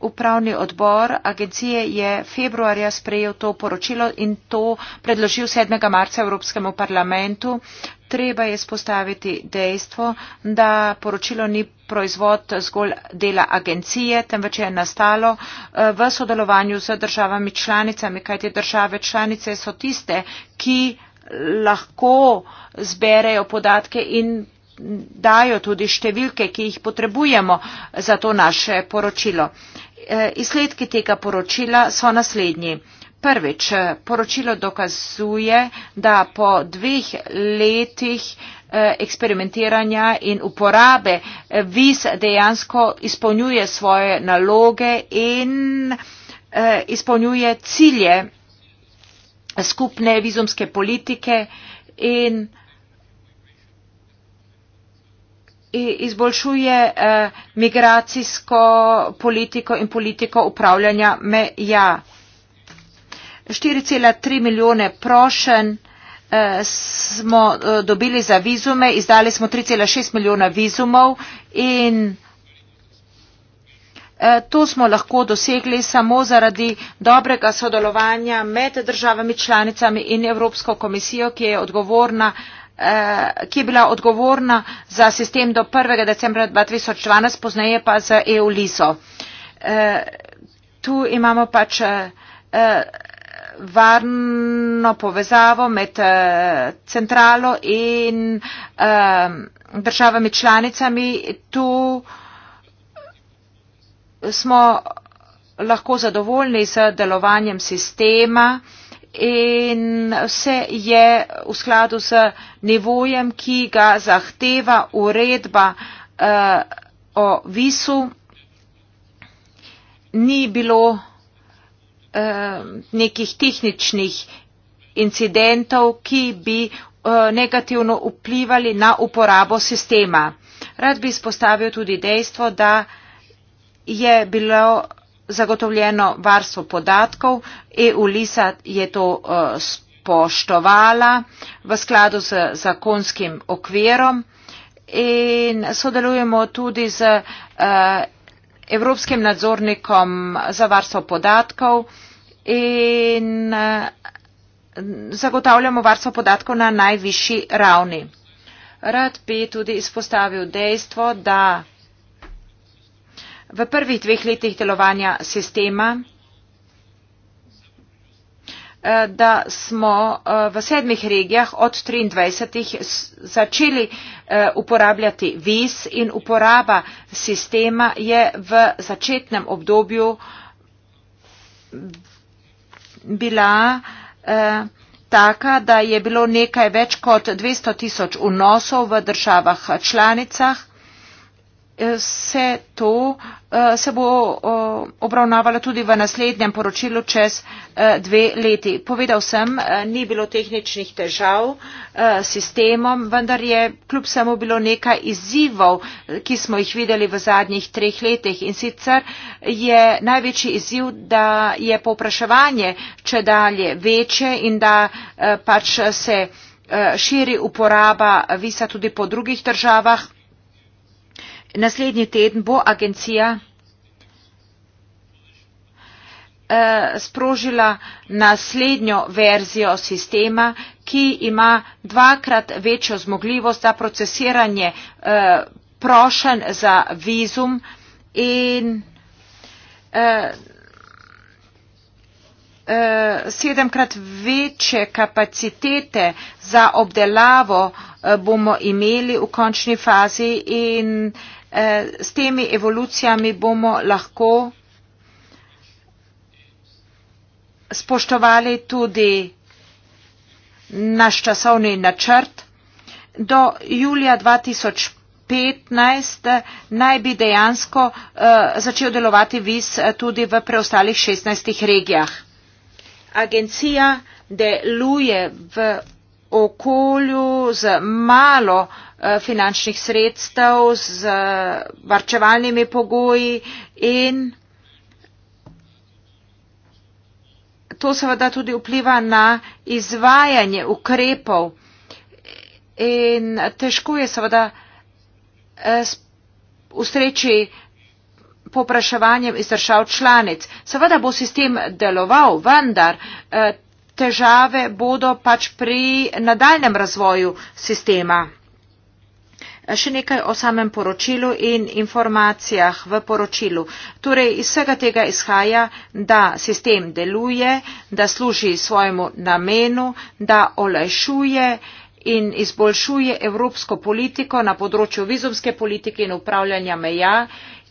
upravni odbor agencije je februarja sprejel to poročilo in to predložil 7. marca Evropskemu parlamentu. Treba je spostaviti dejstvo, da poročilo ni proizvod zgolj dela agencije, temveč je nastalo eh, v sodelovanju z državami članicami, kajti države članice so tiste, ki lahko zberejo podatke in dajo tudi številke, ki jih potrebujemo za to naše poročilo. E, izsledki tega poročila so naslednji. Prvič, e, poročilo dokazuje, da po dveh letih e, eksperimentiranja in uporabe VIS dejansko izpolnjuje svoje naloge in izpolnjuje cilje skupne vizumske politike in izboljšuje eh, migracijsko politiko in politiko upravljanja meja. 4,3 milijone prošen eh, smo eh, dobili za vizume, izdali smo 3,6 milijona vizumov in Eh, to smo lahko dosegli samo zaradi dobrega sodelovanja med državami članicami in Evropsko komisijo, ki je odgovorna eh, ki je bila odgovorna za sistem do 1. decembra 2012, poznaje pa za EU LISO. Eh, tu imamo pač varno povezavo med centralo in državami članicami. Tu smo lahko zadovoljni z delovanjem sistema in vse je v skladu z nivojem, ki ga zahteva uredba uh, o visu. Ni bilo uh, nekih tehničnih incidentov, ki bi uh, negativno vplivali na uporabo sistema. Rad bi izpostavil tudi dejstvo, da uh, je bilo zagotovljeno varstvo podatkov, EU-LISA je to eh, spoštovala v skladu z zakonskim okvirom in sodelujemo tudi z eh, Evropskim nadzornikom za varstvo podatkov in eh, zagotavljamo varstvo podatkov na najvišji ravni. Rad bi tudi izpostavil dejstvo, da V prvih dveh letih delovanja sistema, eh, da smo eh, v sedmih regijah od 23 začeli eh, uporabljati viz in uporaba sistema je v začetnem obdobju bila taka, da je bilo nekaj več kot 200 tisoč vnosov v državah članicah se to eh, se bo eh, obravnavalo tudi v naslednjem poročilu čez eh, dve leti. Povedal sem, ni bilo tehničnih težav s sistemom, vendar je kljub samo bilo nekaj izzivov, ki smo jih videli v zadnjih treh letih. In sicer je največji izziv, da je popraševanje če dalje večje in da pač se širi uporaba visa tudi po drugih državah Naslednji teden bo agencija eh, sprožila naslednjo verzijo sistema, ki ima dvakrat večjo zmogljivost za procesiranje eh, prošen za vizum in eh, sedemkrat večje kapacitete za obdelavo bomo imeli v končni fazi in eh, Eh, s temi evolucijami bomo lahko spoštovali tudi naš časovni načrt. Do julija 2015 eh, naj bi dejansko eh, začel delovati viz tudi v preostalih 16 regijah. Agencija deluje v okolju z malo eh, finančnih sredstev, z varčevalnimi pogoji in to seveda tudi vpliva na izvajanje ukrepov. In težko je seveda eh, ustreči popraševanjem iz držav članic. Seveda bo sistem deloval, vendar eh, težave bodo pač pri nadaljem razvoju sistema. Še nekaj o samem poročilu in informacijah v poročilu. Torej, iz vsega tega izhaja, da sistem deluje, da služi svojemu namenu, da olajšuje in izboljšuje evropsko politiko na področju vizumske politike in upravljanja meja.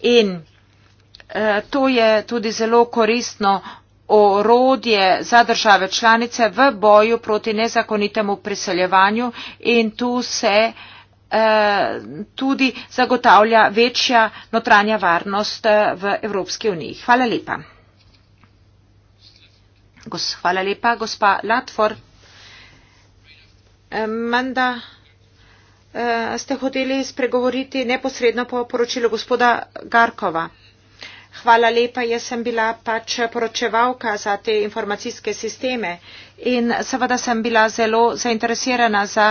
In eh, to je tudi zelo koristno orodje za države članice v boju proti nezakonitemu priseljevanju in tu se eh, tudi zagotavlja večja notranja varnost eh, v Evropski uniji. Hvala lepa. Hvala lepa, gospa Latvor. Eh, Manda, ste hoteli spregovoriti neposredno po poročilu gospoda Garkova. Hvala lepa, jaz sem bila pač poročevalka za te informacijske sisteme in seveda sem bila zelo zainteresirana za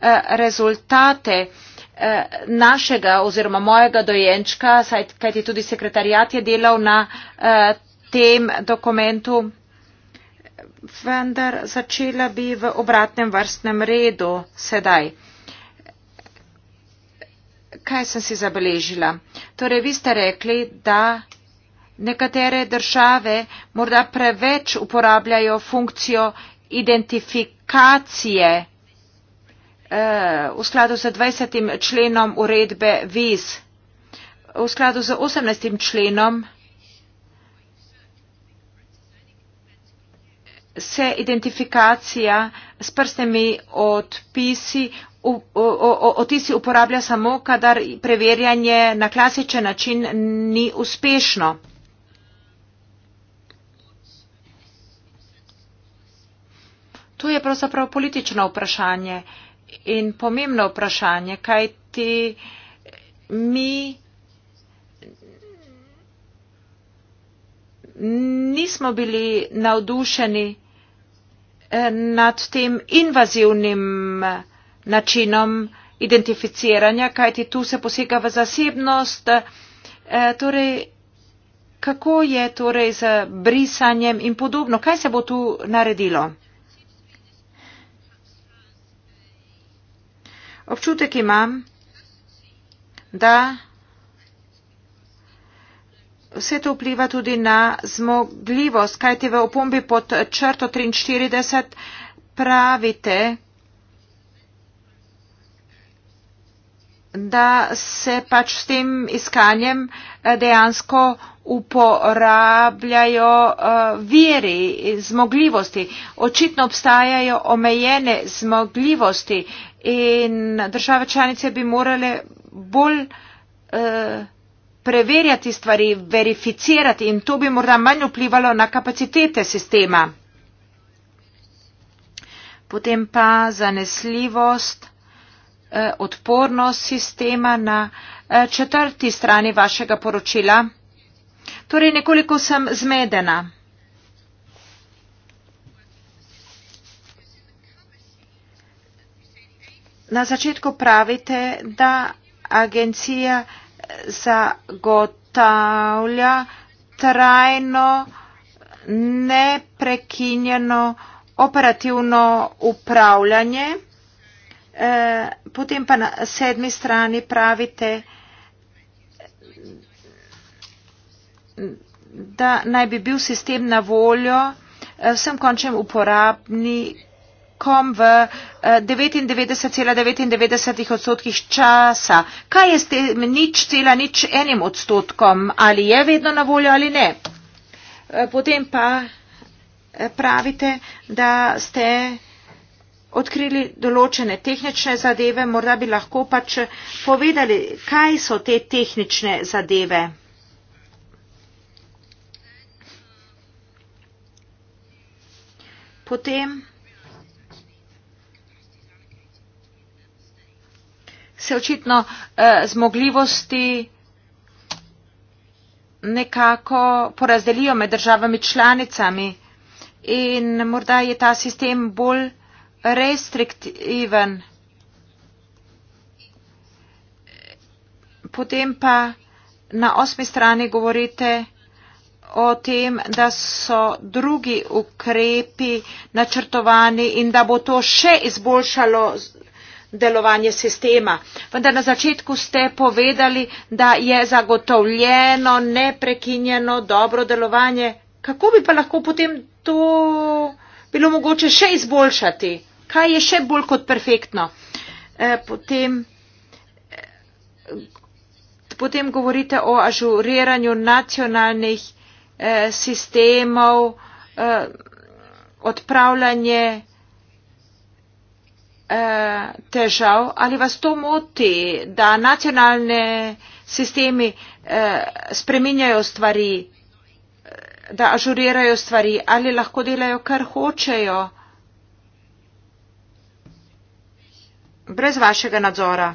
eh, rezultate eh, našega oziroma mojega dojenčka, kajti tudi sekretarjat je delal na eh, tem dokumentu. Vendar začela bi v obratnem vrstnem redu sedaj. Kaj sem si zabeležila? Torej, vi ste rekli, da nekatere države morda preveč uporabljajo funkcijo identifikacije eh, v skladu z 20. členom uredbe viz. V skladu z 18. členom se identifikacija s prstnimi odpisi otisi uporablja samo, kadar preverjanje na klasičen način ni uspešno. Tu je pravzaprav politično vprašanje in pomembno vprašanje, kaj ti mi nismo bili navdušeni eh, nad tem invazivnim eh, načinom identificiranja, kaj ti tu se posega v zasebnost. Eh, torej, kako je torej z brisanjem in podobno? Kaj se bo tu naredilo? Občutek imam, da vse to vpliva tudi na zmogljivost, kajti v opombi pod črto 43 pravite, da se pač s tem iskanjem eh, dejansko uporabljajo eh, viri in zmogljivosti. Očitno obstajajo omejene zmogljivosti in države članice bi morale bolj uh, preverjati stvari, verificirati in to bi morda manj vplivalo na kapacitete sistema. Potem pa zanesljivost, uh, odpornost sistema na uh, četrti strani vašega poročila. Torej, nekoliko sem zmedena. na začetku pravite, da agencija zagotavlja trajno, neprekinjeno operativno upravljanje. E, potem pa na sedmi strani pravite, da naj bi bil sistem na voljo e, vsem končnim uporabnikom Telekom v 99,99 eh, odstotkih časa. Kaj je s tem nič cela nič enim odstotkom? Ali je vedno na voljo ali ne? Eh, potem pa eh, pravite, da ste odkrili določene tehnične zadeve, morda bi lahko pač povedali, kaj so te tehnične zadeve. Potem se očitno eh, zmogljivosti nekako porazdelijo med državami članicami in morda je ta sistem bolj restriktiven. Potem pa na osmi strani govorite o tem, da so drugi ukrepi načrtovani in da bo to še izboljšalo delovanje sistema. Vendar na začetku ste povedali, da je zagotovljeno neprekinjeno dobro delovanje. Kako bi pa lahko potem to bilo mogoče še izboljšati? Kaj je še bolj kot perfektno? E, potem, e, potem govorite o ažuriranju nacionalnih e, sistemov, e, odpravljanje Eh, težav, ali vas to moti, da nacionalne sistemi eh, spreminjajo stvari, eh, da ažurirajo stvari, ali lahko delajo, kar hočejo, brez vašega nadzora.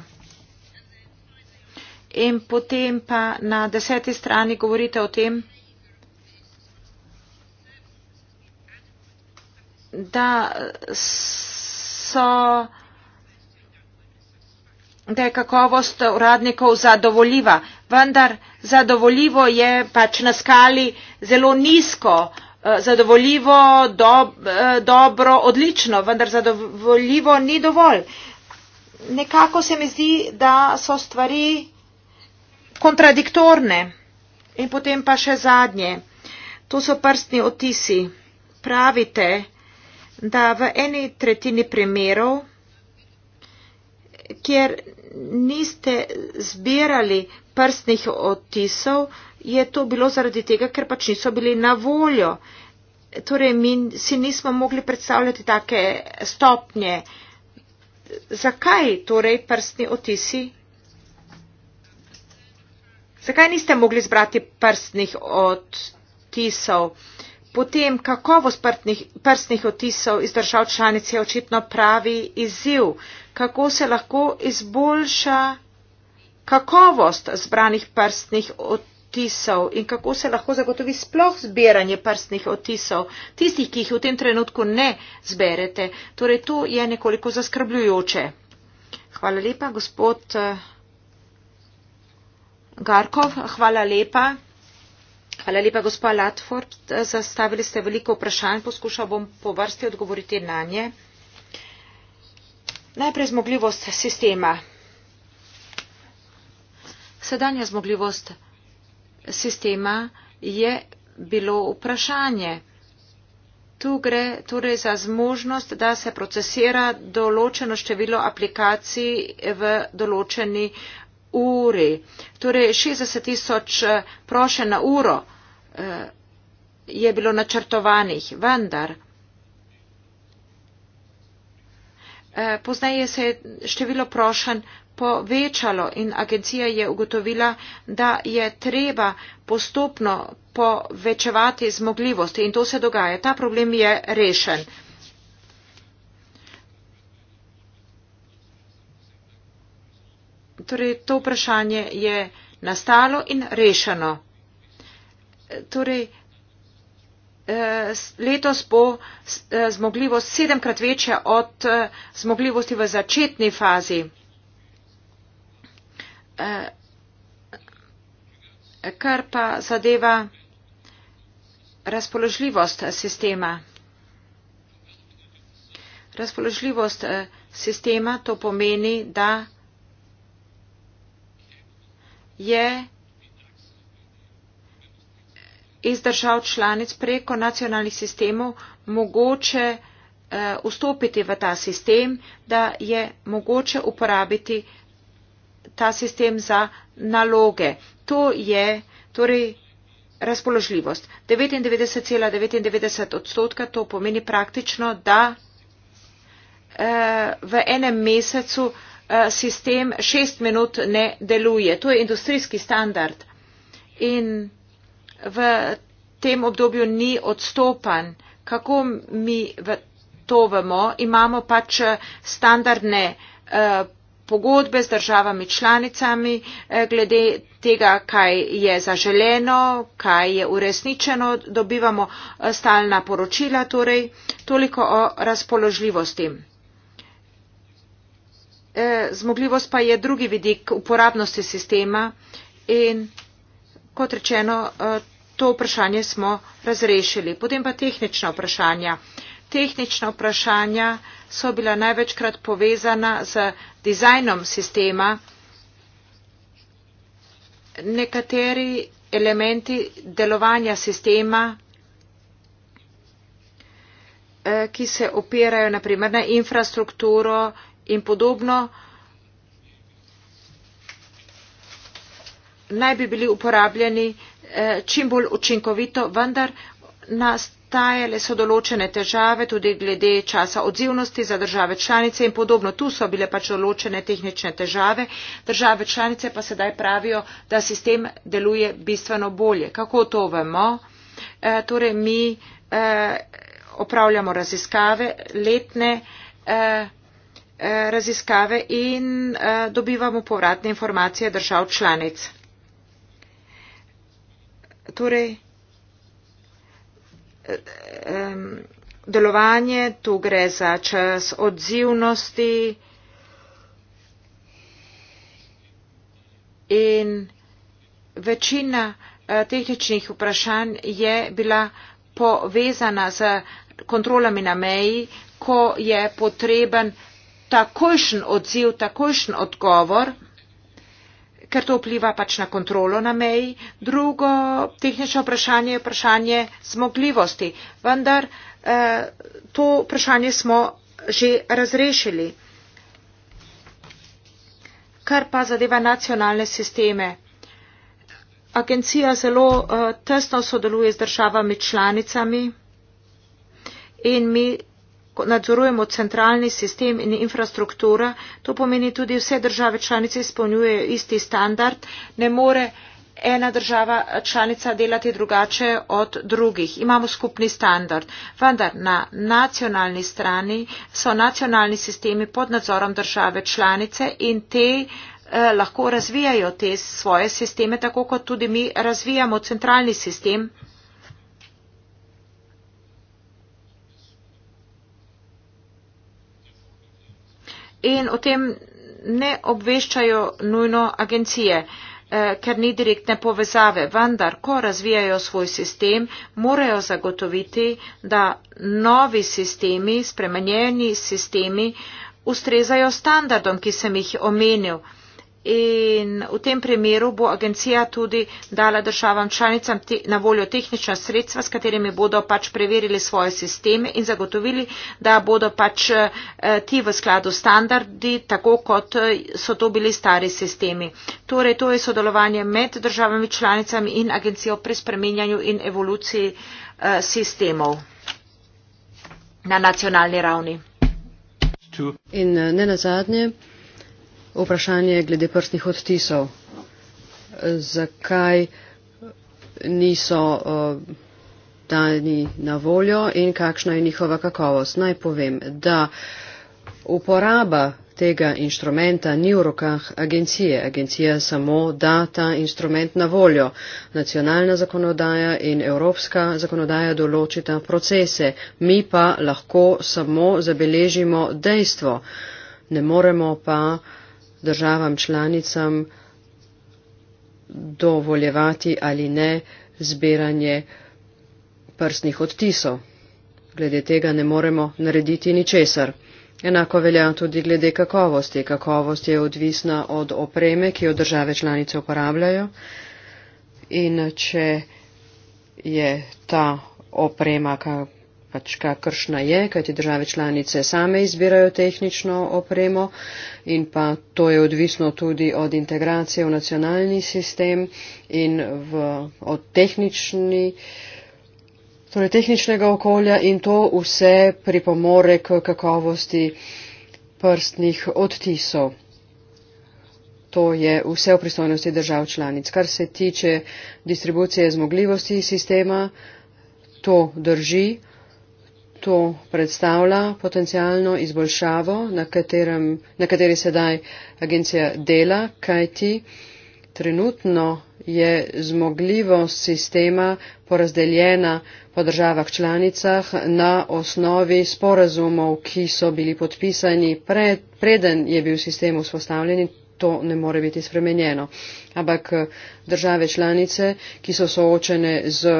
In potem pa na deseti strani govorite o tem, da. S, so, da je kakovost uradnikov zadovoljiva, vendar zadovoljivo je pač na skali zelo nizko, eh, zadovoljivo, do, eh, dobro, odlično, vendar zadovoljivo ni dovolj. Nekako se mi zdi, da so stvari kontradiktorne. In potem pa še zadnje. To so prstni otisi. Pravite, da v eni tretjini primerov, kjer niste zbirali prstnih odtisov, je to bilo zaradi tega, ker pač niso bili na voljo. Torej, mi si nismo mogli predstavljati take stopnje. Zakaj torej prstni otisi? Zakaj niste mogli zbrati prstnih odtisov? Potem kakovost prtnih, prstnih otisov iz držav članic je očitno pravi izziv, kako se lahko izboljša kakovost zbranih prstnih otisov in kako se lahko zagotovi sploh zbiranje prstnih otisov, tistih, ki jih v tem trenutku ne zberete. Torej, to je nekoliko zaskrbljujoče. Hvala lepa, gospod eh, Garkov. Hvala lepa. Hvala lepa, gospa Latford. Zastavili ste veliko vprašanj, poskušal bom po vrsti odgovoriti na nje. Najprej zmogljivost sistema. Sedanja zmogljivost sistema je bilo vprašanje. Tu gre torej za zmožnost, da se procesira določeno število aplikacij v določeni uri, torej 60 tisoč eh, prošen na uro eh, je bilo načrtovanih, vendar eh, poznaje se je število prošen povečalo in agencija je ugotovila, da je treba postopno povečevati zmogljivosti in to se dogaja. Ta problem je rešen. torej to vprašanje je nastalo in rešeno. Torej, eh, letos bo eh, zmogljivost sedemkrat večja od eh, zmogljivosti v začetni fazi. Kar pa zadeva razpoložljivost sistema. Razpoložljivost sistema to pomeni, da je iz držav članic preko nacionalnih sistemov mogoče eh, vstopiti v ta sistem, da je mogoče uporabiti ta sistem za naloge. To je torej razpoložljivost. 99,99 odstotka to pomeni praktično, da eh, v enem mesecu Eh, sistem šest minut ne deluje. To je industrijski standard in v tem obdobju ni odstopan. Kako mi to vemo? Imamo pač eh, standardne eh, pogodbe z državami članicami glede tega, kaj je zaželeno, kaj je uresničeno, dobivamo stalna poročila, torej toliko o razpoložljivosti. E, zmogljivost pa je drugi vidik uporabnosti sistema in kot rečeno, e, to vprašanje smo razrešili. Potem pa tehnična vprašanja. Tehnična vprašanja so bila največkrat povezana z dizajnom sistema. Nekateri elementi delovanja sistema, e, ki se opirajo naprimer na infrastrukturo, in podobno naj bi bili uporabljeni eh, čim bolj učinkovito, vendar nastajale so določene težave tudi glede časa odzivnosti za države članice in podobno. Tu so bile pač določene tehnične težave, države članice pa sedaj pravijo, da sistem deluje bistveno bolje. Kako to vemo? E, torej, mi e, opravljamo raziskave letne. E, Eh, raziskave in eh, dobivamo povratne informacije držav članic. Torej, ehm, delovanje, tu gre za čas odzivnosti in večina eh, tehničnih vprašanj je bila povezana z kontrolami na meji, ko je potreben vprašanj takojšen odziv, takojšen odgovor, ker to vpliva pač na kontrolo na meji. Drugo tehnično vprašanje je vprašanje zmogljivosti, vendar eh, to vprašanje smo že razrešili. Kar pa zadeva nacionalne sisteme. Agencija zelo uh, tesno sodeluje z državami članicami in mi nadzorujemo centralni sistem in infrastruktura, to pomeni tudi vse države članice izpolnjujejo isti standard, ne more ena država članica delati drugače od drugih. Imamo skupni standard, vendar na nacionalni strani so nacionalni sistemi pod nadzorom države članice in te eh, lahko razvijajo te svoje sisteme, tako kot tudi mi razvijamo centralni sistem. in o tem ne obveščajo nujno agencije, eh, ker ni direktne povezave. Vendar, ko razvijajo svoj sistem, morajo zagotoviti, da novi sistemi, spremenjeni sistemi, ustrezajo standardom, ki sem jih omenil in v tem primeru bo agencija tudi dala državam članicam te, na voljo tehnična sredstva, s katerimi bodo pač preverili svoje sisteme in zagotovili, da bodo pač eh, ti v skladu standardi, tako kot eh, so to bili stari sistemi. Torej, to je sodelovanje med državami članicami in agencijo pri spremenjanju in evoluciji eh, sistemov na nacionalni ravni. In ne nazadnje, vprašanje glede prstnih odtisov. Zakaj niso uh, dani na voljo in kakšna je njihova kakovost? Naj povem, da uporaba tega inštrumenta ni v rokah agencije. Agencija samo da ta inštrument na voljo. Nacionalna zakonodaja in evropska zakonodaja določita procese. Mi pa lahko samo zabeležimo dejstvo. Ne moremo pa uh, državam članicam dovoljevati ali ne zbiranje prstnih odtisov. Glede tega ne moremo narediti ničesar. Enako velja tudi glede kakovosti. Kakovost je odvisna od opreme, ki jo države članice uporabljajo. In če je ta oprema, pač kakršna je, kajti države članice same izbirajo tehnično opremo in pa to je odvisno tudi od integracije v nacionalni sistem in v, od tehnični. Torej, tehničnega okolja in to vse pripomore k kakovosti prstnih odtisov. To je vse v pristojnosti držav članic. Kar se tiče distribucije zmogljivosti sistema, to drži to predstavlja potencijalno izboljšavo, na, katerem, na kateri sedaj agencija dela, kajti trenutno je zmogljivost sistema porazdeljena po državah članicah na osnovi sporazumov, ki so bili podpisani pred, preden je bil sistem vzpostavljen in to ne more biti spremenjeno ampak eh, države članice, ki so soočene z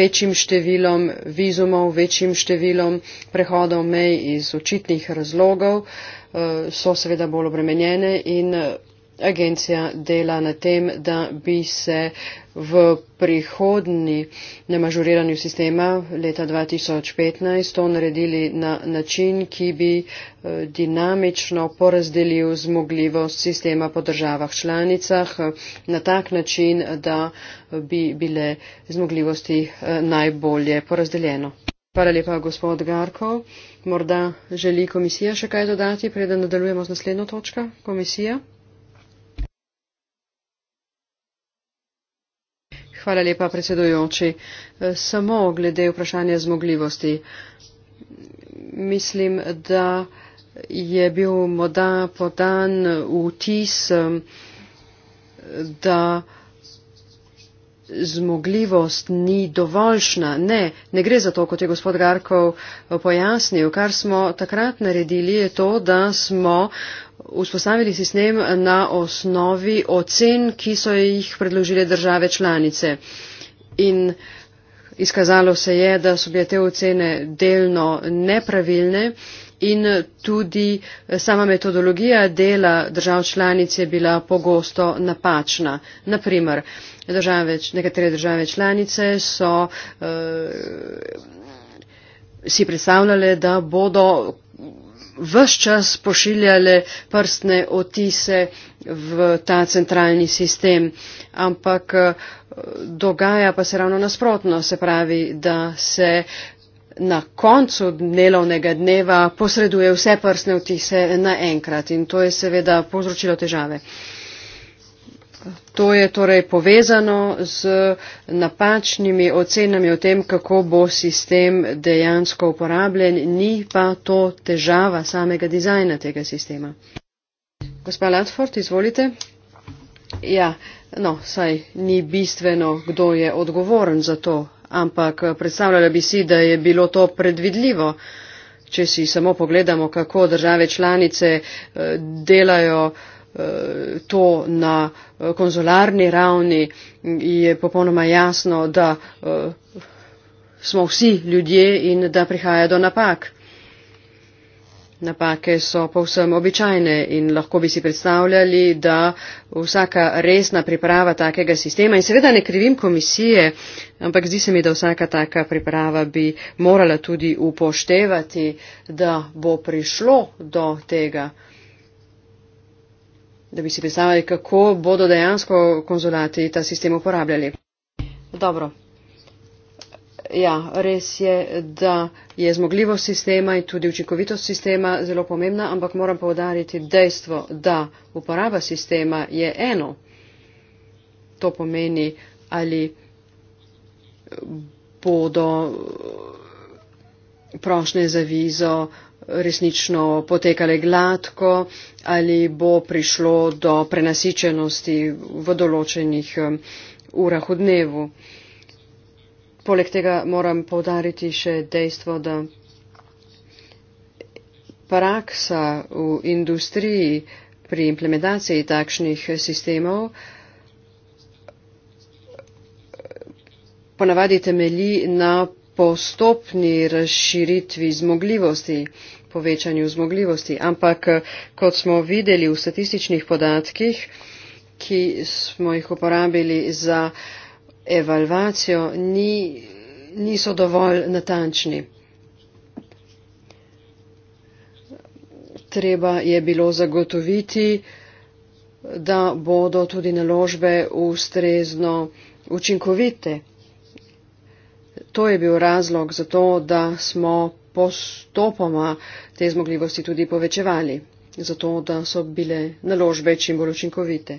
večjim številom vizumov, večjim številom prehodov mej iz očitnih razlogov, eh, so seveda bolj obremenjene in eh, agencija dela na tem, da bi se v prihodni nemažuriranju sistema leta 2015 to naredili na način, ki bi eh, dinamično porazdelil zmogljivost sistema po državah članicah eh, na tak način, da eh, bi bile zmogljivosti najbolje porazdeljeno. Hvala lepa, gospod Garko. Morda želi komisija še kaj dodati, preden nadaljujemo z naslednjo točko. Komisija. Hvala lepa, predsedujoči. E, samo glede vprašanja zmogljivosti. Mislim, da je bil morda podan vtis, da zmogljivost ni dovoljšna. Ne, ne gre za to, kot je gospod Garkov pojasnil. Kar smo takrat naredili, je to, da smo vzpostavili sistem na osnovi ocen, ki so jih predložile države članice. In izkazalo se je, da so bile te ocene delno nepravilne in tudi sama metodologija dela držav članic je bila pogosto napačna. Naprimer, države, nekatere države članice so uh, si predstavljale, da bodo vse čas pošiljale prstne otise v ta centralni sistem. Ampak eh, dogaja pa se ravno nasprotno, se pravi, da se na koncu delovnega dneva posreduje vse prstne otise naenkrat in to je seveda povzročilo težave. Uh, To je torej povezano z napačnimi ocenami o tem, kako bo sistem dejansko uporabljen, ni pa to težava samega dizajna tega sistema. Gospa Latford, izvolite. Ja, no, saj ni bistveno, kdo je odgovoren za to, ampak predstavljala bi si, da je bilo to predvidljivo. Če si samo pogledamo, kako države članice eh, delajo Eh, to na eh, konzularni ravni, je popolnoma jasno, da eh, smo vsi ljudje in da prihaja do napak. Napake so povsem običajne in lahko bi si predstavljali, da vsaka resna priprava takega sistema in seveda ne krivim komisije, ampak zdi se mi, da vsaka taka priprava bi morala tudi upoštevati, da bo prišlo do tega da bi si predstavljali, kako bodo dejansko konzulati ta sistem uporabljali. Dobro. Ja, res je, da je zmogljivost sistema in tudi učinkovitost sistema zelo pomembna, ampak moram povdariti dejstvo, da uporaba sistema je eno. To pomeni, ali bodo prošle za vizo uh, resnično potekale gladko ali bo prišlo do prenasičenosti v določenih um, urah v dnevu. Poleg tega moram povdariti še dejstvo, da praksa v industriji pri implementaciji takšnih sistemov ponavadi temelji na postopni razširitvi zmogljivosti povečanju zmogljivosti. Ampak eh, kot smo videli v statističnih podatkih, ki smo jih uporabili za evalvacijo, ni, niso dovolj natančni. Treba je bilo zagotoviti, da bodo tudi naložbe ustrezno učinkovite. To je bil razlog za to, da smo postopoma te zmogljivosti tudi povečevali, zato da so bile naložbe čim bolj učinkovite.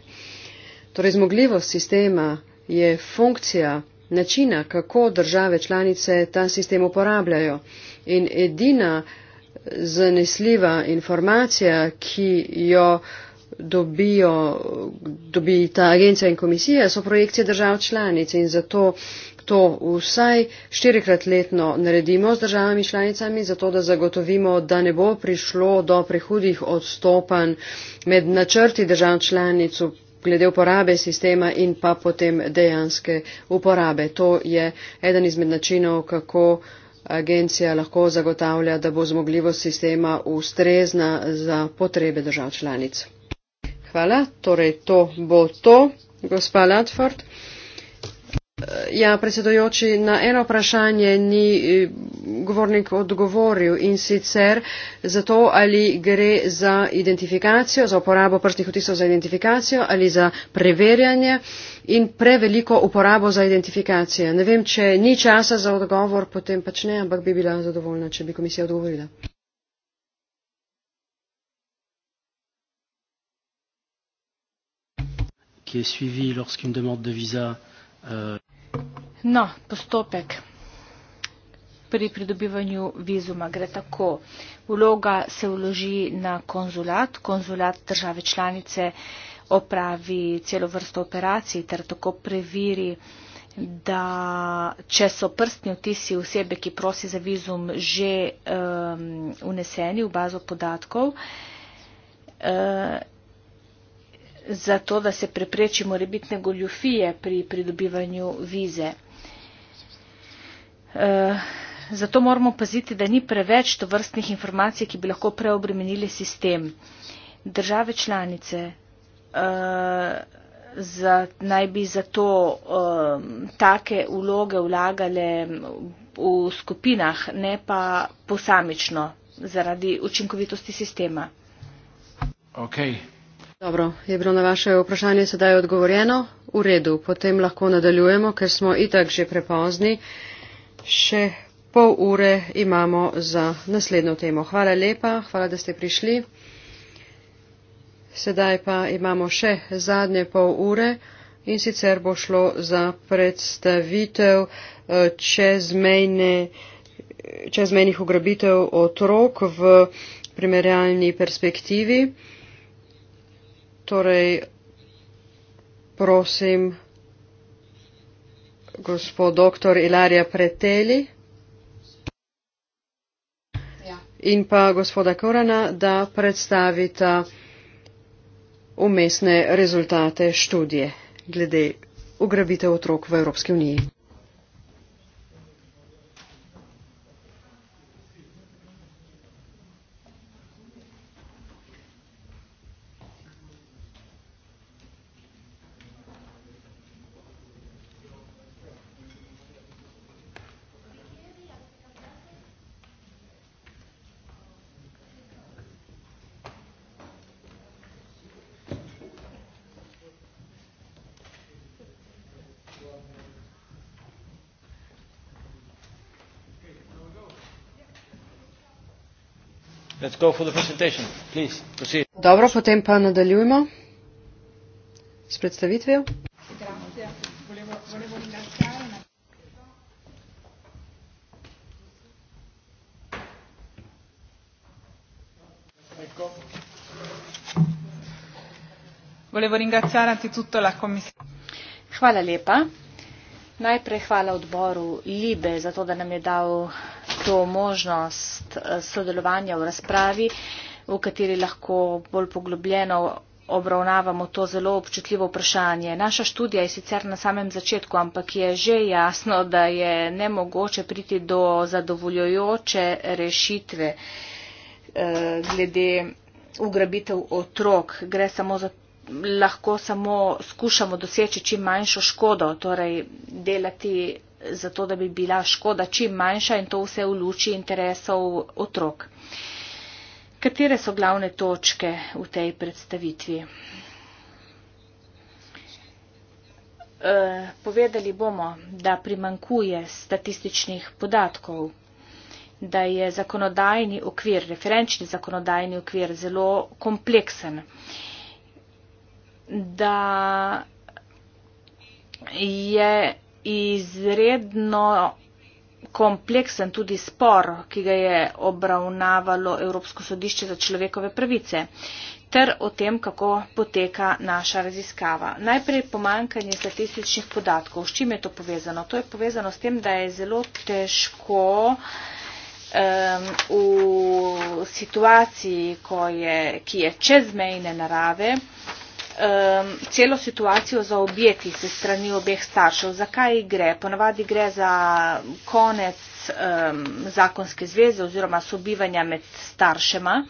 Torej, zmogljivost sistema je funkcija načina, kako države članice ta sistem uporabljajo. In edina zanesljiva informacija, ki jo dobijo, dobi ta agencija in komisija, so projekcije držav članic in zato to vsaj štirikrat letno naredimo z državami članicami, zato da zagotovimo, da ne bo prišlo do prehudih odstopanj med načrti držav članic glede uporabe sistema in pa potem dejanske uporabe. To je eden izmed načinov, kako agencija lahko zagotavlja, da bo zmogljivost sistema ustrezna za potrebe držav članic. Hvala, torej to bo to, gospa Latford. Ja, predsedojoči, na eno vprašanje ni eh, govornik odgovoril in sicer za to, ali gre za identifikacijo, za uporabo prstnih otisov za identifikacijo ali za preverjanje in preveliko uporabo za identifikacijo. Ne vem, če ni časa za odgovor, potem pač ne, ampak bi bila zadovoljna, če bi komisija odgovorila. Ki je suivi, lorsk jim demand de viza. Euh, No, postopek pri pridobivanju vizuma gre tako. Vloga se vloži na konzulat, konzulat države članice opravi celo vrsto operacij ter tako preveri, da če so prstni vtisi osebe, ki prosi za vizum, že um, uneseni v bazo podatkov, uh, zato da se prepreči morebitne goljufije pri pridobivanju vize. Eh, zato moramo paziti, da ni preveč tovrstnih informacij, ki bi lahko preobremenili sistem. Države članice uh, za, naj bi zato um, eh, take uloge vlagale v skupinah, ne pa posamično zaradi učinkovitosti sistema. Okay. Dobro, je bilo na vaše vprašanje sedaj odgovorjeno. V redu, potem lahko nadaljujemo, ker smo itak že prepozni. Uh, še pol ure imamo za naslednjo temo. Hvala lepa, hvala, da ste prišli. Sedaj pa imamo še zadnje pol ure in sicer bo šlo za predstavitev eh, čezmejne čezmejnih ugrabitev otrok v primerjalni perspektivi. Torej, prosim, gospod dr. Ilarija Preteli in pa gospoda Korana, da predstavita umestne rezultate študije glede ugrabitev otrok v Evropski uniji. go for the presentation. Please proceed. Dobro, potem pa nadaljujemo s predstavitvijo. Hvala lepa. Najprej hvala odboru Libe za to, da nam je dal to možnost eh, sodelovanja v razpravi, v kateri lahko bolj poglobljeno obravnavamo to zelo občutljivo vprašanje. Naša študija je sicer na samem začetku, ampak je že jasno, da je nemogoče priti do zadovoljujoče rešitve eh, glede ugrabitev otrok. Gre samo za lahko samo skušamo doseči čim manjšo škodo, torej delati zato da bi bila škoda čim manjša in to vse v luči interesov otrok. Katere so glavne točke v tej predstavitvi? E, povedali bomo, da primankuje statističnih podatkov, da je zakonodajni okvir, referenčni zakonodajni okvir zelo kompleksen, da je izredno kompleksen tudi spor, ki ga je obravnavalo Evropsko sodišče za človekove pravice ter o tem, kako poteka naša raziskava. Najprej pomankanje statističnih podatkov. S čim je to povezano? To je povezano s tem, da je zelo težko um, v situaciji, ko je, ki je čezmejne narave, uh, um, celo situacijo zaobjeti se strani obeh staršev. Zakaj gre? Ponavadi gre za konec um, zakonske zveze oziroma sobivanja med staršema.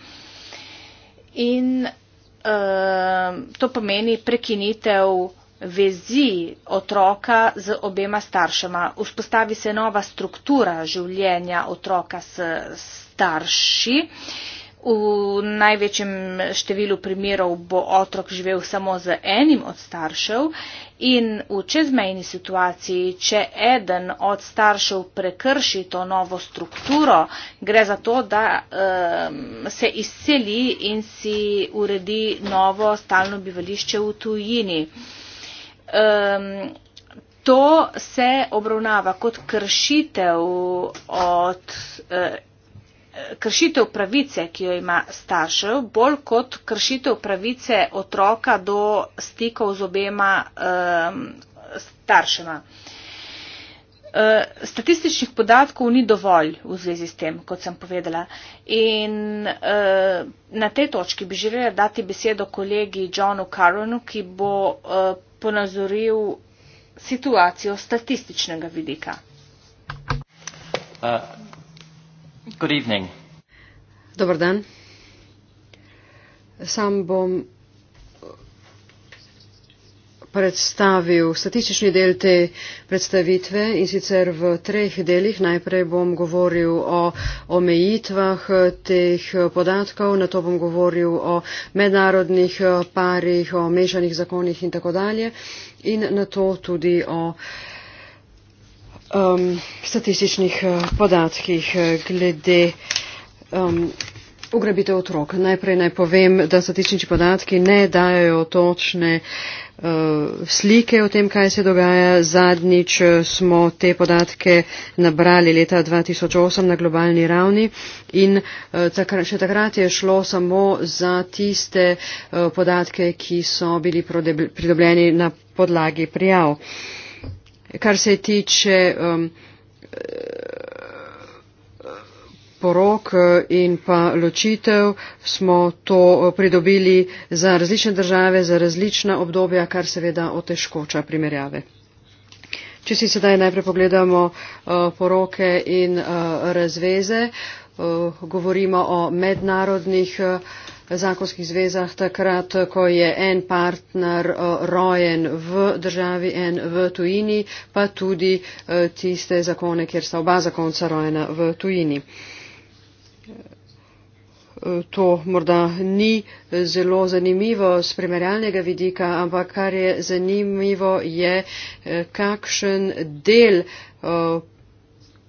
In um, to pomeni prekinitev vezi otroka z obema staršema. Vzpostavi se nova struktura življenja otroka s starši. V največjem številu primerov bo otrok živel samo z enim od staršev in v čezmejni situaciji, če eden od staršev prekrši to novo strukturo, gre za to, da um, se izseli in si uredi novo stalno bivališče v tujini. Um, To se obravnava kot kršitev od eh, kršitev pravice, ki jo ima staršev, bolj kot kršitev pravice otroka do stikov z obema um, staršema. E, statističnih podatkov ni dovolj v zvezi s tem, kot sem povedala. In e, na tej točki bi želela dati besedo kolegi Johnu Caronu, ki bo e, ponazoril situacijo statističnega vidika. Uh, Good evening. Dobar dan. Sam bom predstavil statistični del te predstavitve in sicer v treh delih. Najprej bom govoril o omejitvah teh podatkov, na to bom govoril o mednarodnih parih, o mešanih zakonih in tako dalje in na to tudi o um, statističnih eh, podatkih eh, glede um, ugrabitev otrok. Najprej naj povem, da statistični podatki ne dajo točne uh, slike o tem, kaj se dogaja. Zadnjič smo te podatke nabrali leta 2008 na globalni ravni in uh, takrat, še takrat je šlo samo za tiste uh, podatke, ki so bili pridobljeni na podlagi prijav. Uh, kar se tiče um, porok uh, in pa ločitev, smo to uh, pridobili za različne države, za različna obdobja, kar seveda otežkoča primerjave. Če si sedaj najprej pogledamo uh, poroke in razveze, govorimo o mednarodnih zakonskih zvezah takrat, ko je en partner eh, rojen v državi, en v tujini, pa tudi eh, tiste zakone, kjer sta oba zakonca rojena v tujini. Eh, to morda ni zelo zanimivo z primerjalnega vidika, ampak kar je zanimivo je, kakšen del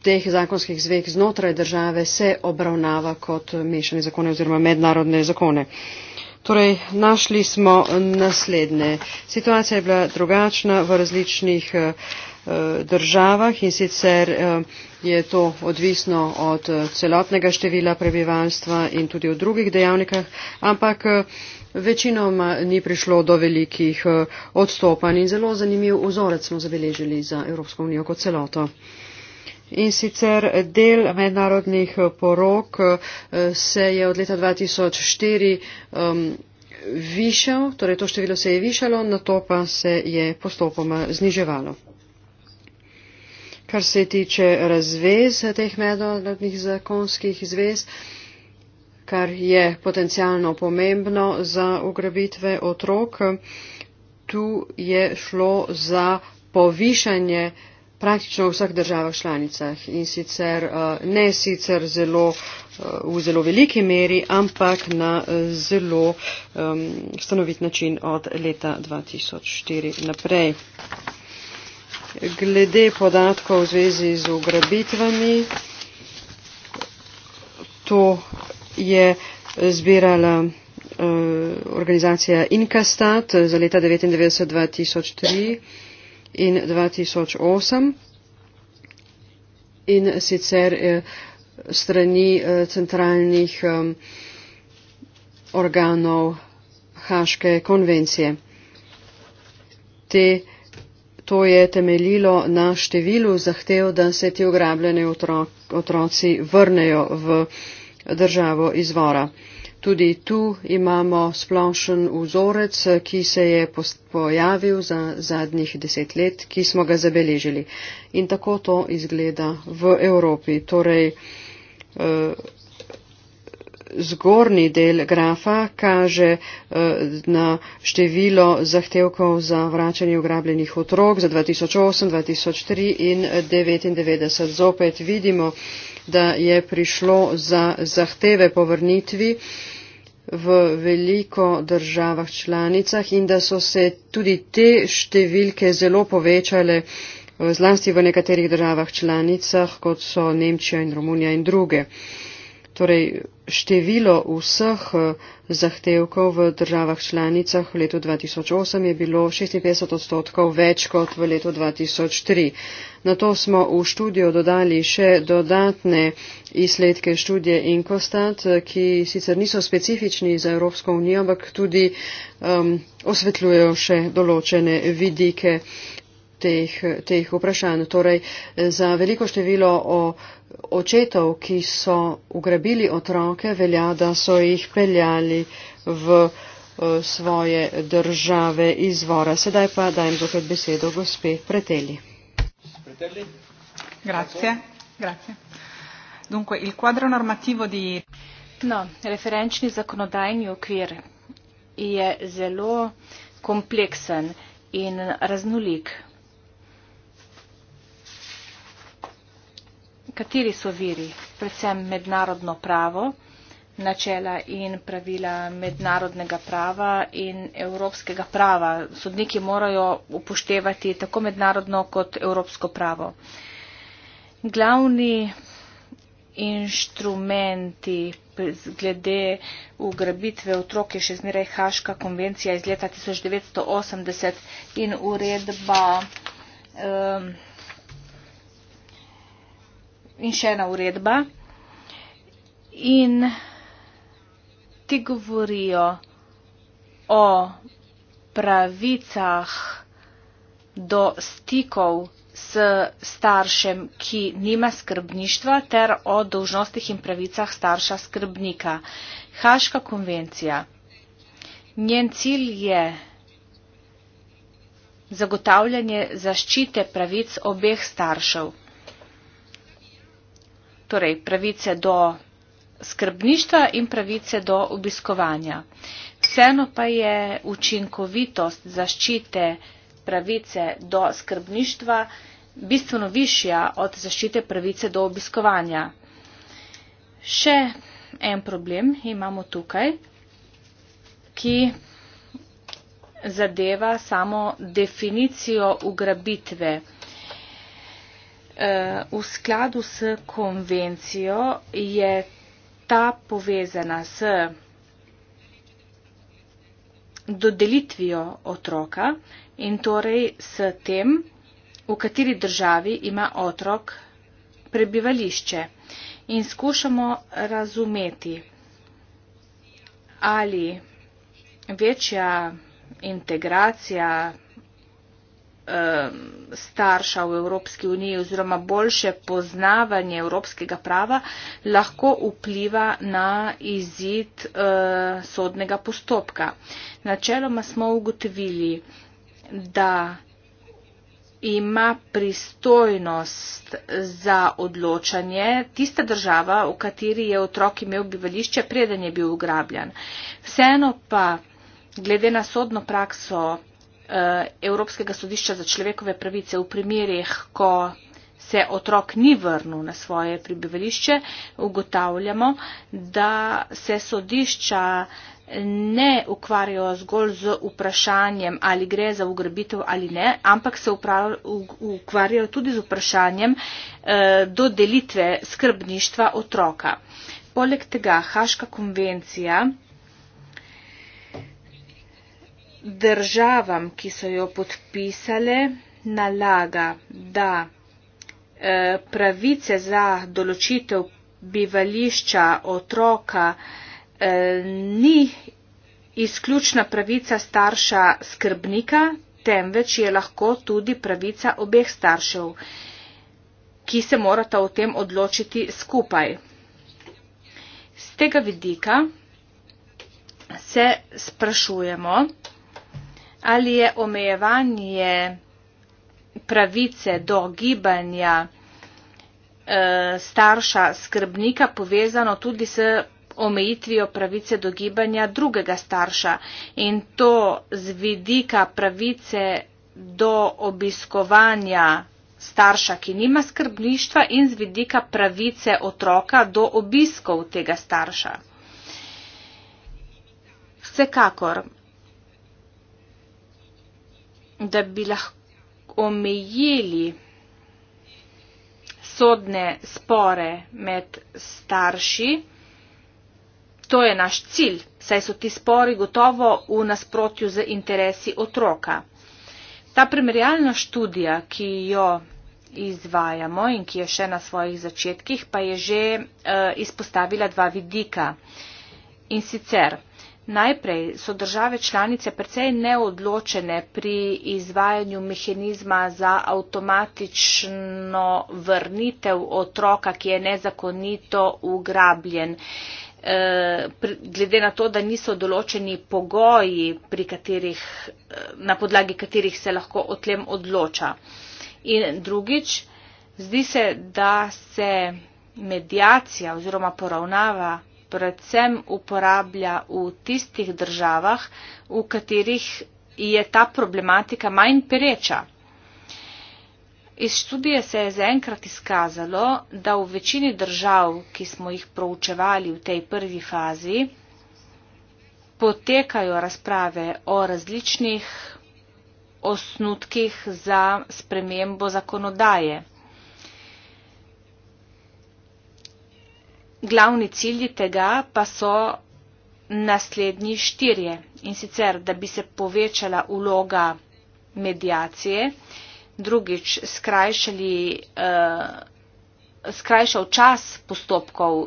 teh zakonskih zvez znotraj države se obravnava kot mešane zakone oziroma mednarodne zakone. Torej, našli smo naslednje. Situacija je bila drugačna v različnih eh, državah in sicer eh, je to odvisno od eh, celotnega števila prebivalstva in tudi od drugih dejavnikah, ampak večinoma ni prišlo do velikih odstopanj in zelo zanimiv vzorec smo zabeležili za Evropsko unijo kot celoto. In sicer del mednarodnih porok eh, se je od leta 2004 um, višal, torej to število se je višalo, na to pa se je postopoma zniževalo. Kar se tiče razvez eh, teh mednarodnih zakonskih zvez, kar je potencialno pomembno za ugrabitve otrok, tu je šlo za povišanje praktično v vseh državah članicah in sicer eh, ne sicer zelo, eh, v zelo veliki meri, ampak na eh, zelo um, stanovit način od leta 2004 naprej. Glede podatkov v zvezi z ugrabitvami, to je zbirala uh, organizacija Inkastat za leta 1999-2003 in 2008 in sicer eh, strani eh, centralnih organov Haške konvencije. Te, to je temeljilo na številu zahtev, da se ti ograbljeni otrok, otroci vrnejo v državo izvora. Tudi tu imamo splošen vzorec, ki se je pojavil za zadnjih deset let, ki smo ga zabeležili. In tako to izgleda v Evropi. Torej, eh, zgornji del grafa kaže eh, na število zahtevkov za vračanje ugrabljenih otrok za 2008, 2003 in 1999. Zopet vidimo, da je prišlo za zahteve po vrnitvi v veliko državah članicah in da so se tudi te številke zelo povečale, eh, zlasti v nekaterih državah članicah, kot so Nemčija in Romunija in druge. Torej, število vseh eh, zahtevkov v državah članicah v letu 2008 je bilo 56 odstotkov več kot v letu 2003. Na to smo v študijo dodali še dodatne izsledke študije Inkostat, eh, ki sicer niso specifični za Evropsko unijo, ampak tudi um, ehm, osvetljujejo še določene vidike teh, teh vprašanj. Torej, eh, za veliko število o očetov, ki so ugrabili otroke, velja, da so jih peljali v eh, svoje države izvora. Sedaj pa dajem zopet besedo gospe Preteli. No, referenčni zakonodajni okvir je zelo kompleksen in raznolik. kateri so viri, predvsem mednarodno pravo, načela in pravila mednarodnega prava in evropskega prava. Sodniki morajo upoštevati tako mednarodno kot evropsko pravo. Glavni inštrumenti glede ugrabitve otrok je še zmeraj Haška konvencija iz leta 1980 in uredba. Um, in še ena uredba. In ti govorijo o pravicah do stikov s staršem, ki nima skrbništva, ter o dožnostih in pravicah starša skrbnika. Haška konvencija. Njen cilj je zagotavljanje zaščite pravic obeh staršev torej pravice do skrbništva in pravice do obiskovanja. Vseeno pa je učinkovitost zaščite pravice do skrbništva bistveno višja od zaščite pravice do obiskovanja. Še en problem imamo tukaj, ki zadeva samo definicijo ugrabitve. Eh, v skladu s konvencijo je ta povezana s dodelitvijo otroka in torej s tem, v kateri državi ima otrok prebivališče. In skušamo razumeti, ali večja integracija Um, starša v Evropski uniji oziroma boljše poznavanje evropskega prava lahko vpliva na izid uh, sodnega postopka. Načeloma smo ugotovili, da ima pristojnost za odločanje tista država, v kateri je otrok imel bivališče, preden je bil ugrabljan. Vseeno pa, glede na sodno prakso, Eh, Evropskega sodišča za človekove pravice v primerjih, ko se otrok ni vrnil na svoje pribivališče, ugotavljamo, da se sodišča ne ukvarjajo zgolj z vprašanjem, ali gre za ugrabitev ali ne, ampak se ukvarjajo tudi z vprašanjem eh, dodelitve skrbništva otroka. Poleg tega Haška konvencija državam, ki so jo podpisale, nalaga, da eh, pravice za določitev bivališča otroka eh, ni izključna pravica starša skrbnika, temveč je lahko tudi pravica obeh staršev, ki se morata o tem odločiti skupaj. Z tega vidika se sprašujemo, ali je omejevanje pravice do gibanja eh, starša skrbnika povezano tudi s omejitvijo pravice do gibanja drugega starša in to z vidika pravice do obiskovanja starša, ki nima skrbništva in z vidika pravice otroka do obiskov tega starša. Vsekakor, da bi lahko omejili sodne spore med starši. To je naš cilj, saj so ti spori gotovo v nasprotju z interesi otroka. Ta primerjalna študija, ki jo izvajamo in ki je še na svojih začetkih, pa je že uh, izpostavila dva vidika. In sicer Najprej so države članice precej neodločene pri izvajanju mehanizma za avtomatično vrnitev otroka, ki je nezakonito ugrabljen. E, glede na to, da niso določeni pogoji, katerih, e, na podlagi katerih se lahko o tem odloča. In drugič, zdi se, da se mediacija oziroma poravnava predvsem uporablja v tistih državah, v katerih je ta problematika manj pereča. Iz študije se je zaenkrat izkazalo, da v večini držav, ki smo jih proučevali v tej prvi fazi, potekajo razprave o različnih osnutkih za spremembo zakonodaje. Glavni cilji tega pa so naslednji štirje. In sicer, da bi se povečala uloga medijacije, drugič, skrajšali, uh, skrajšal čas postopkov,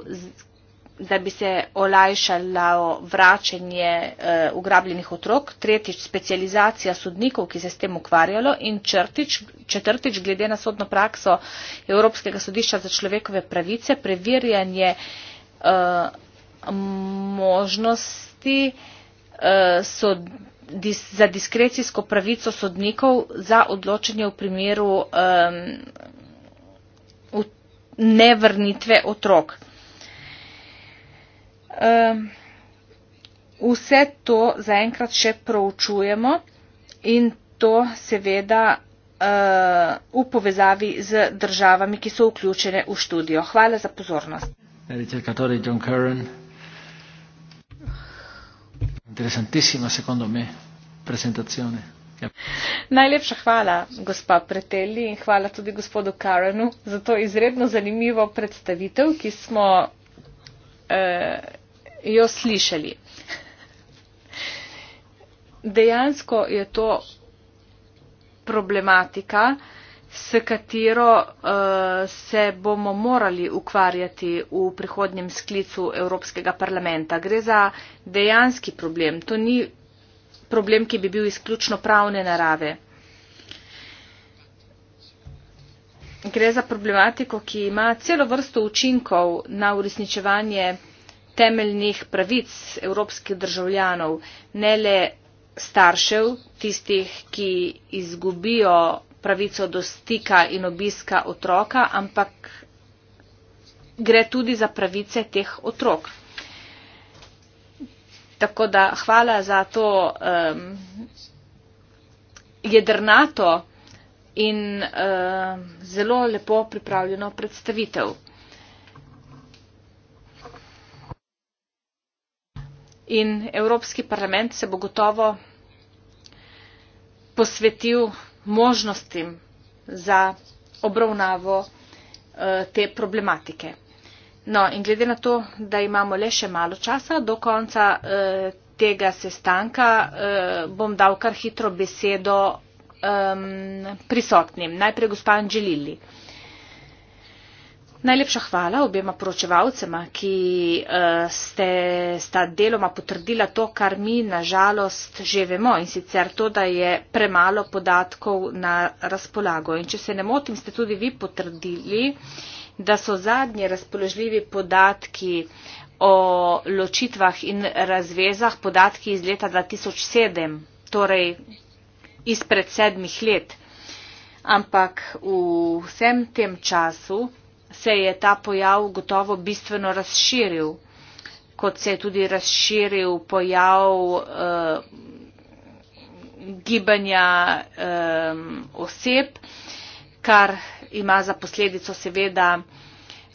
da bi se olajšalo vračanje eh, ugrabljenih otrok, tretjič specializacija sodnikov, ki se s tem ukvarjalo in črtič, četrtič glede na sodno prakso Evropskega sodišča za človekove pravice, preverjanje eh, možnosti eh, sod, dis, za diskrecijsko pravico sodnikov za odločanje v primeru. Eh, nevrnitve otrok vse to zaenkrat še proučujemo in to seveda eh, v povezavi z državami, ki so vključene v študijo. Hvala za pozornost. Najlepša hvala, gospa Preteli, in hvala tudi gospodu Karenu za to izredno zanimivo predstavitev, ki smo eh, jo slišali. Dejansko je to problematika, s katero uh, se bomo morali ukvarjati v prihodnjem sklicu Evropskega parlamenta. Gre za dejanski problem. To ni problem, ki bi bil izključno pravne narave. Gre za problematiko, ki ima celo vrsto učinkov na uresničevanje temeljnih pravic evropskih državljanov, ne le staršev, tistih, ki izgubijo pravico do stika in obiska otroka, ampak gre tudi za pravice teh otrok. Tako da hvala za to um, jedrnato in um, zelo lepo pripravljeno predstavitev. in evropski parlament se bo gotovo posvetil možnostim za obravnavo eh, te problematike. No, in glede na to, da imamo le še malo časa do konca eh, tega sestanka, eh, bom dal kar hitro besedo ehm, prisotnim. Najprej gospod Anželili. Najlepša hvala obema poročevalcema, ki eh, ste sta deloma potrdila to, kar mi nažalost že vemo in sicer to, da je premalo podatkov na razpolago. In če se ne motim, ste tudi vi potrdili, da so zadnji razpoložljivi podatki o ločitvah in razvezah podatki iz leta 2007, torej izpred sedmih let. Ampak v vsem tem času se je ta pojav gotovo bistveno razširil, kot se je tudi razširil pojav eh, gibanja eh, oseb, kar ima za posledico seveda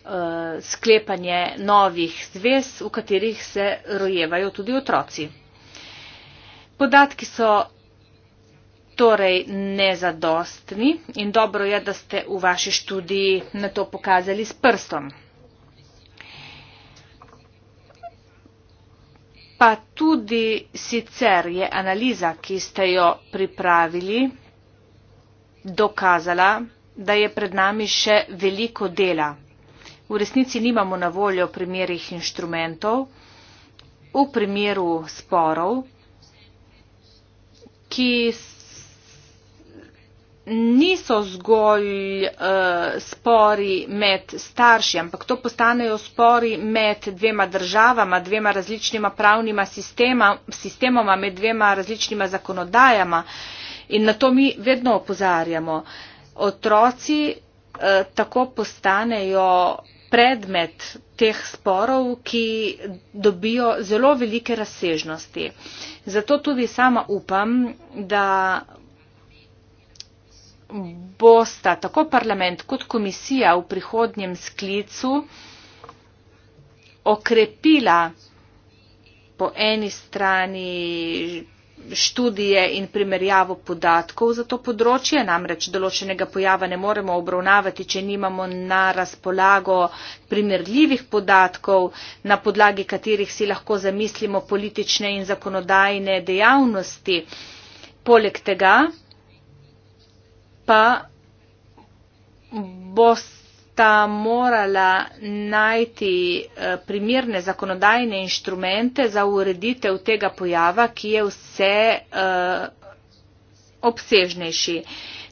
eh, sklepanje novih zvez, v katerih se rojevajo tudi otroci. Podatki so torej nezadostni in dobro je, da ste v vaši študiji na to pokazali s prstom. Pa tudi sicer je analiza, ki ste jo pripravili, dokazala, da je pred nami še veliko dela. V resnici nimamo na voljo primerih inštrumentov v primeru sporov, ki niso zgolj uh, spori med starši, ampak to postanejo spori med dvema državama, dvema različnima pravnima sistema, sistemoma, med dvema različnima zakonodajama in na to mi vedno opozarjamo. Otroci uh, tako postanejo predmet teh sporov, ki dobijo zelo velike razsežnosti. Zato tudi sama upam, da bosta tako parlament kot komisija v prihodnjem sklicu okrepila po eni strani študije in primerjavo podatkov za to področje, namreč določenega pojava ne moremo obravnavati, če nimamo na razpolago primerljivih podatkov, na podlagi katerih si lahko zamislimo politične in zakonodajne dejavnosti. Poleg tega, pa bosta morala najti eh, primirne zakonodajne inštrumente za ureditev tega pojava, ki je vse eh, obsežnejši.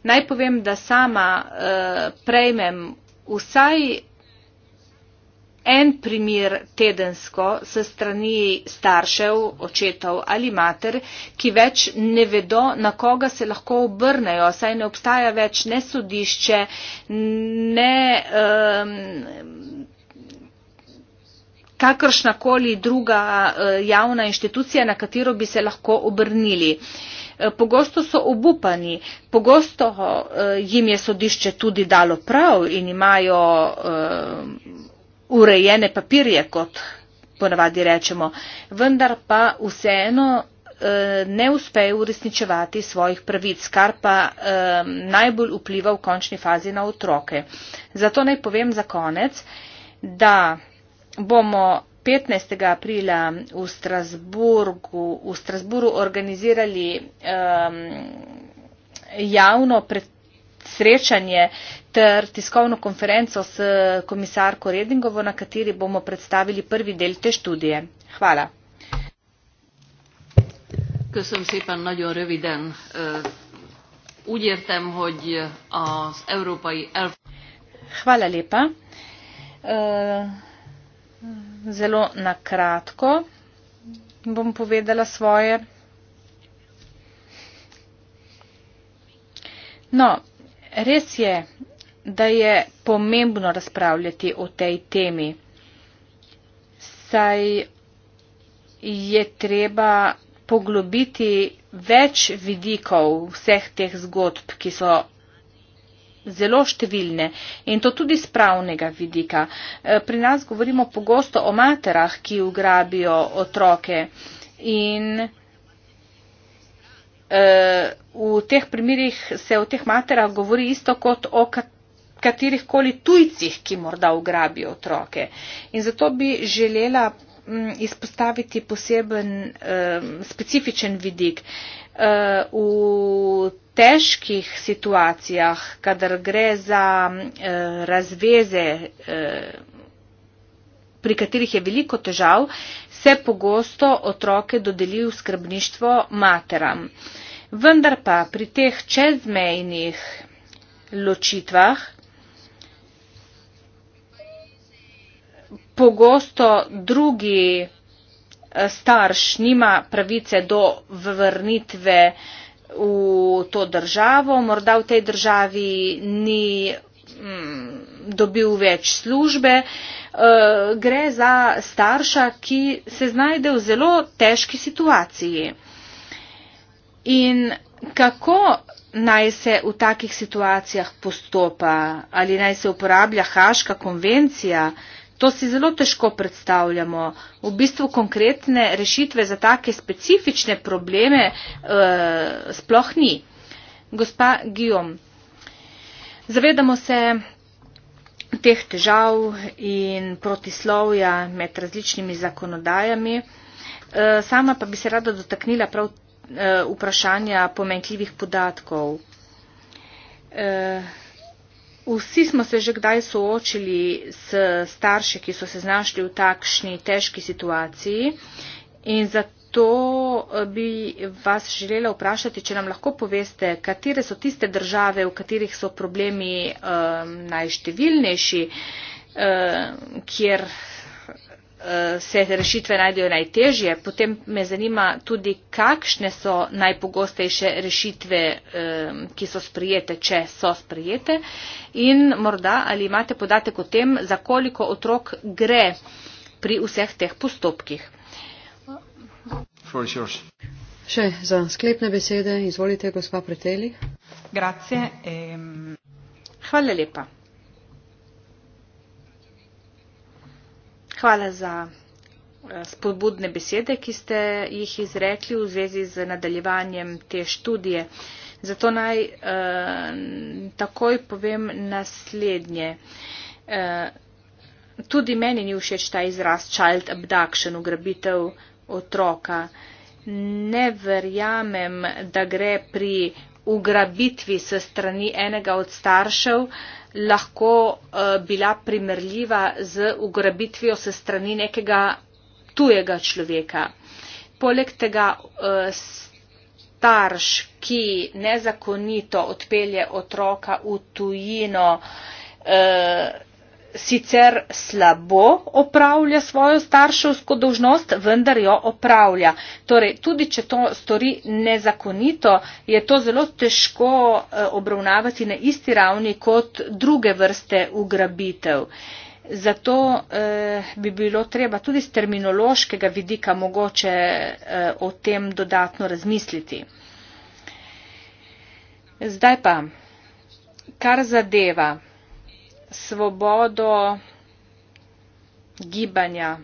Naj povem, da sama eh, prejmem vsaj en primer tedensko se strani staršev, očetov ali mater, ki več ne vedo, na koga se lahko obrnejo, saj ne obstaja več ne sodišče, ne. Um, kakršnakoli druga eh, javna inštitucija, na katero bi se lahko obrnili. Eh, pogosto so obupani, pogosto eh, jim je sodišče tudi dalo prav in imajo urejene papirje, kot ponavadi rečemo, vendar pa vseeno eh, ne uspe uresničevati svojih pravic, kar pa eh, najbolj vpliva v končni fazi na otroke. Zato naj povem za konec, da bomo 15. aprila v Strasburgu, v Strasburgu organizirali um, javno pred, srečanje ter tiskovno konferenco s komisarko Redingovo, na kateri bomo predstavili prvi del te študije. Hvala. Köszönöm szépen, nagyon röviden. Úgy értem, hogy az európai elv... Hvala lepa. Zelo nakratko bom povedala svoje. No, res je, da je pomembno razpravljati o tej temi, saj je treba poglobiti več vidikov vseh teh zgodb, ki so zelo številne in to tudi z pravnega vidika. E, pri nas govorimo pogosto o materah, ki ugrabijo otroke in e, v teh primerjih se o teh materah govori isto kot o katastrofi katerih koli tujcih, ki morda ugrabijo otroke. In zato bi želela mm, izpostaviti poseben specifičen vidik. V težkih situacijah, kadar gre za razveze, pri katerih je veliko težav, se pogosto otroke dodeli v skrbništvo materam. Vendar pa pri teh čezmejnih ločitvah pogosto drugi eh, starš nima pravice do vrnitve v to državo, morda v tej državi ni mm, dobil več službe. Eh, gre za starša, ki se znajde v zelo težki situaciji. In kako naj se v takih situacijah postopa, ali naj se uporablja Haška konvencija, To si zelo težko predstavljamo. V bistvu konkretne rešitve za take specifične probleme uh, sploh ni. Gospa Gijom, zavedamo se teh težav in protislovja med različnimi zakonodajami. Eh, sama pa bi se rada dotaknila prav eh, vprašanja pomenkljivih podatkov. Vsi smo se že kdaj soočili s starši, ki so se znašli v takšni težki situaciji in zato eh, bi vas želela vprašati, če nam lahko poveste, katere so tiste države, v katerih so problemi um, najštevilnejši, um, kjer Eh, se rešitve najdejo najtežje, potem me zanima tudi, kakšne so najpogostejše rešitve, eh, ki so sprijete, če so sprijete. In morda, ali imate podatek o tem, za koliko otrok gre pri vseh teh postopkih. Še za sklepne besede, izvolite, gospa Preteli. Grazie. Ehm... Hvala lepa. Hvala za eh, spodbudne besede, ki ste jih izrekli v zvezi z nadaljevanjem te študije. Zato naj eh, takoj povem naslednje. Eh, tudi meni ni všeč ta izraz child abduction, ugrabitev otroka. Ne verjamem, da gre pri ugrabitvi se strani enega od staršev. Eh, lahko eh, bila primerljiva z ugrabitvijo se strani nekega tujega človeka. Poleg tega eh, starš, ki nezakonito odpelje otroka v tujino, eh, sicer slabo opravlja svojo starševsko dolžnost, vendar jo opravlja. Torej, tudi če to stori nezakonito, je to zelo težko eh, obravnavati na isti ravni kot druge vrste ugrabitev. Zato eh, bi bilo treba tudi z terminološkega vidika mogoče eh, o tem dodatno razmisliti. Zdaj pa, kar zadeva svobodo gibanja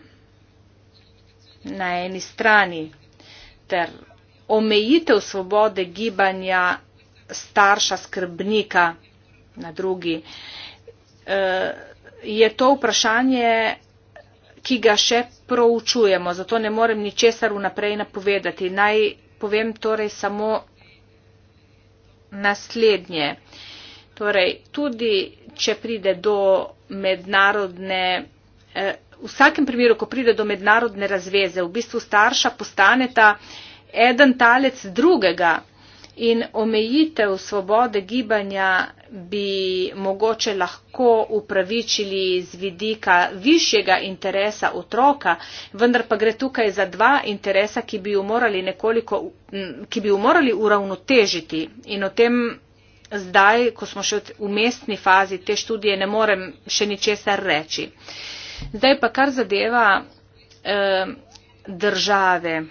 na eni strani ter omejitev svobode gibanja starša skrbnika na drugi. E, je to vprašanje, ki ga še proučujemo, zato ne morem ničesar vnaprej napovedati. Naj povem torej samo naslednje. Torej, tudi če pride do mednarodne. Eh, v vsakem primeru, ko pride do mednarodne razveze, v bistvu starša postaneta eden talec drugega in omejitev svobode gibanja bi mogoče lahko upravičili z vidika višjega interesa otroka, vendar pa gre tukaj za dva interesa, ki bi ju morali, nekoliko, ki bi ju morali uravnotežiti in o tem zdaj, ko smo še v mestni fazi te študije, ne morem še ničesar reči. Zdaj pa kar zadeva eh, države,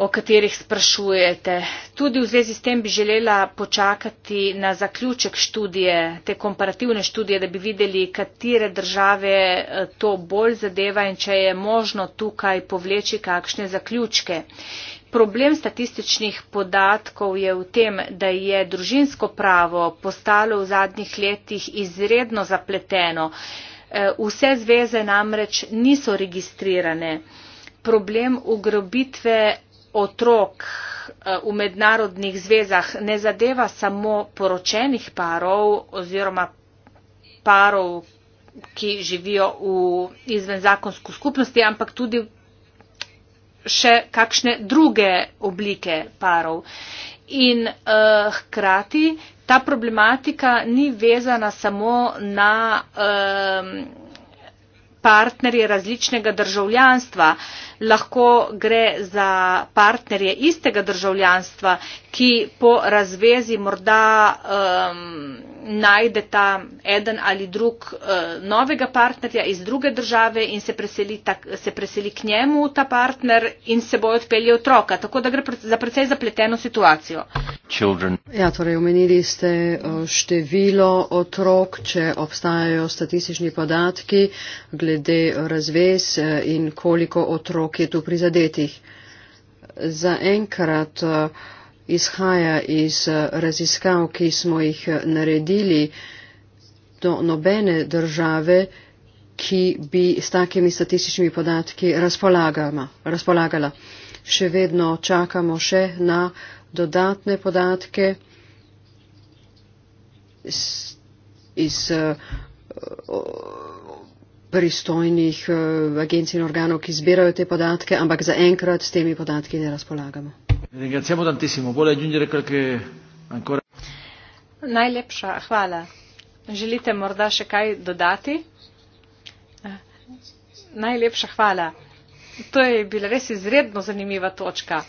o katerih sprašujete. Tudi v zvezi s tem bi želela počakati na zaključek študije, te komparativne študije, da bi videli, katere države eh, to bolj zadeva in če je možno tukaj povleči kakšne zaključke problem statističnih podatkov je v tem, da je družinsko pravo postalo v zadnjih letih izredno zapleteno. E, vse zveze namreč niso registrirane. Problem ugrobitve otrok e, v mednarodnih zvezah ne zadeva samo poročenih parov oziroma parov, ki živijo v izvenzakonsko skupnosti, ampak tudi še kakšne druge oblike parov. In uh, hkrati ta problematika ni vezana samo na uh, partnerje različnega državljanstva, uh, lahko gre za partnerje istega državljanstva, ki po razvezi morda um, najdeta eden ali drug uh, novega partnerja iz druge države in se preseli, ta, se preseli k njemu ta partner in se bojo odpeljali otroka. Tako da gre za precej zapleteno situacijo. Children. Ja, torej omenili ste uh, število otrok, če obstajajo statistični podatki glede razvez uh, in koliko otrok ki je tu prizadetih. Za enkrat eh, izhaja iz eh, raziskav, ki smo jih eh, naredili, do nobene države, ki bi s takimi statističnimi podatki razpolagala. Še vedno čakamo še na dodatne podatke iz, iz pristojnih eh, agencij in organov, ki zbirajo te podatke, ampak zaenkrat s temi podatki ne razpolagamo. Najlepša hvala. Želite morda še kaj dodati? Najlepša hvala. To je bila res izredno zanimiva točka.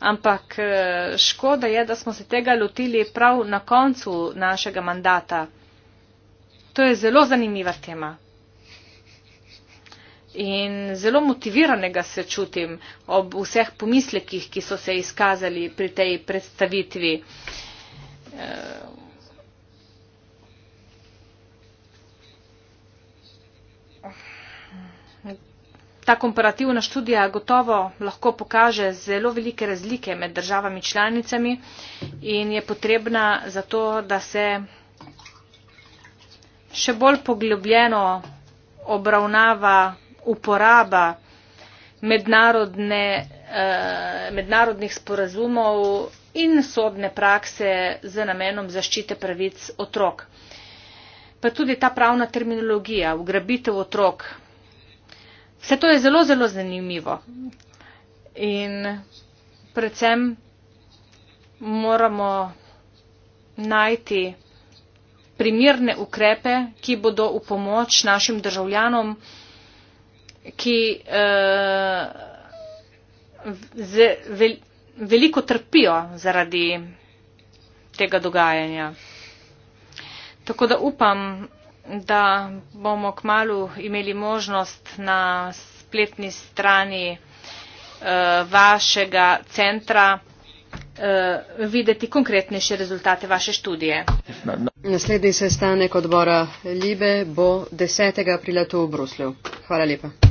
Ampak eh, škoda je, da smo se tega lotili prav na koncu našega mandata. To je zelo zanimiva tema in zelo motiviranega se čutim ob vseh pomislekih, ki so se izkazali pri tej predstavitvi. Eh, ta komparativna študija gotovo lahko pokaže zelo velike razlike med državami članicami in je potrebna zato, da se še bolj poglobljeno obravnava uporaba mednarodne, eh, mednarodnih sporazumov in sodne prakse z namenom zaščite pravic otrok. Pa tudi ta pravna terminologija, ugrabitev otrok. Vse to je zelo, zelo zanimivo. In predvsem moramo najti primirne ukrepe, ki bodo v pomoč našim državljanom, ki uh, eh, ze, ve, veliko trpijo zaradi tega dogajanja. Tako da upam, da bomo k malu imeli možnost na spletni strani uh, vašega centra uh, videti konkretnejše rezultate vaše študije. Naslednji sestanek odbora Libe bo 10. aprila tu v Bruslju. Hvala lepa.